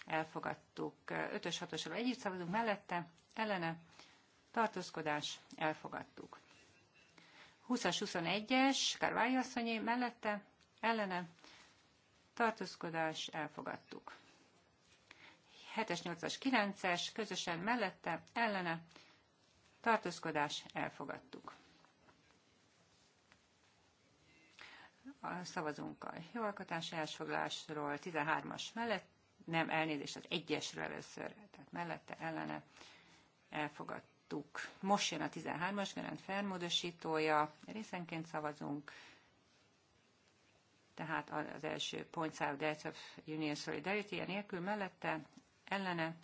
elfogadtuk. 5-ös, 6 együtt szavazunk mellette, ellene, tartózkodás, elfogadtuk. 20-as, 21-es, Kárvályi asszonyé, mellette, ellene, tartózkodás, elfogadtuk. 7-es, 8-as, 9-es, közösen mellette, ellene, tartózkodás, elfogadtuk. A Szavazunk a jogalkotás elsfoglalásról, 13-as mellett, nem elnézést, az egyesre először, tehát mellette ellene elfogadtuk. Most jön a 13-as Gerend felmódosítója, részenként szavazunk, tehát az első Points of Death of Union Solidarity, -e nélkül mellette ellene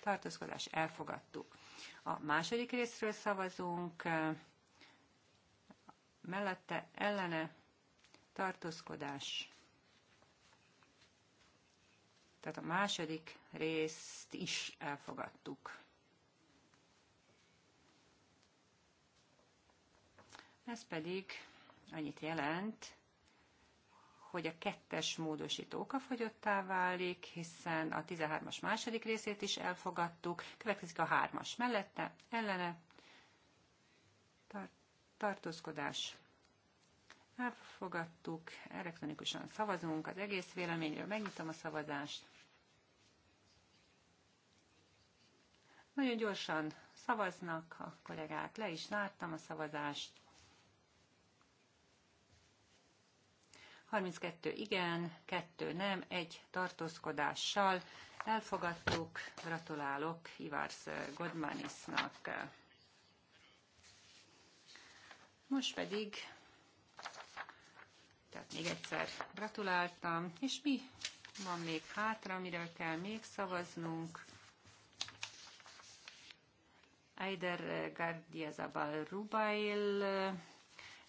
tartózkodás elfogadtuk. A második részről szavazunk, mellette ellene tartózkodás tehát a második részt is elfogadtuk. Ez pedig annyit jelent, hogy a kettes módosító okafogyottá válik, hiszen a 13-as második részét is elfogadtuk, következik a 3-as mellette, ellene, tar- tartózkodás. Elfogadtuk, elektronikusan szavazunk az egész véleményről, megnyitom a szavazást. Nagyon gyorsan szavaznak a kollégák, le is láttam a szavazást. 32 igen, 2 nem, egy tartózkodással elfogadtuk. Gratulálok Ivars Godmanisnak. Most pedig, tehát még egyszer gratuláltam, és mi van még hátra, amiről kell még szavaznunk? Eider Gardiazabal Rubail eh,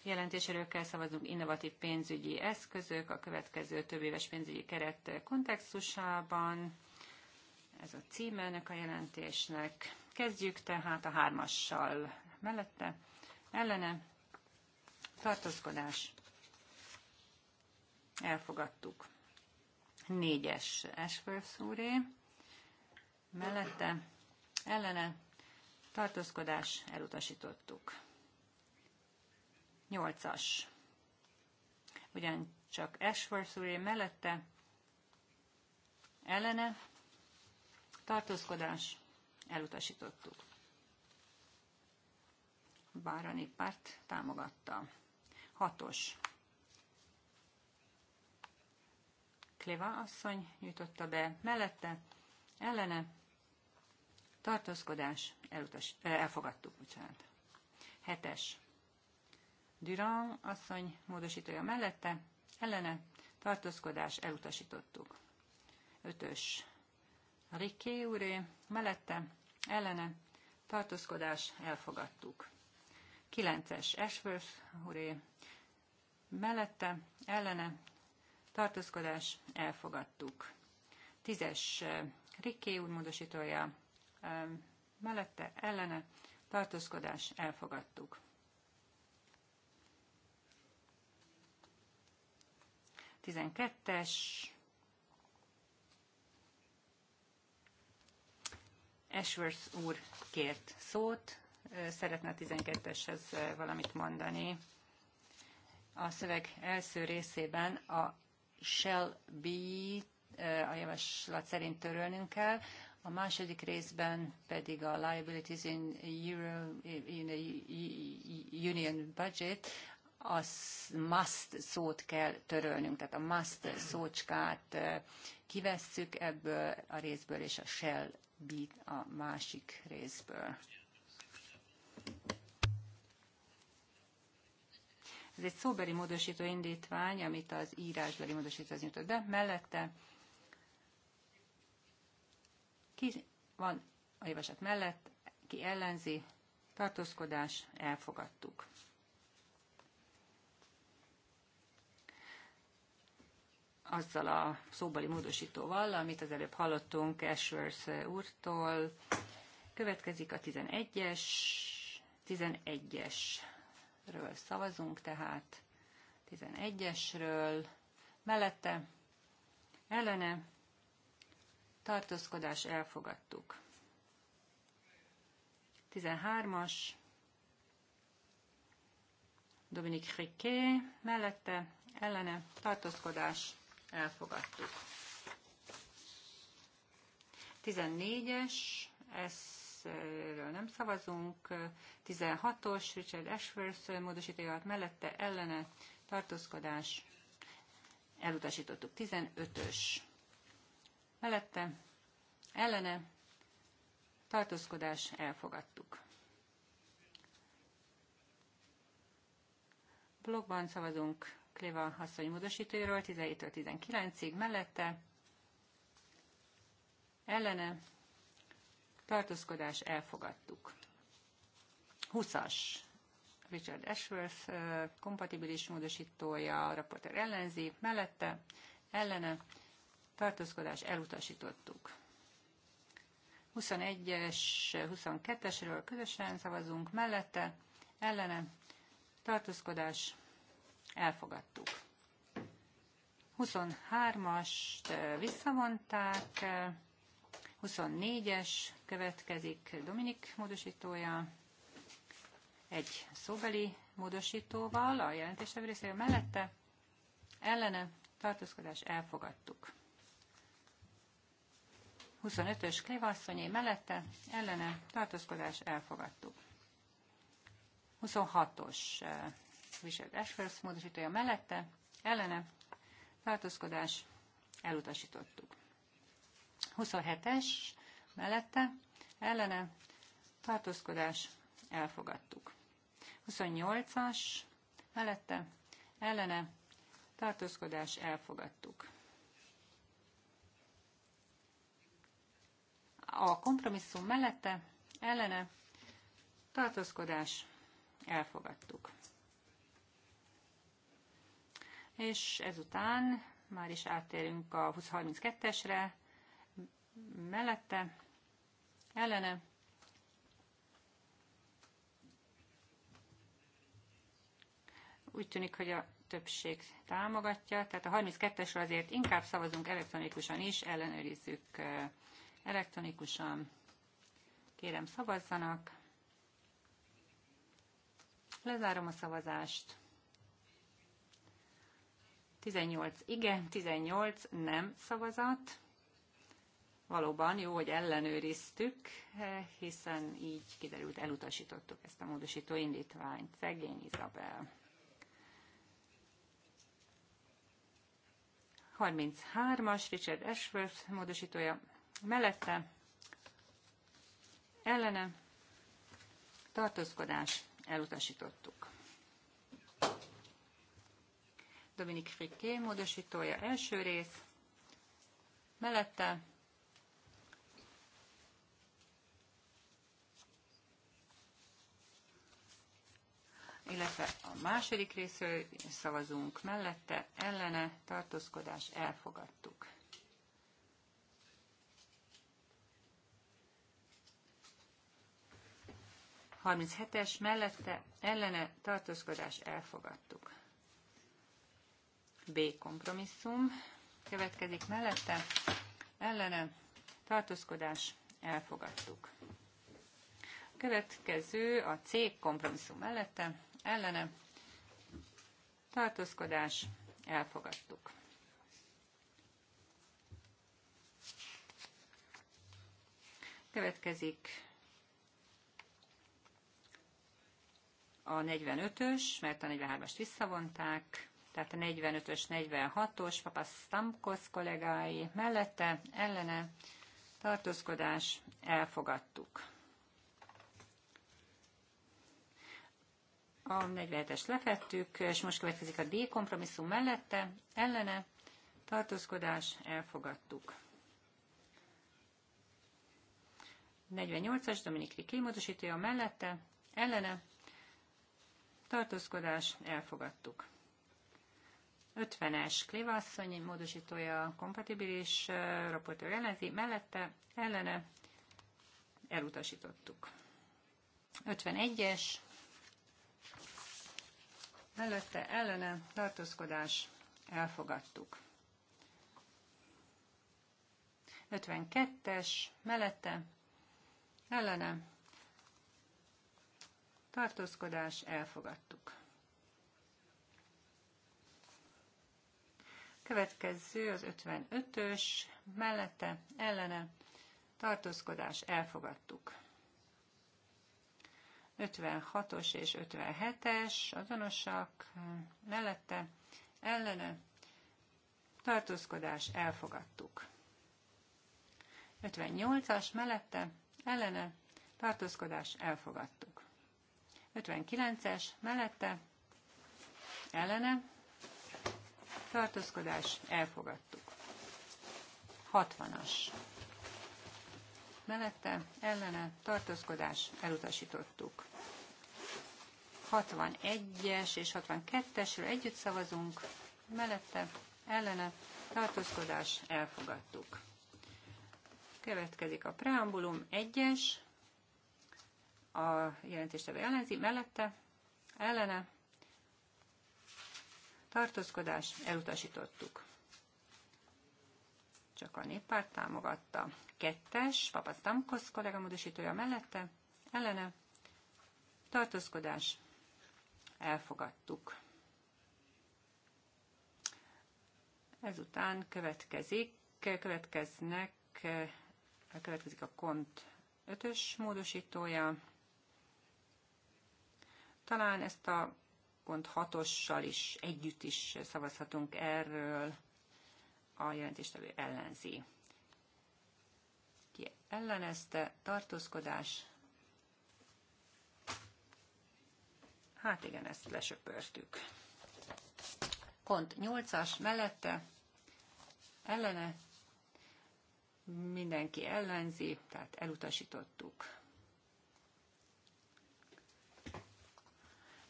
jelentéséről kell szavazunk innovatív pénzügyi eszközök a következő több éves pénzügyi keret kontextusában. Ez a címe ennek a jelentésnek. Kezdjük tehát a hármassal mellette. Ellene tartózkodás. Elfogadtuk. Négyes Ashworth úré. Mellette ellene tartózkodás, elutasítottuk. 8-as. Ugyancsak Ashworth úré mellette ellene tartózkodás, elutasítottuk. Bár a néppárt támogatta. 6-os. Kleva asszony nyújtotta be mellette, ellene tartózkodás, elutas, elfogadtuk, bocsánat. Hetes. Durand asszony módosítója mellette, ellene, tartózkodás, elutasítottuk. Ötös. Riké úré, mellette, ellene, tartózkodás, elfogadtuk. Kilences. Ashworth úré, mellette, ellene, tartózkodás, elfogadtuk. Tízes. Riké úr módosítója, mellette ellene tartózkodás elfogadtuk. Tizenkettes. Ashworth úr kért szót, szeretne a 12-eshez valamit mondani. A szöveg első részében a shall be a javaslat szerint törölnünk kell, a második részben pedig a liabilities in, Euro, in a union budget, a must szót kell törölnünk, tehát a must szócskát kivesszük ebből a részből, és a shall beat a másik részből. Ez egy szóbeli módosító indítvány, amit az írásbeli módosító az nyújtott be, mellette ki van a javaslat mellett, ki ellenzi, tartózkodás, elfogadtuk. azzal a szóbali módosítóval, amit az előbb hallottunk Ashworth úrtól. Következik a 11-es, 11-esről szavazunk, tehát 11-esről mellette ellene tartózkodás elfogadtuk. 13-as, Dominik Riquet, mellette, ellene, tartózkodás elfogadtuk. 14-es, ezről nem szavazunk, 16-os, Richard Ashworth módosítója mellette, ellene, tartózkodás elutasítottuk. 15-ös, mellette ellene tartózkodás elfogadtuk. Blogban szavazunk Kléva asszony módosítóiról 17-től 19-ig mellette ellene tartózkodás elfogadtuk. 20-as Richard Ashworth kompatibilis módosítója, a raporter ellenzi, mellette, ellene, tartózkodás elutasítottuk. 21-es, 22-esről közösen szavazunk mellette, ellene tartózkodás elfogadtuk. 23 as visszavonták, 24-es következik Dominik módosítója, egy szóbeli módosítóval, a jelentésevő részével mellette, ellene tartózkodás elfogadtuk. 25-ös klévasszonyé mellette ellene tartózkodás elfogadtuk. 26-os eh, Richard Ashworth módosítója mellette ellene tartózkodás elutasítottuk. 27-es mellette ellene tartózkodás elfogadtuk. 28-as mellette ellene tartózkodás elfogadtuk. A kompromisszum mellette ellene tartózkodás elfogadtuk. És ezután már is áttérünk a 2032-esre, mellette, ellene. Úgy tűnik, hogy a többség támogatja, tehát a 32-esről azért inkább szavazunk elektronikusan is, ellenőrizzük elektronikusan. Kérem, szavazzanak. Lezárom a szavazást. 18 igen, 18 nem szavazat. Valóban jó, hogy ellenőriztük, hiszen így kiderült, elutasítottuk ezt a módosító indítványt. Szegény Izabel. 33-as Richard Ashworth módosítója mellette ellene tartózkodás elutasítottuk. Dominik Friké módosítója első rész, mellette illetve a második részről szavazunk mellette, ellene tartózkodás elfogadtuk. 37-es mellette ellene tartózkodás elfogadtuk. B kompromisszum következik mellette ellene tartózkodás elfogadtuk. A következő a C kompromisszum mellette ellene tartózkodás elfogadtuk. Következik a 45-ös, mert a 43-ast visszavonták, tehát a 45-ös, 46-os, Stamkosz kollégái mellette, ellene, tartózkodás, elfogadtuk. A 47-es lefettük, és most következik a D kompromisszum mellette, ellene, tartózkodás, elfogadtuk. 48-as Dominik Riki módosítója mellette, ellene, tartózkodás, elfogadtuk. 50-es Klévasszony módosítója kompatibilis raportőr ellenzi, mellette, ellene elutasítottuk. 51-es mellette, ellene tartózkodás, elfogadtuk. 52-es mellette, ellene tartózkodás, elfogadtuk. Következő az 55-ös, mellette, ellene, tartózkodás, elfogadtuk. 56-os és 57-es azonosak, mellette, ellene, tartózkodás, elfogadtuk. 58-as mellette, ellene, tartózkodás, elfogadtuk. 59-es mellette ellene tartózkodás elfogadtuk. 60-as mellette ellene tartózkodás elutasítottuk. 61-es és 62-esről együtt szavazunk, mellette ellene tartózkodás elfogadtuk. Következik a preambulum 1-es a jelentéstevő ellenzi, mellette, ellene, tartózkodás, elutasítottuk. Csak a néppárt támogatta. Kettes, Papasztamkosz kollega módosítója mellette, ellene, tartózkodás, elfogadtuk. Ezután következik, következnek, következik a kont ötös módosítója, talán ezt a pont hatossal is együtt is szavazhatunk erről. A jelentéstevő ellenzi. Ki ellenezte, tartózkodás. Hát igen, ezt lesöpörtük. Kont 8-as mellette, ellene, mindenki ellenzi, tehát elutasítottuk.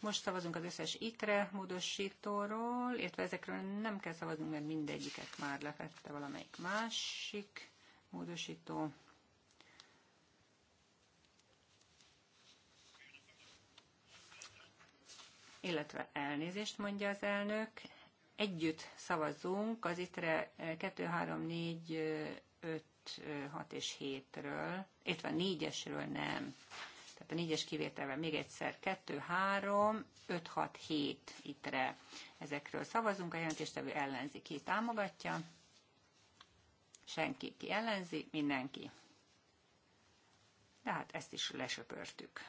Most szavazunk az összes ITRE módosítóról, illetve ezekről nem kell szavaznunk, mert mindegyiket már lefette valamelyik másik módosító. Illetve elnézést mondja az elnök. Együtt szavazunk az ITRE 2, 3, 4, 5, 6 és 7-ről, illetve 4-esről nem tehát a négyes kivételben még egyszer 2, 3, 5, 6, 7 ittre ezekről szavazunk. A jelentéstevő ellenzi, ki támogatja, senki, ki ellenzi, mindenki. De hát ezt is lesöpörtük.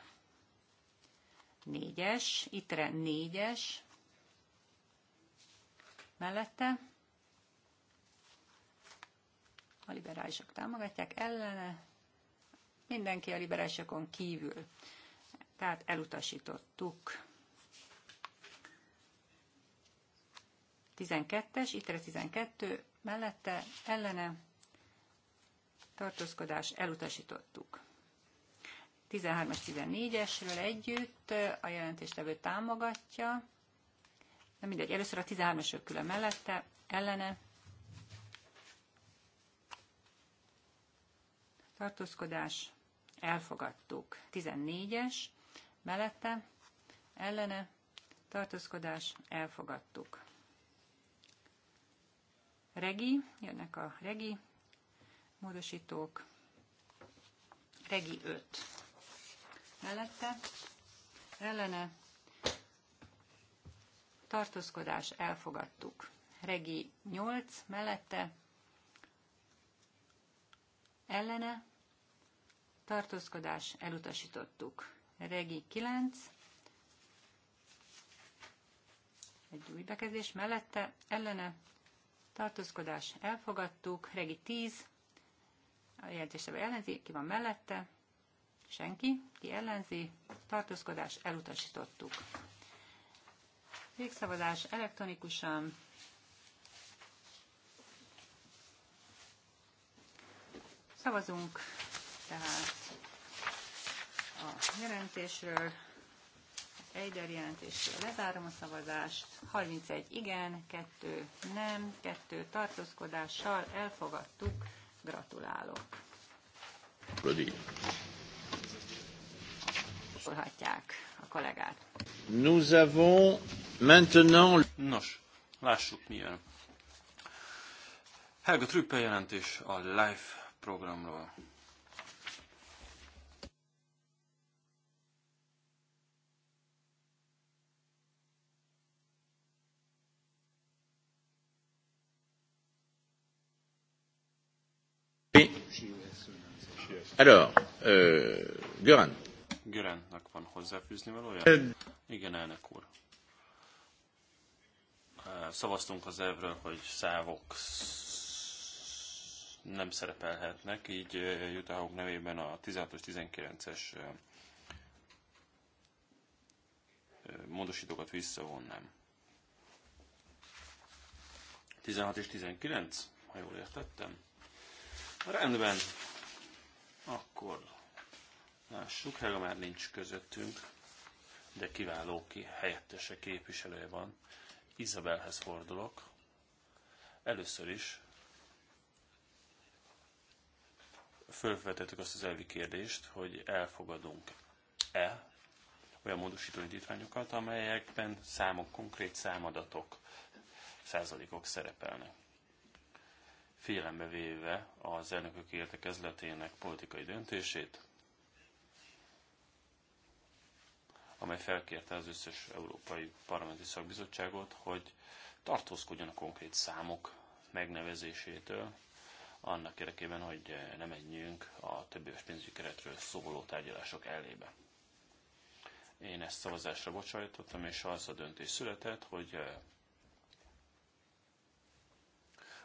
Négyes, ittre négyes, mellette a liberálisok támogatják, ellene mindenki a liberálisokon kívül. Tehát elutasítottuk. 12-es, ittre 12, mellette ellene tartózkodás elutasítottuk. 13-as, 14-esről együtt a jelentéstevő támogatja. Nem mindegy, először a 13-esről külön mellette, ellene tartózkodás elfogadtuk. 14-es mellette ellene tartózkodás elfogadtuk. Regi, jönnek a regi módosítók. Regi 5 mellette ellene tartózkodás elfogadtuk. Regi 8 mellette ellene tartózkodás, elutasítottuk. Regi 9, egy új bekezdés mellette, ellene, tartózkodás, elfogadtuk. Regi 10, a jelentésebe ellenzi, ki van mellette, senki, ki ellenzi, tartózkodás, elutasítottuk. Végszavazás elektronikusan. Szavazunk tehát a jelentésről, Eider jelentésről lezárom a szavazást. 31 igen, 2 nem, 2 tartózkodással elfogadtuk. Gratulálok. Rodi. Sorhatják a kollégát. Nous avons maintenant... Nos, lássuk mi jön. Helga Trüppel jelentés a Life programról. Alors, euh, Göran. Görannak van hozzáfűzni valója? Igen, elnök úr. Szavaztunk az elvről, hogy szávok nem szerepelhetnek, így Jutahok nevében a 16-os, 19-es módosítókat visszavonnám. 16 és 19, ha jól értettem. Rendben, akkor lássuk, Hega már nincs közöttünk, de kiváló ki, helyettese képviselője van. Izabelhez fordulok. Először is felvetettük azt az elvi kérdést, hogy elfogadunk-e olyan módosító indítványokat, amelyekben számok, konkrét számadatok, százalékok szerepelnek. Félembe véve az elnökök értekezletének politikai döntését, amely felkérte az összes európai parlamenti szakbizottságot, hogy tartózkodjon a konkrét számok megnevezésétől, annak érdekében, hogy ne menjünk a többi éves pénzügyi keretről szóló tárgyalások elébe. Én ezt szavazásra bocsájtottam, és az a döntés született, hogy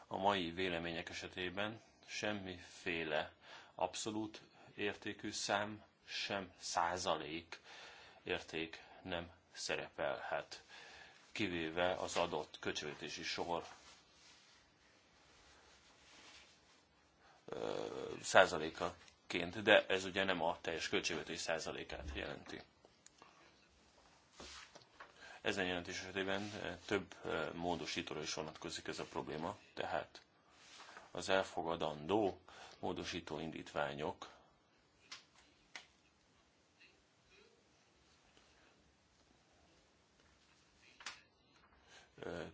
a mai vélemények esetében semmiféle abszolút értékű szám, sem százalék érték nem szerepelhet, kivéve az adott köcsövetési sor százalékaként, de ez ugye nem a teljes költségvetés százalékát jelenti. Ezen jelentés esetében eh, több eh, módosítóra is vonatkozik ez a probléma, tehát az elfogadandó módosító indítványok eh,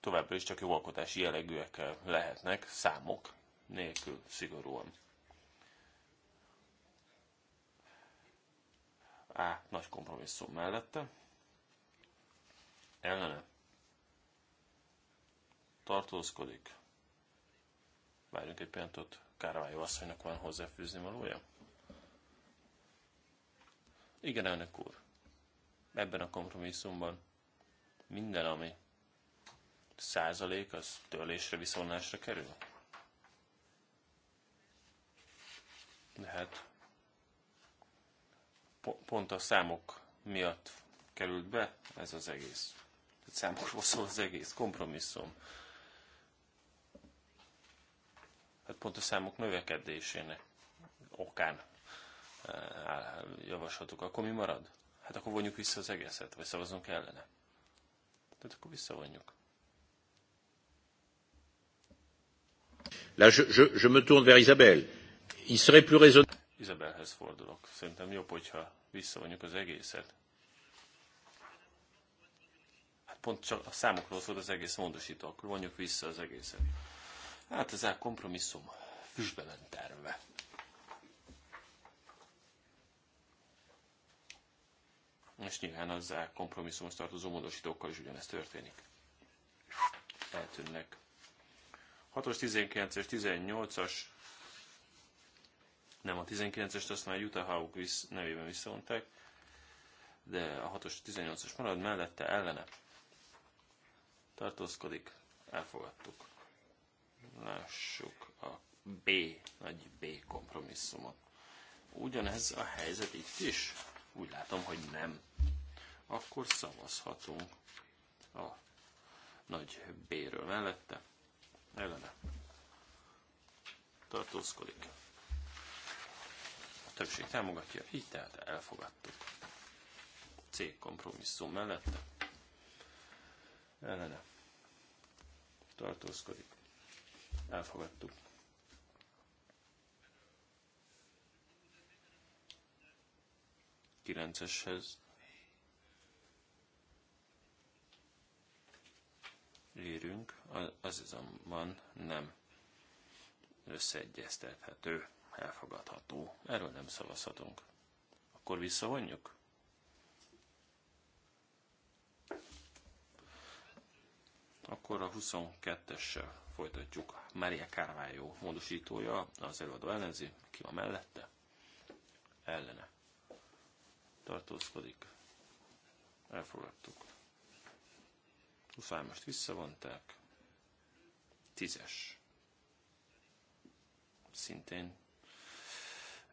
továbbra is csak jogalkotási jellegűek lehetnek, számok nélkül szigorúan. A. Nagy kompromisszum mellette ellene tartózkodik. Várjunk egy pillanatot, Kárvályó asszonynak van hozzáfűzni valója? Igen, elnök úr. Ebben a kompromisszumban minden, ami százalék, az törlésre, viszonlásra kerül. De hát pont a számok miatt került be ez az egész számokról szól az egész kompromisszum. Hát pont a számok növekedésének okán eh, javasoltuk. Akkor mi marad? Hát akkor vonjuk vissza az egészet, vagy szavazunk ellene. Tehát akkor visszavonjuk. Là, je, je, je me tourne vers Isabelle. Il serait plus raisonnable. Isabellehez fordulok. Szerintem jobb, hogyha visszavonjuk az egészet pont csak a számokról szól az egész módosító, akkor vonjuk vissza az egészet. Hát ez a kompromisszum füstbe ment terve. És nyilván az a kompromisszumhoz tartozó módosítókkal is ugyanezt történik. Eltűnnek. 6-os, 19-es, 18-as, nem a 19-est, azt már Utah Hawk visz, nevében visszavonták, de a 6-os, 18-as marad mellette ellene tartózkodik, elfogadtuk. Lássuk a B, nagy B kompromisszumot. Ugyanez a helyzet itt is? Úgy látom, hogy nem. Akkor szavazhatunk a nagy B-ről mellette. Ellene. Tartózkodik. A többség támogatja, így tehát elfogadtuk. C kompromisszum mellette. Ellene tartózkodik. Elfogadtuk. Kilenceshez érünk, az azonban nem összeegyeztethető, elfogadható. Erről nem szavazhatunk. Akkor visszavonjuk? Akkor a 22-essel folytatjuk. Maria Carvalho módosítója, az előadó ellenzi, ki van mellette? Ellene. Tartózkodik. Elfogadtuk. 23-ast visszavonták. 10-es. Szintén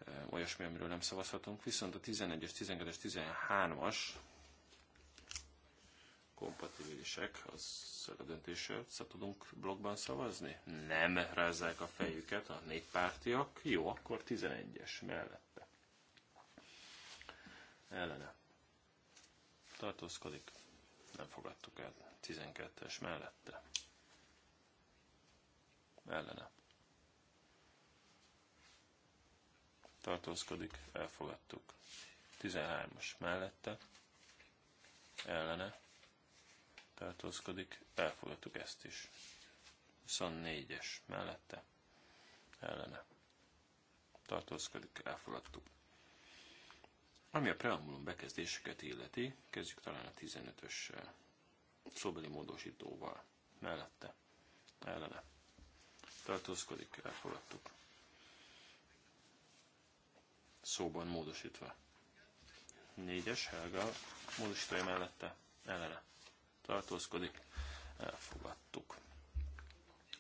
eh, olyasmi, amiről nem szavazhatunk. Viszont a 11-es, 12-es, 13-as kompatibilisek az a döntéssel. Szóval tudunk blogban szavazni? Nem rázzák a fejüket a néppártiak. Jó, akkor 11-es mellette. Ellene. Tartózkodik. Nem fogadtuk el. 12-es mellette. Ellene. Tartózkodik. Elfogadtuk. 13-as mellette. Ellene tartózkodik, elfogadtuk ezt is. 24-es mellette, ellene tartózkodik, elfogadtuk. Ami a preambulum bekezdéseket illeti, kezdjük talán a 15-ös eh, szóbeli módosítóval mellette, ellene tartózkodik, elfogadtuk. Szóban módosítva. 4-es Helga módosítója mellette, ellene tartózkodik, elfogadtuk.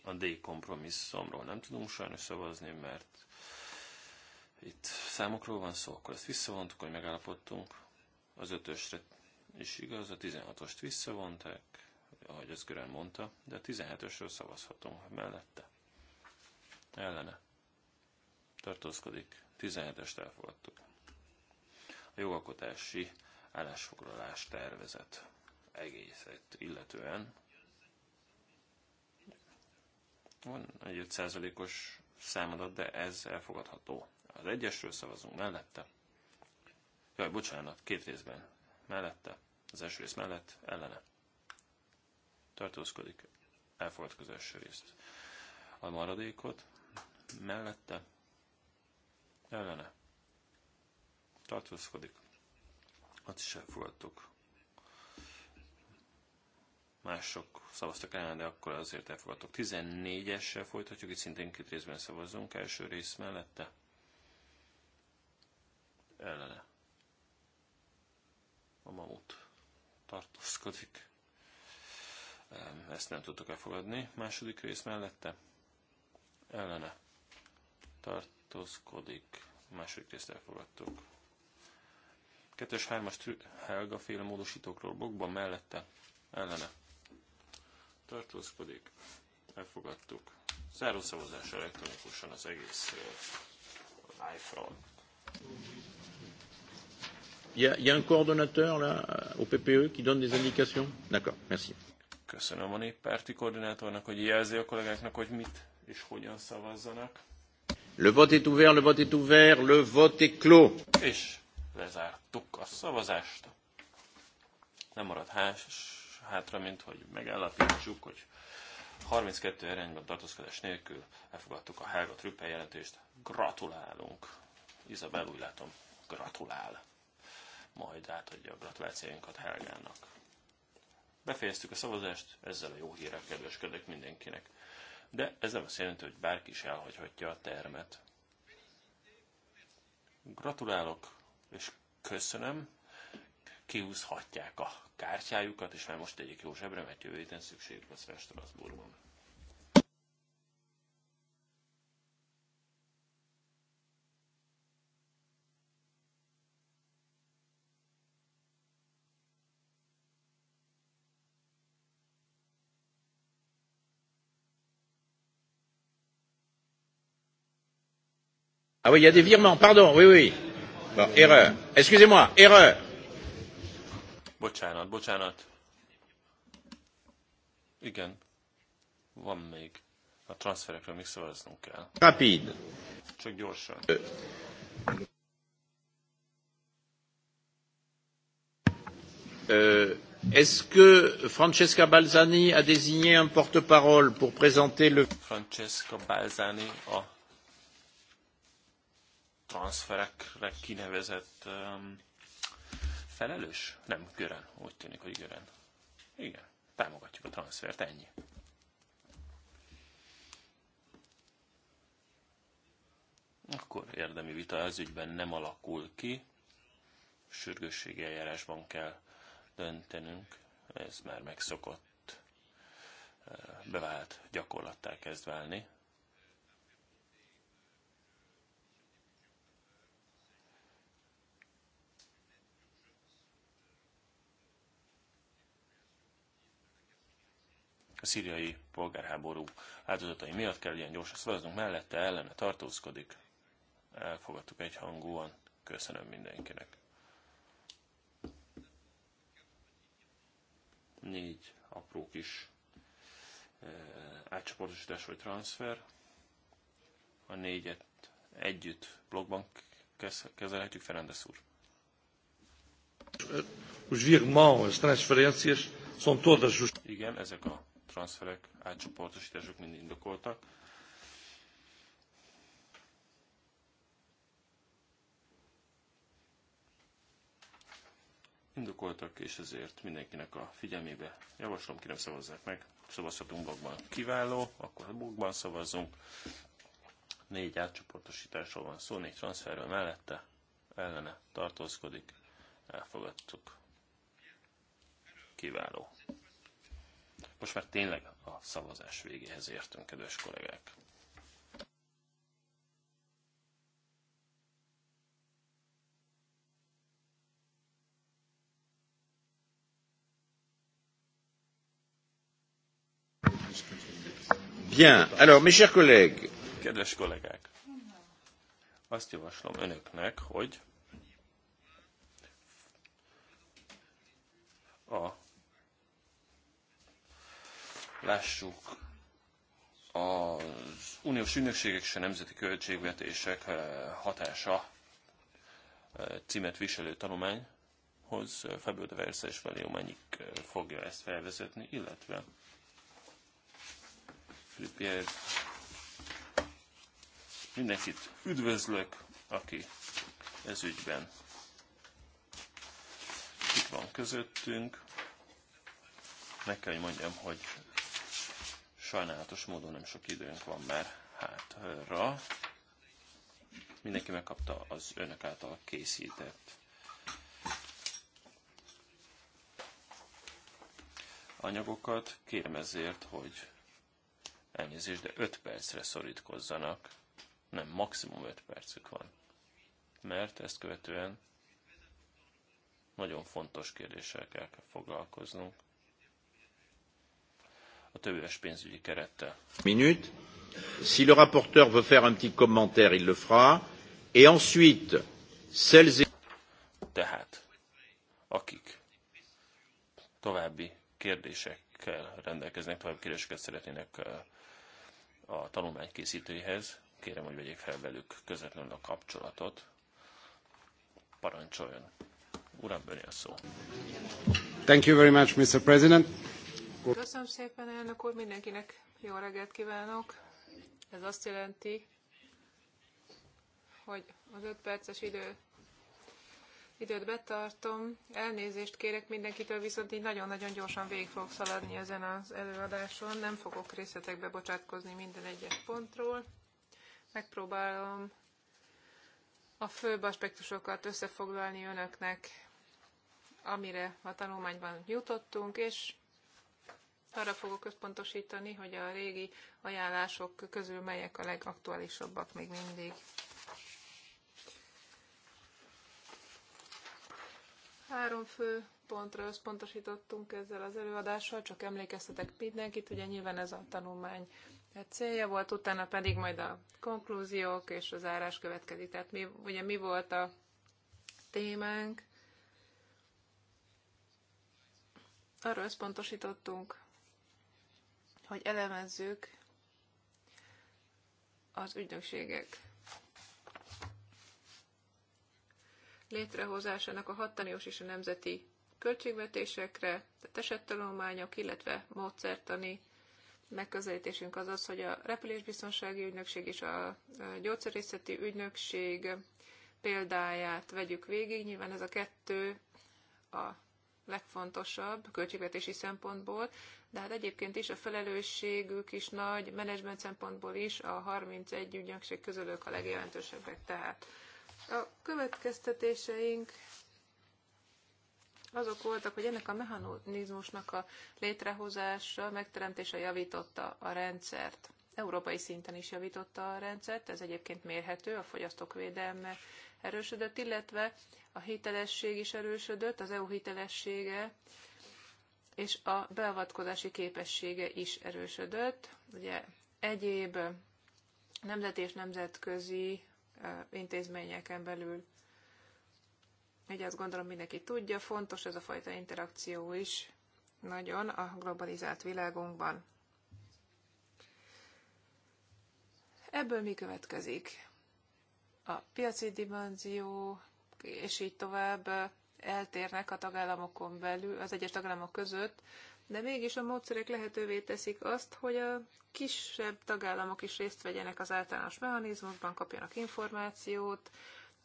A D kompromisszomról nem tudunk sajnos szavazni, mert itt számokról van szó, akkor ezt visszavontuk, hogy megállapodtunk. Az ötösre is igaz, a 16-ost visszavonták, ahogy az Görön mondta, de a 17-ösről szavazhatunk mellette. Ellene. Tartózkodik. 17-est elfogadtuk. A jogalkotási állásfoglalás tervezet egészet illetően van egy 5%-os számadat, de ez elfogadható. Az egyesről szavazunk mellette. Jaj, bocsánat, két részben. Mellette. Az első rész mellett, ellene. Tartózkodik. Elfogadjuk az első részt. A maradékot mellette, ellene. Tartózkodik. Azt is elfogadtuk mások szavaztak ellen, de akkor azért elfogadtok. 14-essel folytatjuk, itt szintén két részben szavazunk, első rész mellette. Ellene. A mamut tartózkodik. Ezt nem tudtok elfogadni. Második rész mellette. Ellene. Tartózkodik. Második részt elfogadtuk. 2-3-as Helga féle módosítókról bokban mellette. Ellene tartózkodik, elfogadtuk. Záró szavazás elektronikusan az egész uh, live-ról. Il y, a, il y a un coordonnateur là euh, au PPE qui donne des indications D'accord, merci. Köszönöm a néppárti koordinátornak, hogy jelzi a kollégáknak, hogy mit és hogyan szavazzanak. Le vote est ouvert, le vote est ouvert, le vote est clos. És lezártuk a szavazást. Nem marad hás, hátra, mint hogy megállapítsuk, hogy 32 erényben tartózkodás nélkül elfogadtuk a Helga Trüppel jelentést. Gratulálunk! Izabel úgy látom, gratulál! Majd átadja a gratulációinkat Helgának. Befejeztük a szavazást, ezzel a jó hírrel kedveskedek mindenkinek. De ez nem azt jelenti, hogy bárki is elhagyhatja a termet. Gratulálok, és köszönöm, kihúzhatják a kártyájukat, és már most tegyék jó zsebre, mert jövő héten szükségük lesz rá Strasbourgban. Ah oui, il y a des virements, pardon, oui, oui. Bon, erreur. Excusez-moi, erreur. Bocsánat, bocsánat. Igen, van még. A transferekről még szavaznunk kell. Rapid. Csak gyorsan. Euh, Est-ce que Francesca Balzani a désigné un porte-parole pour présenter le... Francesca Balzani a transferekre kinevezett euh, felelős? Nem, Gören. Úgy tűnik, hogy Gören. Igen, támogatjuk a transfert, ennyi. Akkor érdemi vita az ügyben nem alakul ki. Sürgősségi eljárásban kell döntenünk. Ez már megszokott eh, bevált gyakorlattá kezd válni. a szíriai polgárháború áldozatai miatt kell ilyen gyorsan szavaznunk, mellette ellene tartózkodik. Elfogadtuk egyhangúan. Köszönöm mindenkinek. Négy apró kis eh, átcsoportosítás vagy transfer. A négyet együtt blogban kezelhetjük, Ferendes úr. Os virmãos, transferências, são todas justas. Igen, ezek a transferek, átcsoportosítások mind indokoltak. Indokoltak, és ezért mindenkinek a figyelmébe javaslom, kinek szavazzák meg. Szavazhatunk blogban. Kiváló, akkor a blogban szavazzunk. Négy átcsoportosításról van szó, négy transferről mellette, ellene tartózkodik, elfogadtuk. Kiváló. Most már tényleg a szavazás végéhez értünk, kedves kollégák. Bien, alors mes chers collègues. Kedves kollégák, azt javaslom önöknek, hogy a Lássuk az uniós ügynökségek és a nemzeti költségvetések eh, hatása eh, címet viselő tanulmányhoz eh, Fabio de Versa és Valéo Menyik fogja ezt felvezetni, illetve Frippier mindenkit üdvözlök, aki ez ügyben itt van közöttünk. Meg kell, hogy mondjam, hogy Sajnálatos módon nem sok időnk van már hátra. Mindenki megkapta az önök által készített anyagokat. Kérem ezért, hogy elnézést, de 5 percre szorítkozzanak. Nem, maximum 5 percük van. Mert ezt követően nagyon fontos kérdéssel kell foglalkoznunk a többéves pénzügyi kerettel. Minut. Si le rapporteur veut faire un petit commentaire, il le fera. Et ensuite, celles et... Tehát, akik további kérdésekkel rendelkeznek, további kérdéseket szeretnének eh, a tanulmány készítőihez, kérem, hogy vegyék fel velük közvetlenül a kapcsolatot. Parancsoljon. Uram, a szó. Thank you very much, Mr. President. Köszönöm szépen, elnök úr, mindenkinek jó reggelt kívánok. Ez azt jelenti, hogy az öt perces idő, időt betartom. Elnézést kérek mindenkitől, viszont így nagyon-nagyon gyorsan végig fogok szaladni ezen az előadáson. Nem fogok részletekbe bocsátkozni minden egyes pontról. Megpróbálom a főbb aspektusokat összefoglalni önöknek, amire a tanulmányban jutottunk, és arra fogok központosítani, hogy a régi ajánlások közül melyek a legaktuálisabbak még mindig. Három fő pontra összpontosítottunk ezzel az előadással, csak emlékeztetek mindenkit, ugye nyilván ez a tanulmány célja volt, utána pedig majd a konklúziók és az árás következik. Tehát mi, ugye mi volt a témánk, arra összpontosítottunk, hogy elemezzük az ügynökségek létrehozásának a hattaniós és a nemzeti költségvetésekre, tehát esettanulmányok, illetve módszertani megközelítésünk az az, hogy a repülésbiztonsági ügynökség és a gyógyszerészeti ügynökség példáját vegyük végig. Nyilván ez a kettő a legfontosabb költségvetési szempontból, de hát egyébként is a felelősségük is nagy, menedzsment szempontból is a 31 ügynökség közül ők a legjelentősebbek. Tehát a következtetéseink azok voltak, hogy ennek a mechanizmusnak a létrehozása, megteremtése javította a rendszert. Európai szinten is javította a rendszert, ez egyébként mérhető, a fogyasztók védelme erősödött, illetve a hitelesség is erősödött, az EU hitelessége és a beavatkozási képessége is erősödött. Ugye egyéb nemzet és nemzetközi intézményeken belül. Így azt gondolom mindenki tudja, fontos ez a fajta interakció is nagyon a globalizált világunkban. Ebből mi következik? a piaci dimenzió, és így tovább eltérnek a tagállamokon belül, az egyes tagállamok között, de mégis a módszerek lehetővé teszik azt, hogy a kisebb tagállamok is részt vegyenek az általános mechanizmusban, kapjanak információt,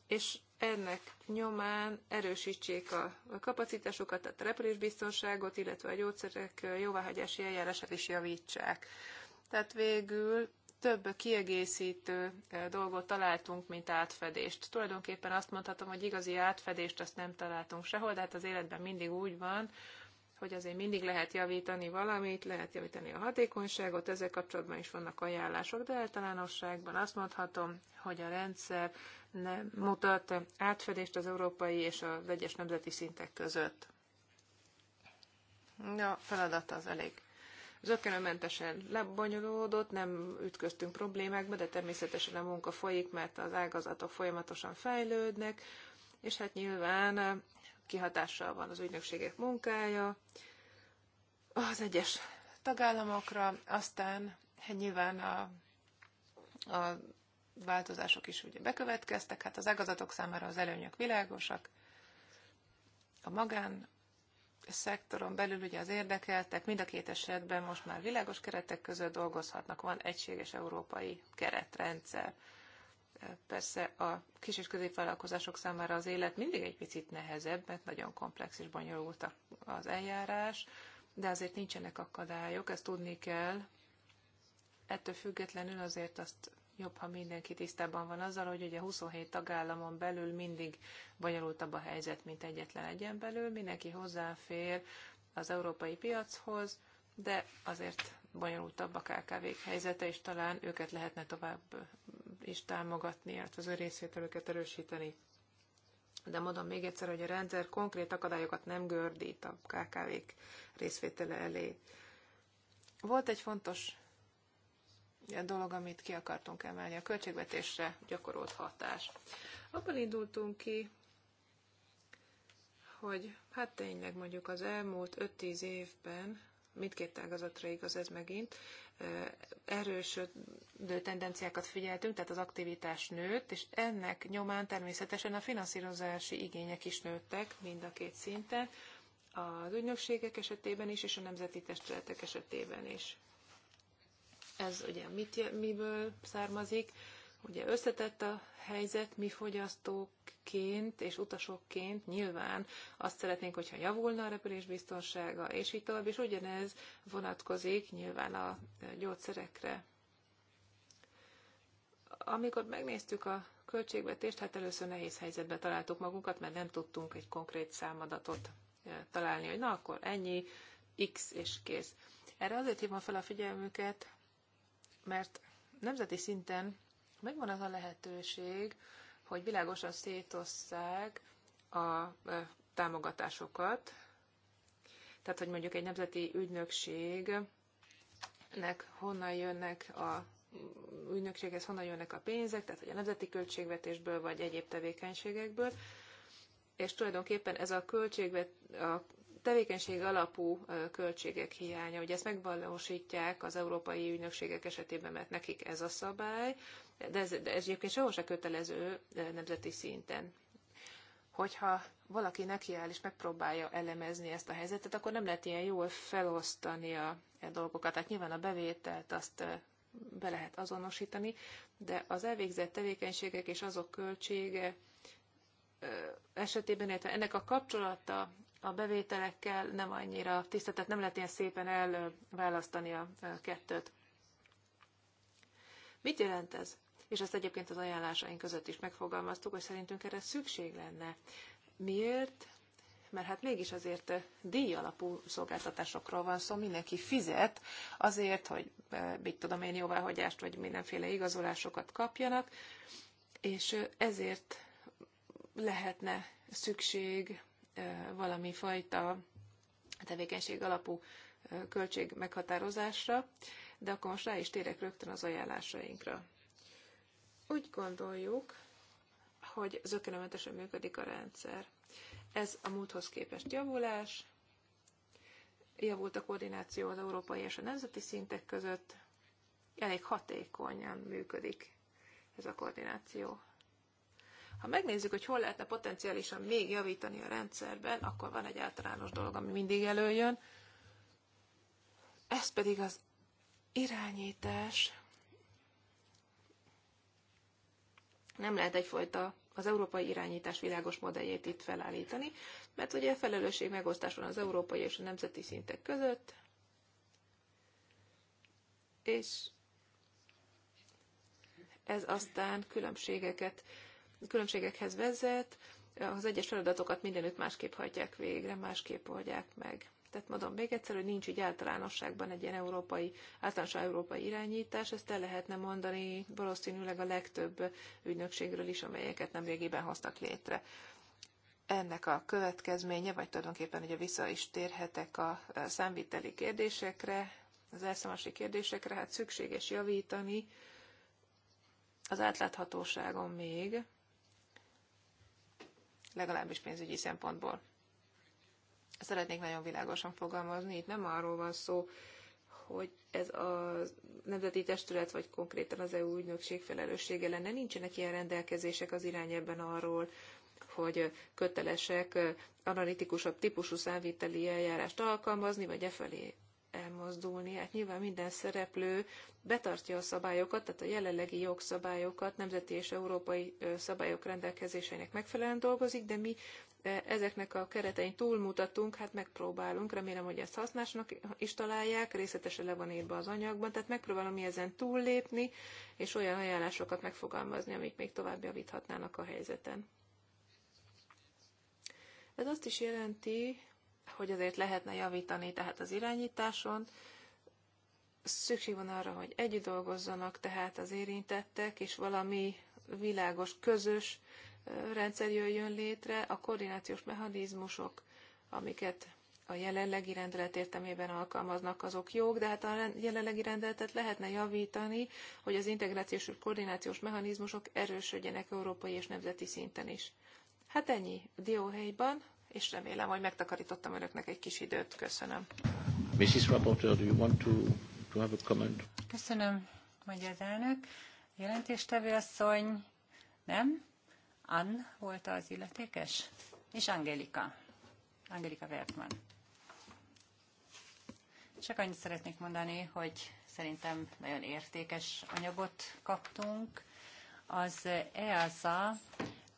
és ennek nyomán erősítsék a kapacitásokat, tehát a repülésbiztonságot, illetve a gyógyszerek jóváhagyási eljárását is javítsák. Tehát végül több kiegészítő dolgot találtunk, mint átfedést. Tulajdonképpen azt mondhatom, hogy igazi átfedést azt nem találtunk sehol, de hát az életben mindig úgy van, hogy azért mindig lehet javítani valamit, lehet javítani a hatékonyságot, ezzel kapcsolatban is vannak ajánlások, de általánosságban azt mondhatom, hogy a rendszer nem mutat átfedést az európai és a vegyes nemzeti szintek között. Na a feladat az elég zökkenőmentesen lebonyolódott, nem ütköztünk problémákba, de természetesen a munka folyik, mert az ágazatok folyamatosan fejlődnek, és hát nyilván kihatással van az ügynökségek munkája az egyes tagállamokra, aztán hát nyilván a, a változások is ugye bekövetkeztek, hát az ágazatok számára az előnyök világosak, a magán szektoron belül ugye az érdekeltek mind a két esetben most már világos keretek között dolgozhatnak, van egységes európai keretrendszer. E, persze a kis és középvállalkozások számára az élet mindig egy picit nehezebb, mert nagyon komplex és bonyolult az eljárás, de azért nincsenek akadályok, ezt tudni kell. Ettől függetlenül azért azt jobb, ha mindenki tisztában van azzal, hogy ugye 27 tagállamon belül mindig bonyolultabb a helyzet, mint egyetlen egyen belül. Mindenki hozzáfér az európai piachoz, de azért bonyolultabb a KKV-k helyzete, és talán őket lehetne tovább is támogatni, illetve hát az ő részvételüket erősíteni. De mondom még egyszer, hogy a rendszer konkrét akadályokat nem gördít a KKV-k részvétele elé. Volt egy fontos dolog, amit ki akartunk emelni, a költségvetésre gyakorolt hatás. Abban indultunk ki, hogy hát tényleg mondjuk az elmúlt 5-10 évben, mindkét ágazatra igaz ez megint, eh, erősödő tendenciákat figyeltünk, tehát az aktivitás nőtt, és ennek nyomán természetesen a finanszírozási igények is nőttek mind a két szinten, az ügynökségek esetében is, és a nemzeti testületek esetében is. Ez ugye mit, miből származik? Ugye összetett a helyzet, mi fogyasztóként és utasokként nyilván azt szeretnénk, hogyha javulna a repülés biztonsága, és így tovább, és ugyanez vonatkozik nyilván a e, gyógyszerekre. Amikor megnéztük a költségvetést, hát először nehéz helyzetbe találtuk magunkat, mert nem tudtunk egy konkrét számadatot e, találni, hogy na akkor ennyi, X és kész. Erre azért hívom fel a figyelmüket, mert nemzeti szinten megvan az a lehetőség, hogy világosan szétosszák a támogatásokat, tehát hogy mondjuk egy nemzeti ügynökségnek honnan jönnek a ügynökséghez honnan jönnek a pénzek, tehát hogy a nemzeti költségvetésből vagy egyéb tevékenységekből, és tulajdonképpen ez a költségvet, a tevékenység alapú költségek hiánya. Ugye ezt megvalósítják az európai ügynökségek esetében, mert nekik ez a szabály, de ez, de ez egyébként sehol se kötelező nemzeti szinten. Hogyha valaki nekiáll és megpróbálja elemezni ezt a helyzetet, akkor nem lehet ilyen jól felosztani a, a e dolgokat. Tehát nyilván a bevételt azt be lehet azonosítani, de az elvégzett tevékenységek és azok költsége esetében, illetve ennek a kapcsolata a bevételekkel nem annyira tiszta, tehát nem lehet ilyen szépen elválasztani a kettőt. Mit jelent ez? És ezt egyébként az ajánlásaink között is megfogalmaztuk, hogy szerintünk erre szükség lenne. Miért? Mert hát mégis azért díj alapú szolgáltatásokról van szó, szóval mindenki fizet azért, hogy mit tudom én, jóváhagyást vagy mindenféle igazolásokat kapjanak, és ezért lehetne szükség valami fajta tevékenység alapú költség meghatározásra, de akkor most rá is térek rögtön az ajánlásainkra. Úgy gondoljuk, hogy zökkenőmentesen működik a rendszer. Ez a múlthoz képest javulás, javult a koordináció az európai és a nemzeti szintek között, elég hatékonyan működik ez a koordináció. Ha megnézzük, hogy hol lehetne potenciálisan még javítani a rendszerben, akkor van egy általános dolog, ami mindig előjön. Ez pedig az irányítás. Nem lehet egyfajta az európai irányítás világos modelljét itt felállítani, mert ugye felelősség megosztás van az európai és a nemzeti szintek között, és ez aztán különbségeket különbségekhez vezet, az egyes feladatokat mindenütt másképp hajtják végre, másképp oldják meg. Tehát mondom még egyszer, hogy nincs így általánosságban egy ilyen európai, általános európai irányítás, ezt el lehetne mondani valószínűleg a legtöbb ügynökségről is, amelyeket nem régiben hoztak létre. Ennek a következménye, vagy tulajdonképpen ugye vissza is térhetek a számviteli kérdésekre, az elszámolási kérdésekre, hát szükséges javítani az átláthatóságon még, legalábbis pénzügyi szempontból. Szeretnék nagyon világosan fogalmazni, itt nem arról van szó, hogy ez a nemzeti testület, vagy konkrétan az EU ügynökség felelőssége lenne. Nincsenek ilyen rendelkezések az irányában arról, hogy kötelesek analitikusabb típusú számviteli eljárást alkalmazni, vagy e felé elmozdulni. Hát nyilván minden szereplő betartja a szabályokat, tehát a jelenlegi jogszabályokat, nemzeti és európai szabályok rendelkezéseinek megfelelően dolgozik, de mi ezeknek a keretein túlmutatunk, hát megpróbálunk, remélem, hogy ezt hasznásnak is találják, részletesen le van írva az anyagban, tehát megpróbálom mi ezen túllépni, és olyan ajánlásokat megfogalmazni, amik még tovább javíthatnának a helyzeten. Ez azt is jelenti, hogy azért lehetne javítani tehát az irányításon. Szükség van arra, hogy együtt dolgozzanak tehát az érintettek, és valami világos, közös rendszer jöjjön létre, a koordinációs mechanizmusok, amiket a jelenlegi rendelet értelmében alkalmaznak, azok jók, de hát a jelenlegi rendeletet lehetne javítani, hogy az integrációs és koordinációs mechanizmusok erősödjenek európai és nemzeti szinten is. Hát ennyi dióhelyben, és remélem, hogy megtakarítottam önöknek egy kis időt. Köszönöm. Mrs. Rapporteur, do you want to, to have a comment? Köszönöm, mondja az elnök. Jelentéstevő asszony, nem? Ann volt az illetékes? És Angelika. Angelika Wertmann. Csak annyit szeretnék mondani, hogy szerintem nagyon értékes anyagot kaptunk. Az EASA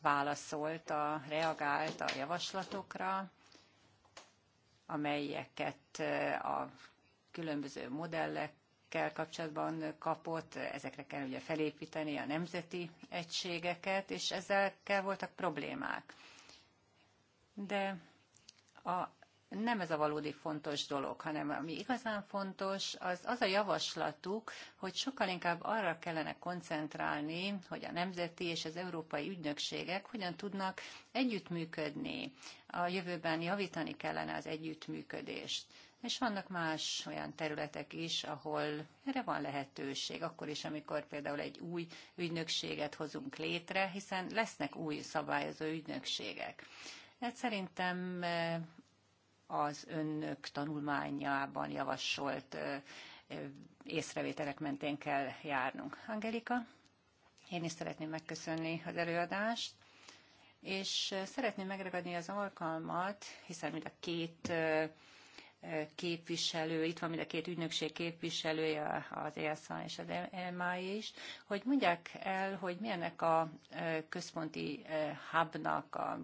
válaszolt, a, reagált a javaslatokra, amelyeket eh, a különböző modellekkel kapcsolatban kapott, ezekre kell ugye felépíteni a nemzeti egységeket, és ezekkel voltak problémák. De a nem ez a valódi fontos dolog, hanem ami igazán fontos, az az a javaslatuk, hogy sokkal inkább arra kellene koncentrálni, hogy a nemzeti és az európai ügynökségek hogyan tudnak együttműködni. A jövőben javítani kellene az együttműködést. És vannak más olyan területek is, ahol erre van lehetőség, akkor is, amikor például egy új ügynökséget hozunk létre, hiszen lesznek új szabályozó ügynökségek. Hát szerintem eh, az önök tanulmányában javasolt észrevételek mentén kell járnunk. Angelika, én is szeretném megköszönni az előadást, és szeretném megragadni az alkalmat, hiszen mind a két képviselő, itt van mind a két ügynökség képviselője, az ESA és az EMA is, hogy mondják el, hogy milyennek a központi hubnak a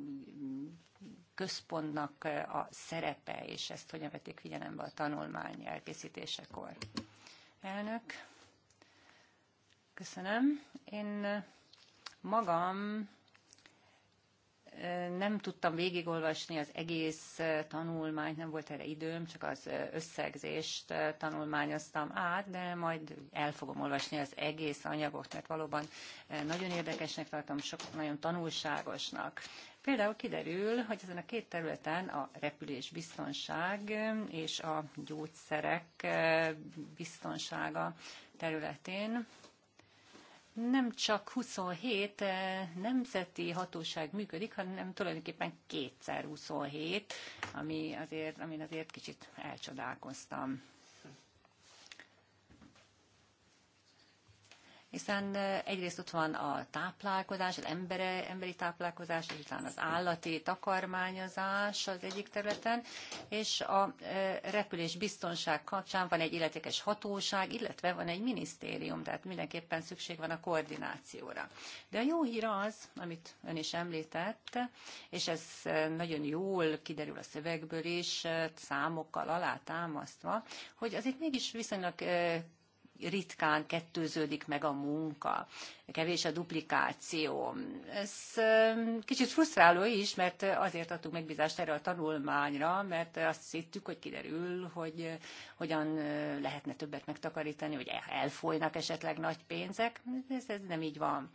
központnak a szerepe, és ezt hogyan vették figyelembe a tanulmány elkészítésekor. Elnök, köszönöm. Én magam nem tudtam végigolvasni az egész tanulmányt, nem volt erre időm, csak az összegzést tanulmányoztam át, de majd el fogom olvasni az egész anyagot, mert valóban nagyon érdekesnek tartom, sok, nagyon tanulságosnak. Például kiderül, hogy ezen a két területen a repülés biztonság és a gyógyszerek eh, biztonsága területén nem csak 27 eh, nemzeti hatóság működik, hanem tulajdonképpen kétszer 27, ami azért, amin azért kicsit elcsodálkoztam. hiszen egyrészt ott van a táplálkozás, az embere, emberi táplálkozás, és utána az állati takarmányozás az egyik területen, és a repülés biztonság kapcsán van egy illetékes hatóság, illetve van egy minisztérium, tehát mindenképpen szükség van a koordinációra. De a jó hír az, amit ön is említett, és ez nagyon jól kiderül a szövegből is, számokkal alátámasztva, hogy azért mégis viszonylag ritkán kettőződik meg a munka, kevés a duplikáció. Ez kicsit frusztráló is, mert azért adtuk megbízást erre a tanulmányra, mert azt hittük, hogy kiderül, hogy hogyan lehetne többet megtakarítani, hogy elfolynak esetleg nagy pénzek. Ez, ez nem így van.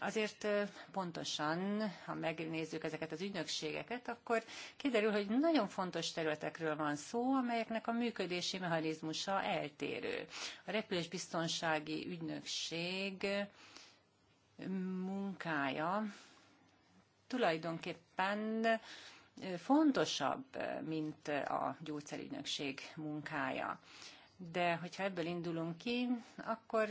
Azért pontosan, ha megnézzük ezeket az ügynökségeket, akkor kiderül, hogy nagyon fontos területekről van szó, amelyeknek a működési mechanizmusa eltérő. A repülésbiztonsági ügynökség munkája tulajdonképpen fontosabb, mint a gyógyszerügynökség munkája de hogyha ebből indulunk ki, akkor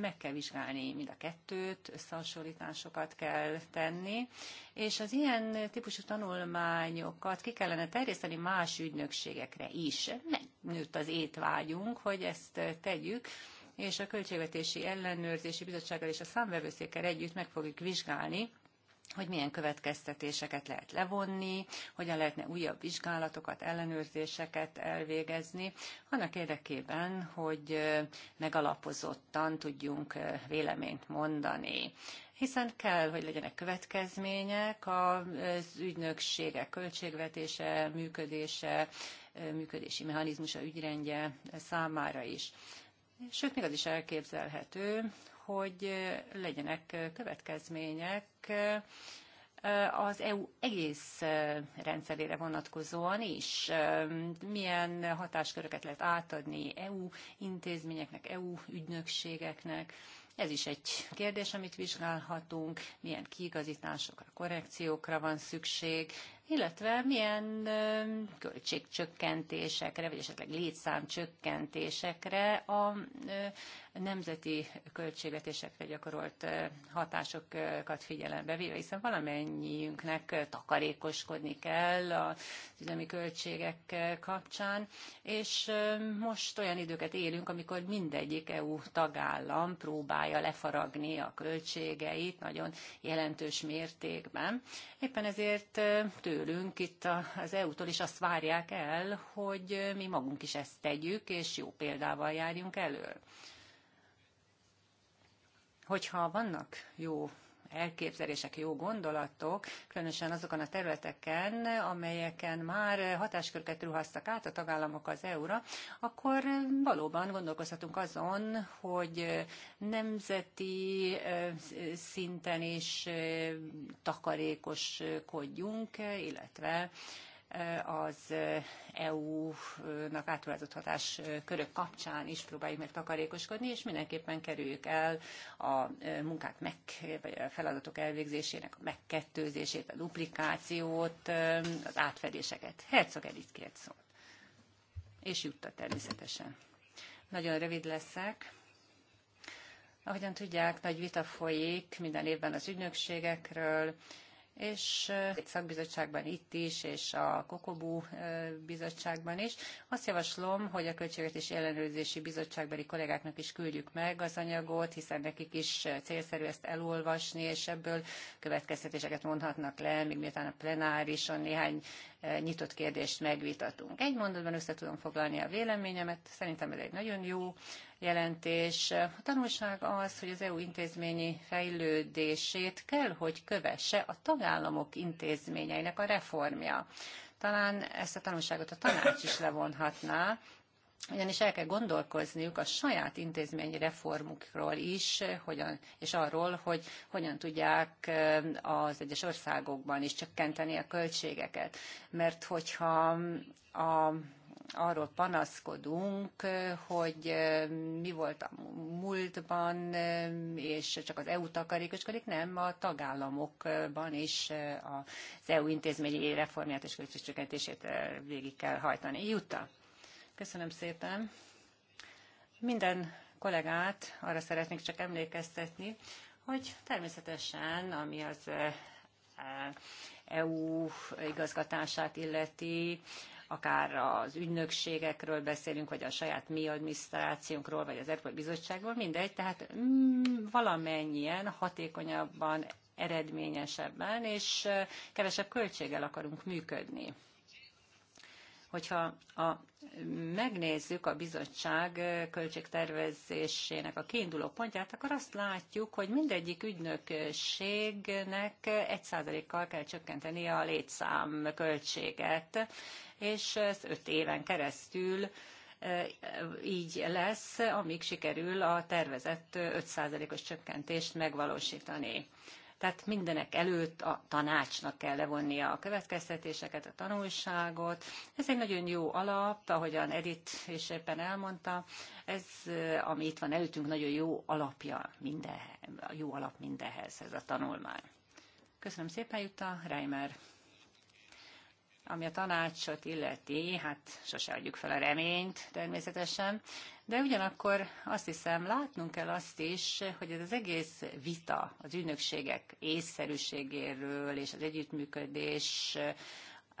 meg kell vizsgálni mind a kettőt, összehasonlításokat kell tenni, és az ilyen típusú tanulmányokat ki kellene terjeszteni más ügynökségekre is. Megnőtt az étvágyunk, hogy ezt tegyük, és a Költségvetési Ellenőrzési Bizottsággal és a számvevőszékkel együtt meg fogjuk vizsgálni, hogy milyen következtetéseket lehet levonni, hogyan lehetne újabb vizsgálatokat, ellenőrzéseket elvégezni, annak érdekében, hogy megalapozottan tudjunk véleményt mondani hiszen kell, hogy legyenek következmények az ügynökségek költségvetése, működése, működési mechanizmusa, ügyrendje számára is. Sőt, még az is elképzelhető, hogy legyenek következmények az EU egész rendszerére vonatkozóan is. Milyen hatásköröket lehet átadni EU intézményeknek, EU ügynökségeknek, ez is egy kérdés, amit vizsgálhatunk, milyen kiigazításokra, korrekciókra van szükség, illetve milyen költségcsökkentésekre, vagy esetleg létszámcsökkentésekre a nemzeti költségvetésekre gyakorolt hatásokat figyelembe véve, hiszen valamennyiünknek takarékoskodni kell az üzemi költségek kapcsán, és most olyan időket élünk, amikor mindegyik EU tagállam próbálja lefaragni a költségeit nagyon jelentős mértékben. Éppen ezért tőlünk itt az EU-tól is azt várják el, hogy mi magunk is ezt tegyük, és jó példával járjunk elő hogyha vannak jó elképzelések, jó gondolatok, különösen azokon a területeken, amelyeken már hatásköröket ruháztak át a tagállamok az EU-ra, akkor valóban gondolkozhatunk azon, hogy nemzeti szinten is takarékoskodjunk, illetve az EU-nak átruházott körök kapcsán is próbáljuk meg takarékoskodni, és mindenképpen kerüljük el a munkák meg, vagy a feladatok elvégzésének a megkettőzését, a duplikációt, az átfedéseket. Herzog Edith kért szót. És jutta természetesen. Nagyon rövid leszek. Ahogyan tudják, nagy vita folyik minden évben az ügynökségekről, és egy szakbizottságban itt is, és a Kokobú bizottságban is. Azt javaslom, hogy a Költségvetési Ellenőrzési Bizottságbeli kollégáknak is küldjük meg az anyagot, hiszen nekik is célszerű ezt elolvasni, és ebből következtetéseket mondhatnak le, még miután a plenárison néhány nyitott kérdést megvitatunk. Egy mondatban össze tudom foglalni a véleményemet, szerintem ez egy nagyon jó jelentés. A tanulság az, hogy az EU intézményi fejlődését kell, hogy kövesse a tagállamok intézményeinek a reformja. Talán ezt a tanulságot a tanács is levonhatná, ugyanis el kell gondolkozniuk a saját intézményi reformukról is, hogyan, és arról, hogy hogyan tudják az egyes országokban is csökkenteni a költségeket. Mert hogyha a arról panaszkodunk, hogy mi volt a múltban, és csak az EU takarékoskodik, nem a tagállamokban is az EU intézményi reformját és költségcsökkentését végig kell hajtani. Jutta, köszönöm szépen. Minden kollégát arra szeretnék csak emlékeztetni, hogy természetesen, ami az EU igazgatását illeti, akár az ügynökségekről beszélünk, vagy a saját mi adminisztrációnkról, vagy az Európai Bizottságról, mindegy, tehát mm, valamennyien hatékonyabban, eredményesebben és kevesebb költséggel akarunk működni. Hogyha a, megnézzük a bizottság költségtervezésének a kiinduló pontját, akkor azt látjuk, hogy mindegyik ügynökségnek egy kal kell csökkenteni a létszám költséget, és ez 5 éven keresztül így lesz, amíg sikerül a tervezett 5%-os csökkentést megvalósítani. Tehát mindenek előtt a tanácsnak kell levonnia a következtetéseket, a tanulságot. Ez egy nagyon jó alap, ahogyan Edith is éppen elmondta, ez, eh, ami itt van előttünk, nagyon jó alapja mindenhez, jó alap mindenhez ez a tanulmány. Köszönöm szépen, Jutta Reimer. Ami a tanácsot illeti, hát sose adjuk fel a reményt természetesen, de ugyanakkor azt hiszem, látnunk kell azt is, hogy ez az egész vita az ügynökségek észszerűségéről és az együttműködés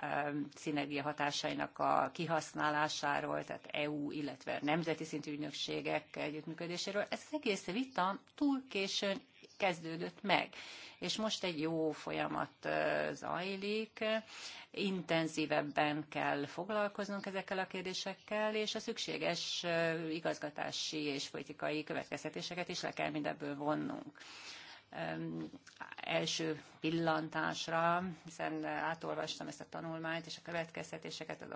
um, szinergia hatásainak a kihasználásáról, tehát EU, illetve nemzeti szintű ügynökségek együttműködéséről. Ez az egész vita túl későn kezdődött meg. És most egy jó folyamat zajlik, intenzívebben kell foglalkoznunk ezekkel a kérdésekkel, és a szükséges igazgatási és politikai következtetéseket is le kell mindebből vonnunk első pillantásra, hiszen átolvastam ezt a tanulmányt és a következtetéseket, az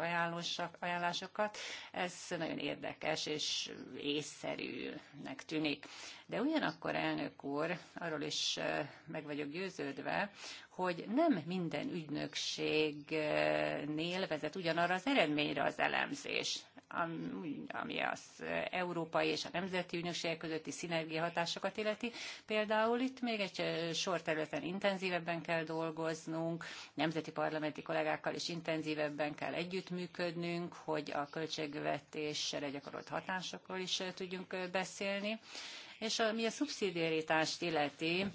ajánlásokat. Ez nagyon érdekes és észszerűnek tűnik. De ugyanakkor, elnök úr, arról is meg vagyok győződve, hogy nem minden ügynökségnél vezet ugyanarra az eredményre az elemzés ami az európai és a nemzeti ügynökségek közötti szinergiahatásokat illeti. Például itt még egy sor területen intenzívebben kell dolgoznunk, nemzeti parlamenti kollégákkal is intenzívebben kell együttműködnünk, hogy a költségvetésre gyakorolt hatásokról is tudjunk beszélni. És ami a szubszidiaritást illeti,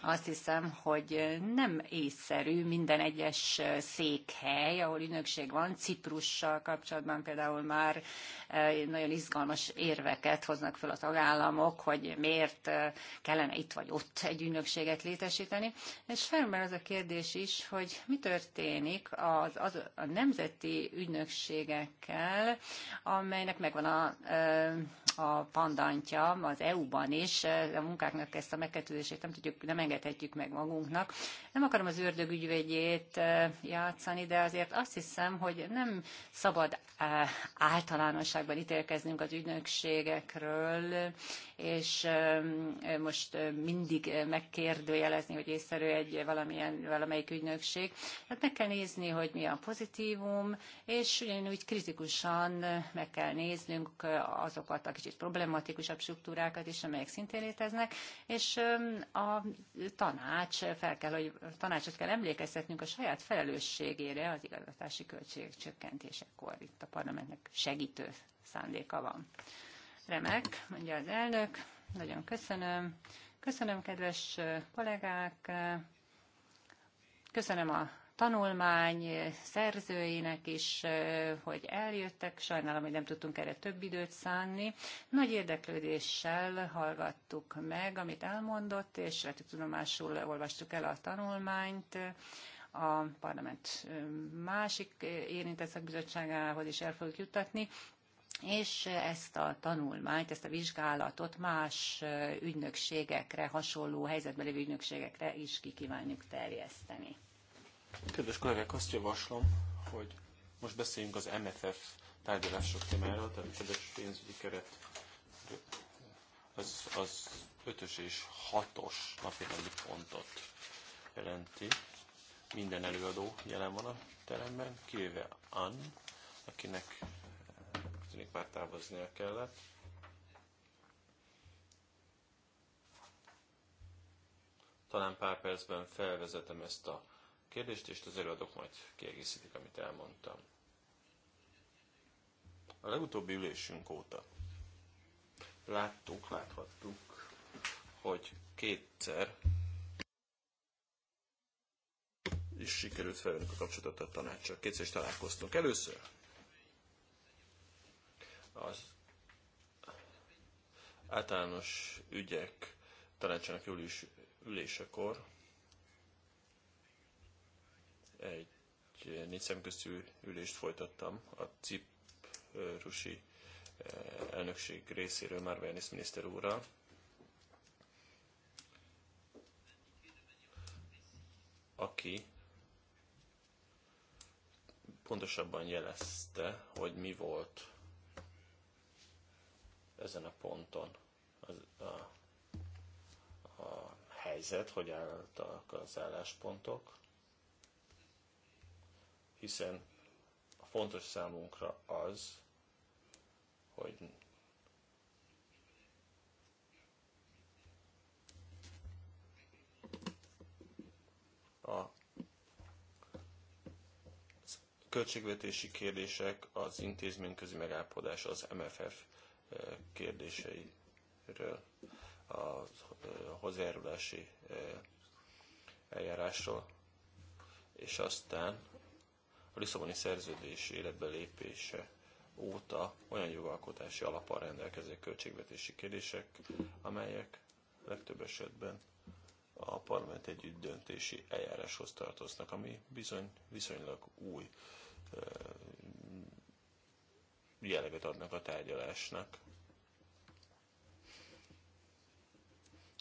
azt hiszem, hogy nem észszerű minden egyes székhely, ahol ügynökség van, Ciprussal kapcsolatban például már eh, nagyon izgalmas érveket hoznak fel a tagállamok, hogy miért eh, kellene itt vagy ott egy ügynökséget létesíteni. És felmerül az a kérdés is, hogy mi történik az, az a nemzeti ügynökségekkel, amelynek megvan a eh, a pandantja az EU-ban is. Eh, a munkáknak ezt a megkettőzését nem, tudjuk, nem engedhetjük meg magunknak. Nem akarom az ördög ügyvédjét eh, játszani, de azért azt hiszem, hogy nem szabad eh, általánosságban ítélkeznünk az ügynökségekről, és most mindig megkérdőjelezni, hogy észszerű egy valamilyen, valamelyik ügynökség. Hát meg kell nézni, hogy mi a pozitívum, és ugyanúgy kritikusan meg kell néznünk azokat a kicsit problematikusabb struktúrákat is, amelyek szintén léteznek, és a tanács fel kell, hogy tanácsot kell emlékeztetnünk a saját felelősségére az igazgatási költségek csökkentésekor. Itt a parlamentnek segítő szándéka van. Remek, mondja az elnök. Nagyon köszönöm. Köszönöm, kedves kollégák. Köszönöm a tanulmány szerzőinek is, hogy eljöttek. Sajnálom, hogy nem tudtunk erre több időt szánni. Nagy érdeklődéssel hallgattuk meg, amit elmondott, és vettük tudomásul olvastuk el a tanulmányt a parlament másik érintett szakbizottságához is el fogjuk juttatni és ezt a tanulmányt, ezt a vizsgálatot más ügynökségekre, hasonló helyzetben lévő ügynökségekre is ki kívánjuk terjeszteni. Kedves kollégák, azt javaslom, hogy most beszéljünk az MFF tárgyalások témáról, tehát a kedves pénzügyi keret az, az 5-ös és 6-os napirendi pontot jelenti. Minden előadó jelen van a teremben, kivéve Ann, akinek tűnik már távoznia kellett. Talán pár percben felvezetem ezt a kérdést, és az előadók majd kiegészítik, amit elmondtam. A legutóbbi ülésünk óta láttuk, láthattuk, hogy kétszer is sikerült felvenni a kapcsolatot a tanácsra. Kétszer is találkoztunk. Először az általános ügyek tanácsának ülés, ülésekor egy négy szemköztű ülést folytattam a ciprusi eh, elnökség részéről már Venice miniszter úrra. aki pontosabban jelezte, hogy mi volt ezen a ponton az, a, a helyzet, hogy álltak az álláspontok, hiszen a fontos számunkra az, hogy a költségvetési kérdések, az intézményközi megállapodás, az MFF kérdéseiről, a hozzájárulási eljárásról, és aztán a Lisszaboni szerződés életbe lépése óta olyan jogalkotási alapal rendelkező költségvetési kérdések, amelyek legtöbb esetben a parlament együtt döntési eljáráshoz tartoznak, ami bizony viszonylag új jelleget adnak a tárgyalásnak.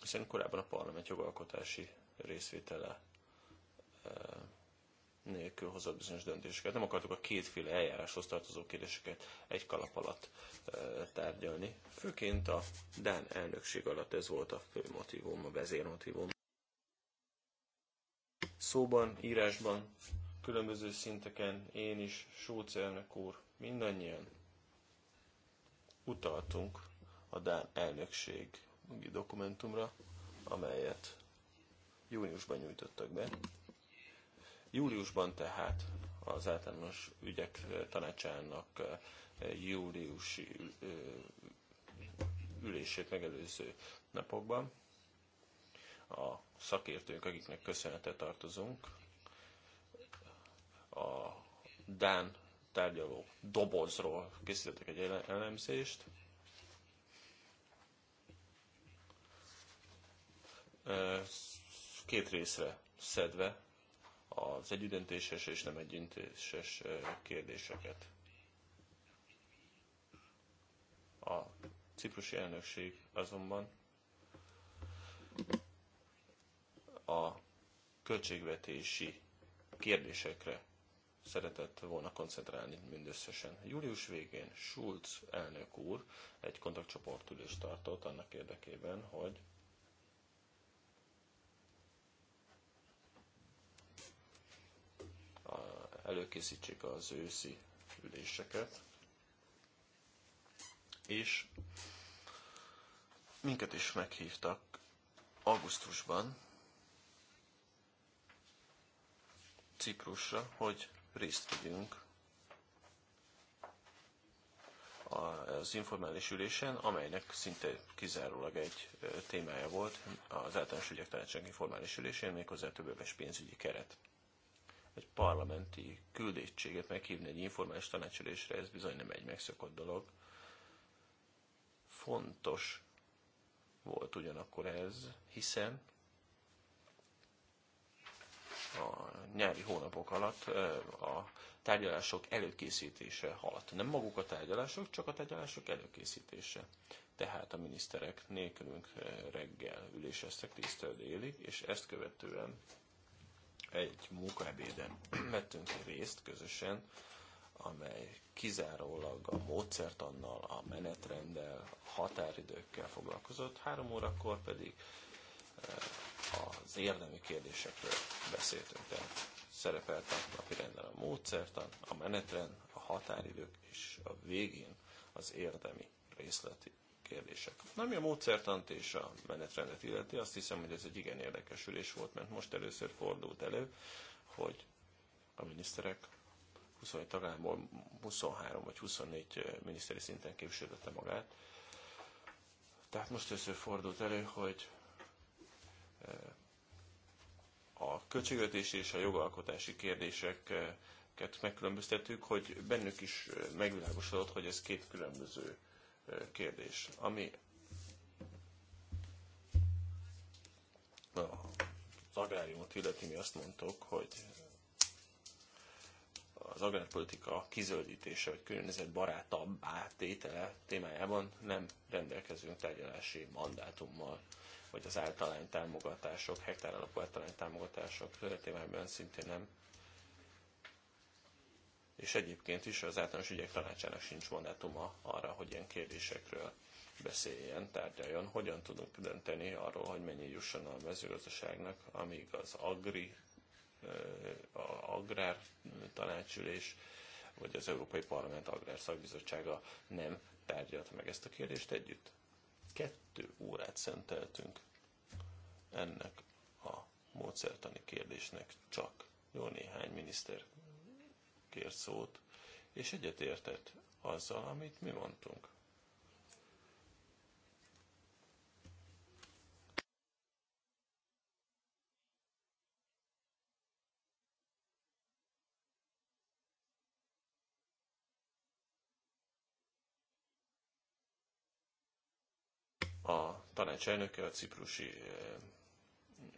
Hiszen korábban a parlament jogalkotási részvétele nélkül hozott bizonyos döntéseket. Nem akartuk a kétféle eljáráshoz tartozó kérdéseket egy kalap alatt tárgyalni. Főként a Dán elnökség alatt ez volt a fő motivum, a vezérmotívum. Szóban, írásban, különböző szinteken én is, Sóce elnök úr, mindannyian utaltunk a Dán elnökség dokumentumra, amelyet júniusban nyújtottak be. Júliusban tehát az általános ügyek eh, tanácsának eh, júliusi eh, ülését megelőző napokban a szakértők, akiknek köszönetet tartozunk, a Dán tárgyaló dobozról készítettek egy elemzést. Két részre szedve az együttdöntéses és nem együttdöntéses kérdéseket. A ciprusi elnökség azonban a költségvetési kérdésekre szeretett volna koncentrálni mindösszesen. Július végén Schulz elnök úr egy kontaktcsoportülést tartott annak érdekében, hogy előkészítsék az őszi üléseket, és minket is meghívtak augusztusban Ciprusra, hogy részt vegyünk az informális ülésen, amelynek szinte kizárólag egy témája volt az általános ügyek tanácsának informális ülésén, méghozzá több éves pénzügyi keret. Egy parlamenti küldétséget meghívni egy informális tanácsülésre, ez bizony nem egy megszokott dolog. Fontos volt ugyanakkor ez, hiszen a nyári hónapok alatt a tárgyalások előkészítése alatt, Nem maguk a tárgyalások, csak a tárgyalások előkészítése. Tehát a miniszterek nélkülünk reggel üléseztek tisztel délig, és ezt követően egy munkaebéden vettünk részt közösen, amely kizárólag a módszertannal, a menetrenddel, határidőkkel foglalkozott. Három órakor pedig Eh, az érdemi kérdésekről beszéltünk, tehát szerepelt a napirenden a módszertan, a menetrend, a határidők és a végén az érdemi részleti kérdések. Ami a módszertant és a menetrendet illeti, azt hiszem, hogy ez egy igen érdekes ülés volt, mert most először fordult elő, hogy a miniszterek 27 tagállamból 23 vagy 24 miniszteri szinten képviselte magát. Tehát most először fordult elő, hogy a költségvetési és a jogalkotási kérdéseket megkülönböztetük, hogy bennük is megvilágosodott, hogy ez két különböző kérdés. Ami az agráriumot illeti, mi azt mondtuk, hogy az agrárpolitika kizöldítése vagy környezetbarátabbá tétele témájában nem rendelkezünk tárgyalási mandátummal vagy az általány támogatások, hektár alapú általány támogatások témában szintén nem. És egyébként is az általános ügyek tanácsának sincs mandátuma arra, hogy ilyen kérdésekről beszéljen, tárgyaljon, hogyan tudunk dönteni arról, hogy mennyi jusson a mezőgazdaságnak, amíg az agri, a agrár tanácsülés, vagy az Európai Parlament Agrár Szakbizottsága nem tárgyalt meg ezt a kérdést együtt. Kettő órát szenteltünk ennek a módszertani kérdésnek csak. Jó néhány miniszter kért szót, és egyetértett azzal, amit mi mondtunk. tanácselnöke a ciprusi eh,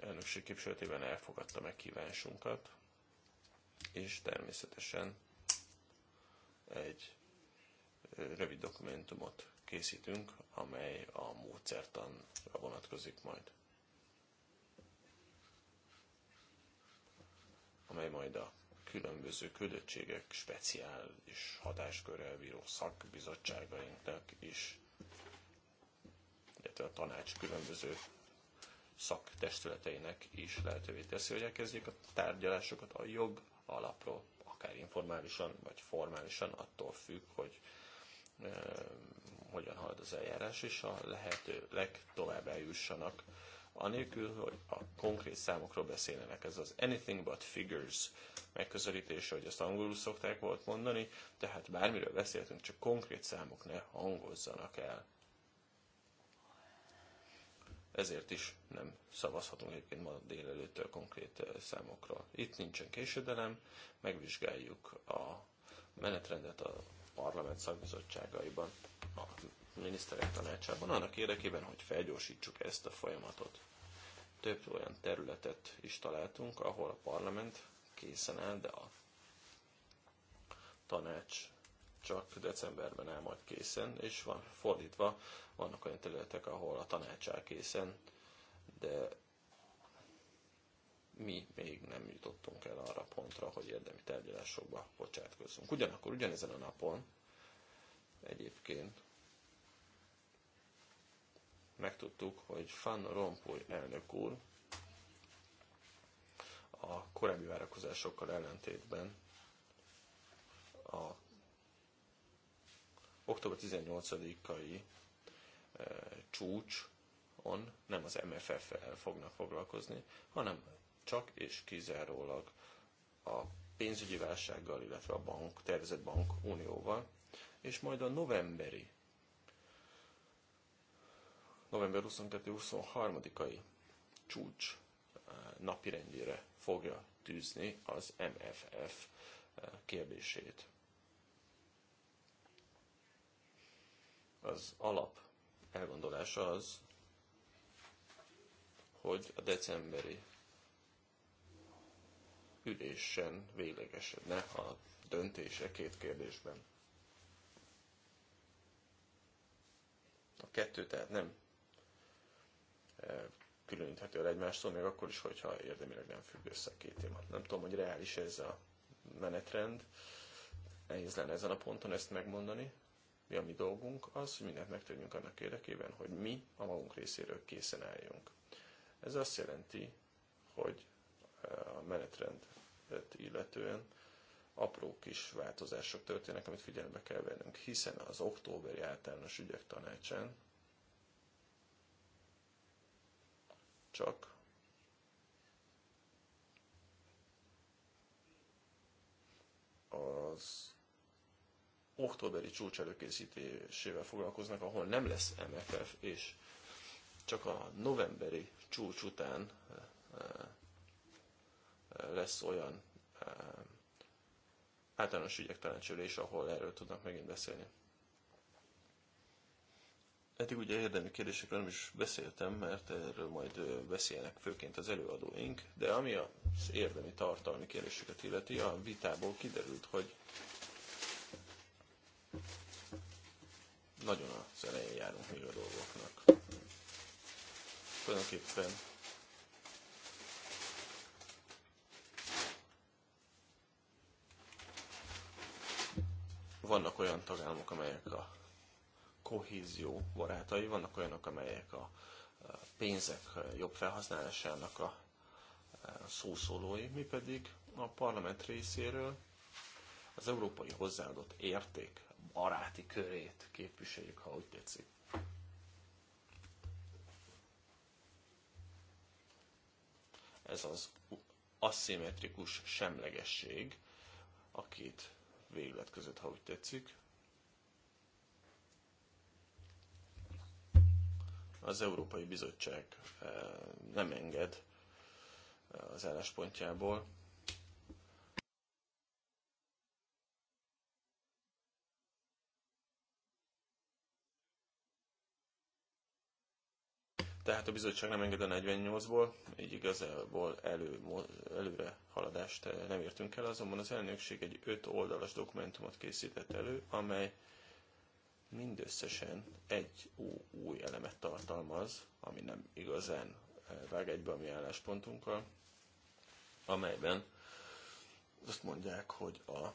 elnökség képviseletében elfogadta meghívásunkat, és természetesen egy eh, rövid dokumentumot készítünk, amely a módszertanra vonatkozik majd. Amely majd a különböző küldöttségek speciális hatáskörrel bíró szakbizottságainknak is illetve a tanács különböző szaktestületeinek is lehetővé teszi, hogy elkezdjék a tárgyalásokat a jog alapról, akár informálisan, vagy formálisan, attól függ, hogy e, hogyan halad az eljárás, és a lehető legtovább eljussanak, anélkül, hogy a konkrét számokról beszélnek. Ez az anything but figures megközelítése, hogy azt angolul szokták volt mondani, tehát bármiről beszéltünk, csak konkrét számok ne hangozzanak el ezért is nem szavazhatunk egyébként ma délelőttől konkrét eh, számokra. Itt nincsen késedelem, megvizsgáljuk a menetrendet a parlament szakbizottságaiban, a miniszterek tanácsában, annak érdekében, hogy felgyorsítsuk ezt a folyamatot. Több olyan területet is találtunk, ahol a parlament készen áll, de a tanács csak decemberben áll majd készen, és van fordítva vannak olyan területek, ahol a tanács áll készen, de mi még nem jutottunk el arra pontra, hogy érdemi tárgyalásokba bocsátkozzunk. Ugyanakkor ugyanezen a napon egyébként megtudtuk, hogy Fan Rompuy elnök úr a korábbi várakozásokkal ellentétben a október 18-ai csúcson nem az MFF-el fognak foglalkozni, hanem csak és kizárólag a pénzügyi válsággal, illetve a bank, tervezett bank unióval, és majd a novemberi, november 22-23-ai csúcs napirendjére fogja tűzni az MFF kérdését. Az alap elgondolása az, hogy a decemberi ülésen véglegesedne a döntése két kérdésben. A kettő tehát nem eh, különíthető el egymástól, még akkor is, hogyha érdemileg nem függ össze a két téma. Nem tudom, hogy reális ez a menetrend. Nehéz lenne ezen a ponton ezt megmondani, mi a mi dolgunk az, hogy mindent megtegyünk annak érdekében, hogy mi a magunk részéről készen álljunk. Ez azt jelenti, hogy eh, a menetrendet illetően apró kis változások történnek, amit figyelembe kell vennünk, hiszen az októberi általános ügyek tanácsán csak az októberi csúcs előkészítésével foglalkoznak, ahol nem lesz MFF, és csak a novemberi csúcs után eh, eh, lesz olyan eh, általános ügyek tanácsülés, ahol erről tudnak megint beszélni. Eddig ugye érdemi kérdésekről nem is beszéltem, mert erről majd beszélnek főként az előadóink, de ami az érdemi tartalmi kérdéseket illeti, a vitából kiderült, hogy Nagyon a elején járunk még a dolgoknak. Tulajdonképpen vannak olyan tagállamok, amelyek a kohézió barátai, vannak olyanok, amelyek a pénzek jobb felhasználásának a szószólói, mi pedig a parlament részéről az európai hozzáadott érték baráti körét képviseljük, ha úgy tetszik. Ez az aszimmetrikus semlegesség a két véglet között, ha úgy tetszik. Az Európai Bizottság eh, nem enged eh, az álláspontjából, Tehát a bizottság nem enged a 48-ból, így igazából elő, előre haladást eh, nem értünk el, azonban az elnökség egy öt oldalas dokumentumot készített elő, amely mindösszesen egy új elemet tartalmaz, ami nem igazán eh, vág egybe a mi álláspontunkkal, amelyben azt mondják, hogy a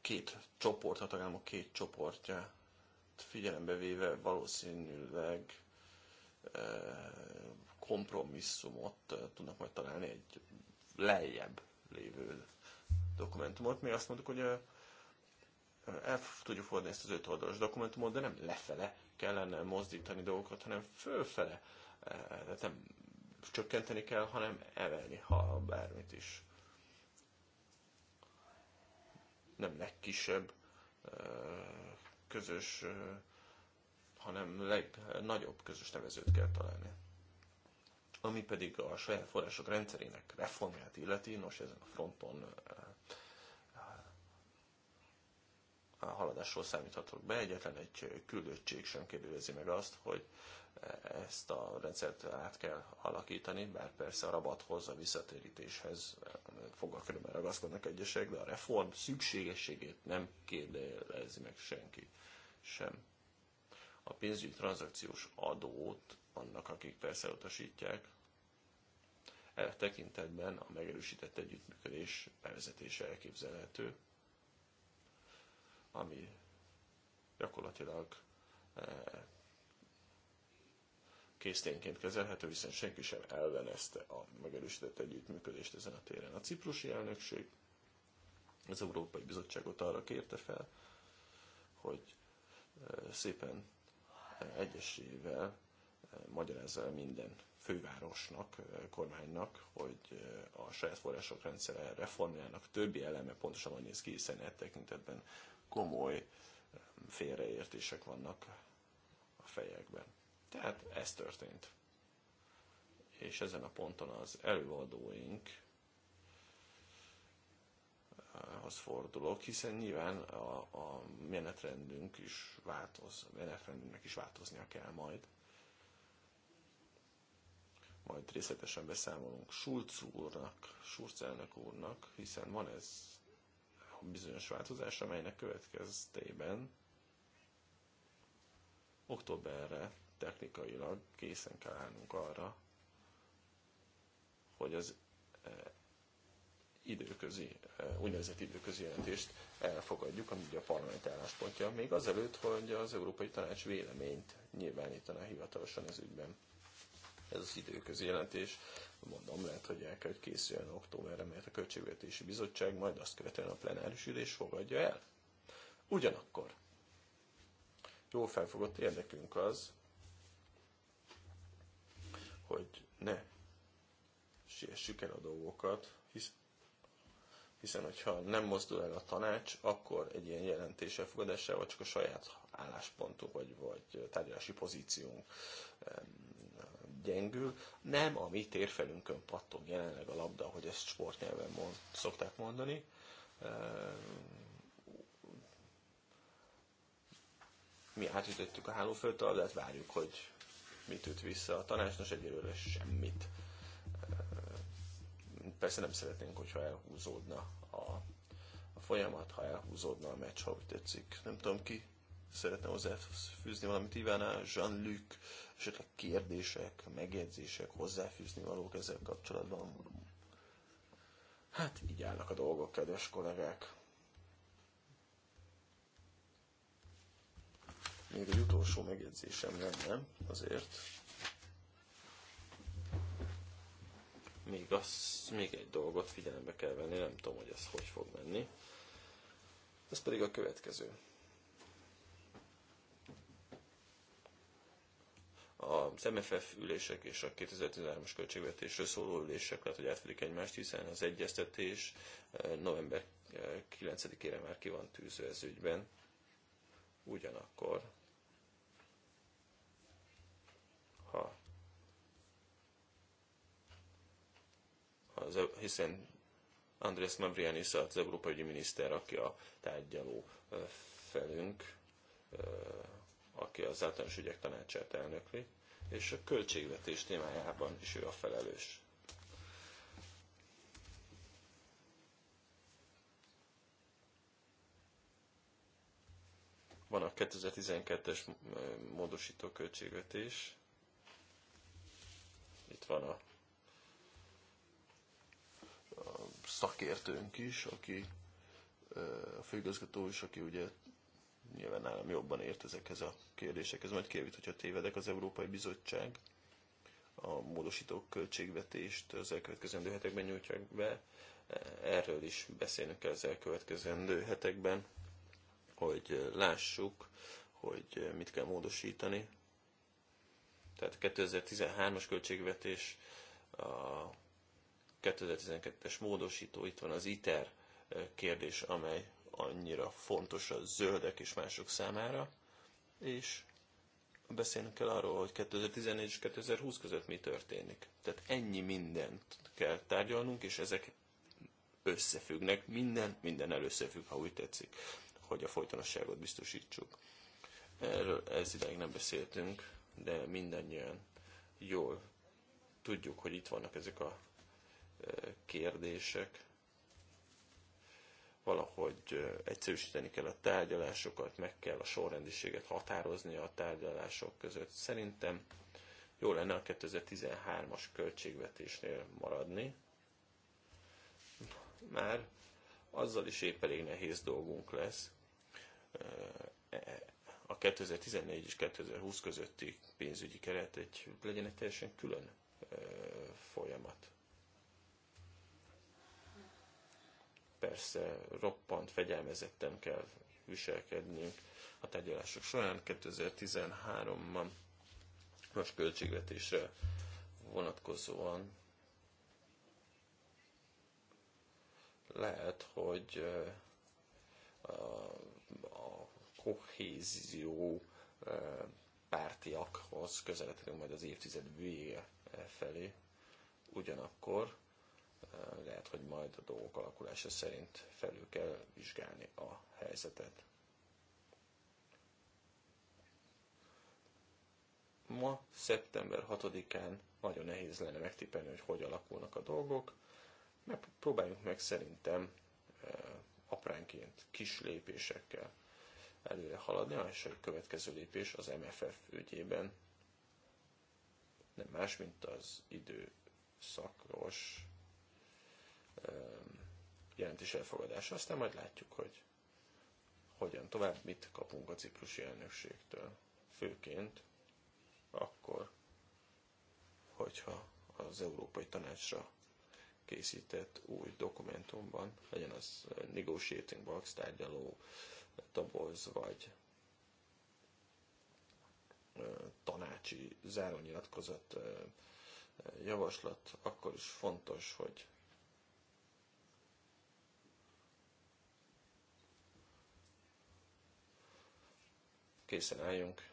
két csoport, a tagállamok két csoportja figyelembe véve valószínűleg eh, kompromisszumot eh, tudnak majd találni egy lejjebb lévő dokumentumot. Mi azt mondtuk, hogy eh, el tudjuk fordni ezt az öt oldalas dokumentumot, de nem lefele kellene mozdítani dolgokat, hanem fölfele. Tehát nem csökkenteni kell, hanem emelni, ha bármit is. Nem legkisebb közös, hanem legnagyobb közös nevezőt kell találni. Ami pedig a saját források rendszerének reformját illeti, nos ezen a fronton a haladásról számíthatok be, egyetlen egy küldöttség sem kérdezi meg azt, hogy ezt a rendszert át kell alakítani, bár persze a rabathoz, a visszatérítéshez eh, körülbelül ragaszkodnak egyesek, de a reform szükségességét nem kérdelezi meg senki sem. A pénzügyi tranzakciós adót vannak, akik persze utasítják, e tekintetben a megerősített együttműködés bevezetése elképzelhető, ami gyakorlatilag eh, készténként kezelhető, viszont senki sem ellenezte a megerősített együttműködést ezen a téren. A ciprusi elnökség az Európai Bizottságot arra kérte fel, hogy e, szépen e, egyesével e, magyarázza el minden fővárosnak, kormánynak, hogy a saját források rendszere reformjának többi eleme pontosan van néz ki, hiszen e tekintetben komoly félreértések vannak a fejekben. Tehát ez történt. És ezen a ponton az előadóink az eh, fordulok, hiszen nyilván a, a menetrendünk is változ, a menetrendünknek is változnia kell majd. Majd részletesen beszámolunk Schulz úrnak, Schulz elnök úrnak, hiszen van ez a bizonyos változás, amelynek következtében októberre technikailag készen kell állnunk arra, hogy az eh, időközi, eh, úgynevezett időközi jelentést elfogadjuk, ami ugye a parlament álláspontja, még azelőtt, hogy az Európai Tanács véleményt nyilvánítaná hivatalosan ez ügyben. Ez az időközi jelentés, mondom, lehet, hogy el kell, hogy készüljön októberre, mert a Költségvetési Bizottság majd azt követően a plenáris ülés fogadja el. Ugyanakkor jó felfogott érdekünk az, hogy ne siessük el a dolgokat, hisz, hiszen hogyha nem mozdul el a tanács, akkor egy ilyen jelentés elfogadásával csak a saját álláspontunk vagy, vagy tárgyalási pozíciónk gyengül. Nem a mi térfelünkön pattog jelenleg a labda, hogy ezt sportnyelven mond, szokták mondani. Mi átütöttük a hálóföldtalabdát, várjuk, hogy mit üt vissza a tanács, nos egyelőre semmit. Persze nem szeretnénk, hogyha elhúzódna a, a folyamat, ha elhúzódna a meccs, ha úgy tetszik. Nem tudom ki szeretne hozzáfűzni valamit Ivana, Jean-Luc, esetleg kérdések, megjegyzések, hozzáfűzni valók ezzel kapcsolatban. Hát így állnak a dolgok, kedves kollégák. Még egy utolsó megjegyzésem lenne azért. Még, az, még egy dolgot figyelembe kell venni, nem tudom, hogy ez hogy fog menni. Ez pedig a következő. a MFF ülések és a 2013-as költségvetésről szóló ülések lehet, hogy átfedik egymást, hiszen az egyeztetés eh, november 9-ére eh, már ki van tűzve ez ügyben. Ugyanakkor ha az, hiszen Andrés Mavrianis az Európai Miniszter, aki a tárgyaló felünk, aki az általános ügyek tanácsát elnökli, és a költségvetés témájában is ő a felelős. Van a 2012-es módosító költségvetés, itt van a, a szakértőnk is, aki a főigazgató is, aki ugye nyilván nálam jobban ért ezekhez a kérdésekhez. Majd kérjük, hogyha tévedek, az Európai Bizottság a módosítók költségvetést az elkövetkezendő hetekben nyújtják be. Erről is beszélnünk kell az elkövetkezendő hetekben, hogy lássuk, hogy mit kell módosítani, tehát 2013-as költségvetés, a 2012-es módosító, itt van az ITER eh, kérdés, amely annyira fontos a zöldek és mások számára, és beszélnünk kell arról, hogy 2014 és 2020 között mi történik. Tehát ennyi mindent kell tárgyalnunk, és ezek összefüggnek, minden, minden összefügg, ha úgy tetszik, hogy a folytonosságot biztosítsuk. Erről ez ideig nem beszéltünk de mindannyian jól tudjuk, hogy itt vannak ezek a e, kérdések. Valahogy e, egyszerűsíteni kell a tárgyalásokat, meg kell a sorrendiséget határozni a tárgyalások között. Szerintem jó lenne a 2013-as költségvetésnél maradni. Már azzal is épp elég nehéz dolgunk lesz e, a 2014 és 2020 közötti pénzügyi keret egy, legyen egy teljesen külön folyamat. Persze roppant, fegyelmezetten kell viselkednünk a tárgyalások során. 2013-ban most költségvetésre vonatkozóan lehet, hogy a kohézió pártiakhoz közeledhetünk majd az évtized vége felé. Ugyanakkor lehet, hogy majd a dolgok alakulása szerint felül kell vizsgálni a helyzetet. Ma, szeptember 6-án nagyon nehéz lenne megtippelni, hogy hogy alakulnak a dolgok. Mert próbáljunk meg szerintem apránként, kis lépésekkel előre haladni, és a következő lépés az MFF ügyében nem más, mint az időszakos jelentés elfogadása. Aztán majd látjuk, hogy hogyan tovább, mit kapunk a ciprusi elnökségtől. Főként akkor, hogyha az Európai Tanácsra készített új dokumentumban, legyen az negotiating box tárgyaló doboz vagy tanácsi zárónyilatkozat javaslat, akkor is fontos, hogy készen álljunk,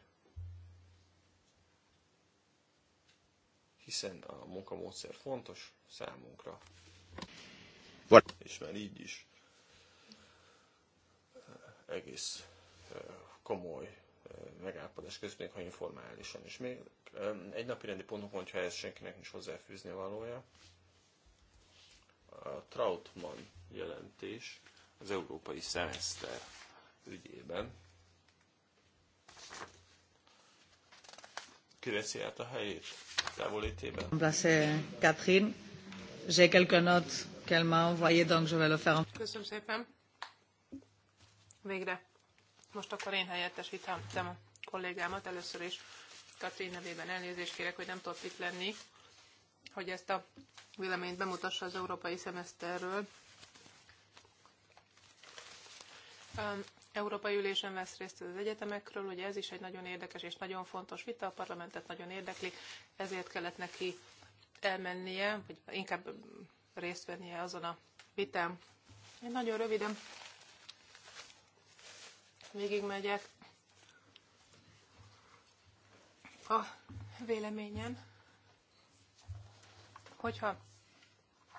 hiszen a munkamódszer fontos számunkra, és már így is egész komoly megállapodás közöttünk, ha informálisan is. Még egy napi rendi pontunk, hogyha ez senkinek nincs hozzáfűzni valója. A Trautmann jelentés az európai szemeszter ügyében. Kiveszi át a helyét távolítében? Catherine, j'ai quelques notes qu'elle m'a envoyées, donc je vais le faire. Köszönöm szépen végre. Most akkor én helyettesítem a kollégámat először is. Katrin nevében elnézést kérek, hogy nem tudott itt lenni, hogy ezt a véleményt bemutassa az európai szemeszterről. Európai ülésen vesz részt az egyetemekről, ugye ez is egy nagyon érdekes és nagyon fontos vita, a parlamentet nagyon érdekli, ezért kellett neki elmennie, vagy inkább részt vennie azon a vitán. Én nagyon röviden végigmegyek a véleményen, hogyha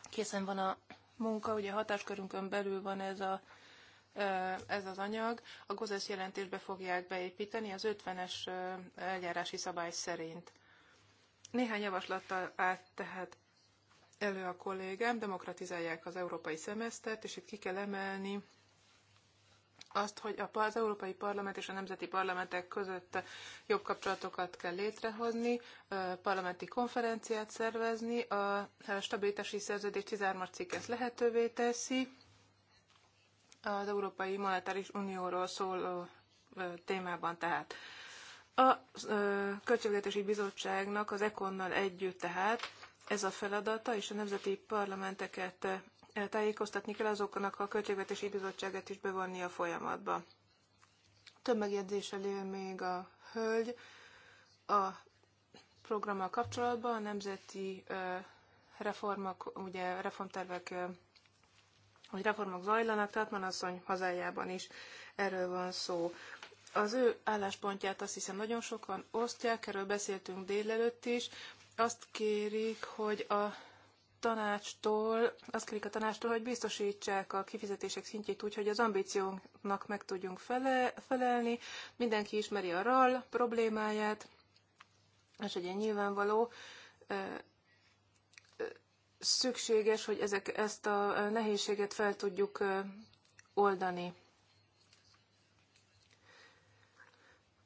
készen van a munka, ugye hatáskörünkön belül van ez a ez az anyag, a gozes jelentésbe fogják beépíteni az 50-es eljárási szabály szerint. Néhány javaslattal állt tehát elő a kollégám, demokratizálják az európai szemesztert, és itt ki kell emelni azt, hogy az Európai Parlament és a nemzeti parlamentek között jobb kapcsolatokat kell létrehozni, parlamenti konferenciát szervezni, a stabilitási szerződés 13-as cikk ezt lehetővé teszi, az Európai Monetáris Unióról szóló témában tehát. A Költségvetési Bizottságnak az Ekonnal együtt tehát ez a feladata, és a nemzeti parlamenteket tájékoztatni kell azoknak a Költségvetési Bizottságát is bevonni a folyamatba. Több megjegyzéssel él még a hölgy a programmal kapcsolatban, a nemzeti reformok, ugye reformtervek hogy reformok zajlanak, Tatman asszony hazájában is erről van szó. Az ő álláspontját azt hiszem nagyon sokan osztják, erről beszéltünk délelőtt is. Azt kérik, hogy a tanácstól, azt kérik a tanácstól, hogy biztosítsák a kifizetések szintjét úgy, hogy az ambíciónknak meg tudjunk fele, felelni. Mindenki ismeri a RAL problémáját, és ilyen nyilvánvaló, szükséges, hogy ezek, ezt a nehézséget fel tudjuk oldani.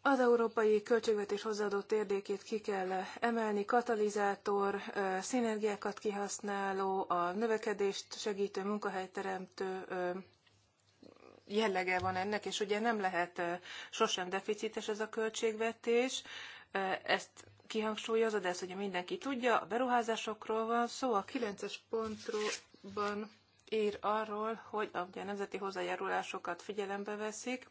Az európai költségvetés hozzáadott értékét ki kell emelni, katalizátor, szinergiákat kihasználó, a növekedést segítő, munkahelyteremtő jellege van ennek, és ugye nem lehet sosem deficites ez a költségvetés, ezt kihangsúlyozza, de ezt ugye mindenki tudja, a beruházásokról van szó, a 9-es pontban ír arról, hogy a nemzeti hozzájárulásokat figyelembe veszik,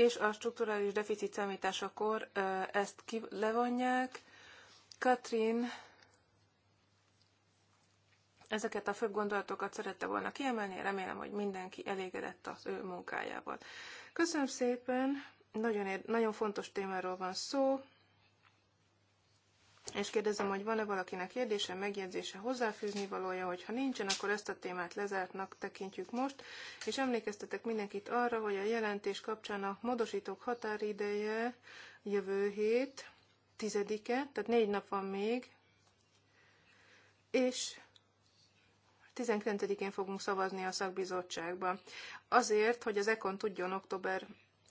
és a strukturális deficit számításakor ezt levonják. Katrin ezeket a főbb gondolatokat szerette volna kiemelni, remélem, hogy mindenki elégedett az ő munkájával. Köszönöm szépen, nagyon, ér- nagyon fontos témáról van szó, és kérdezem, hogy van-e valakinek kérdése, megjegyzése, hozzáfűzni valója, hogyha nincsen, akkor ezt a témát lezártnak tekintjük most, és emlékeztetek mindenkit arra, hogy a jelentés kapcsán a módosítók határideje jövő hét, tizedike, tehát négy nap van még, és 19-én fogunk szavazni a szakbizottságban. Azért, hogy az EKON tudjon október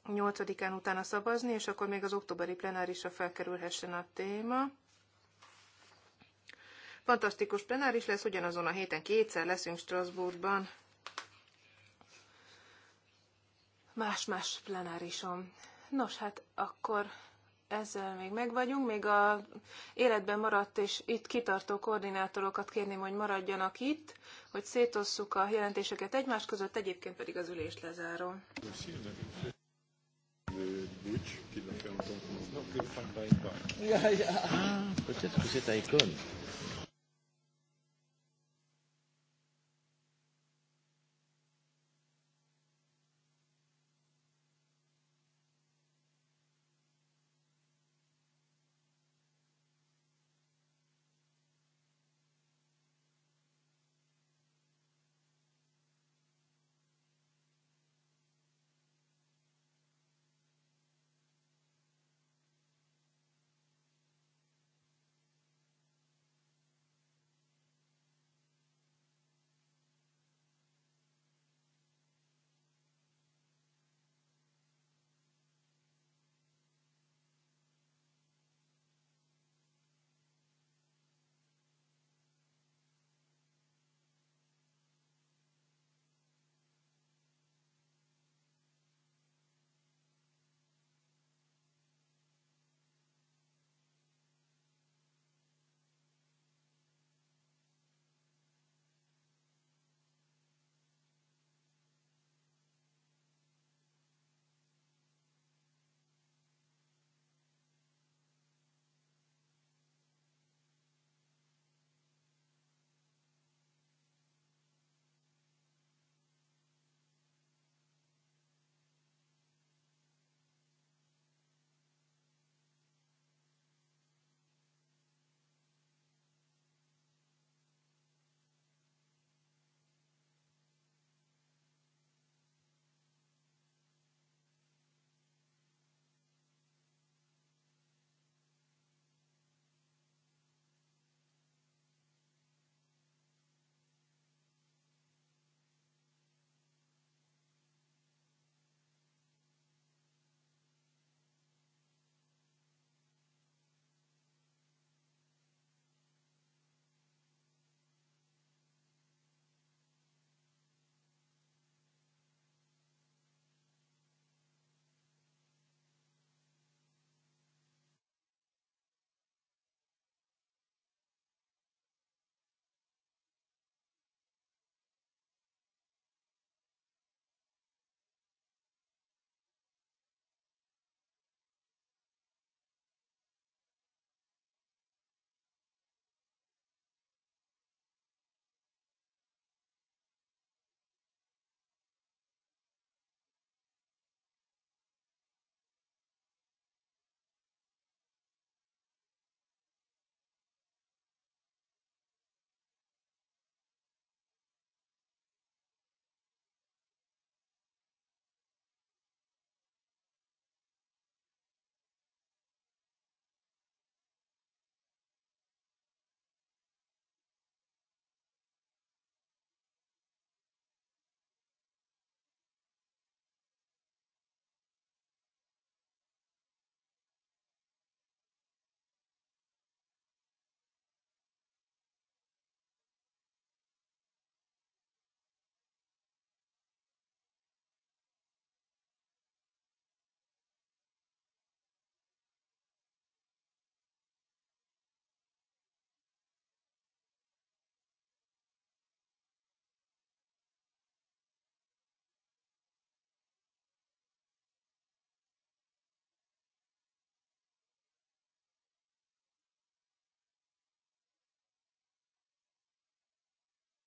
8-án utána szavazni, és akkor még az októberi plenárisra felkerülhessen a téma. Fantasztikus plenáris lesz, ugyanazon a héten kétszer leszünk Strasbourgban. Más-más plenárisom. Nos, hát akkor ezzel még megvagyunk. Még a életben maradt és itt kitartó koordinátorokat kérném, hogy maradjanak itt, hogy szétosszuk a jelentéseket egymás között, egyébként pedig az ülést lezárom. Yeah, yeah. Ah, peut-être que c'est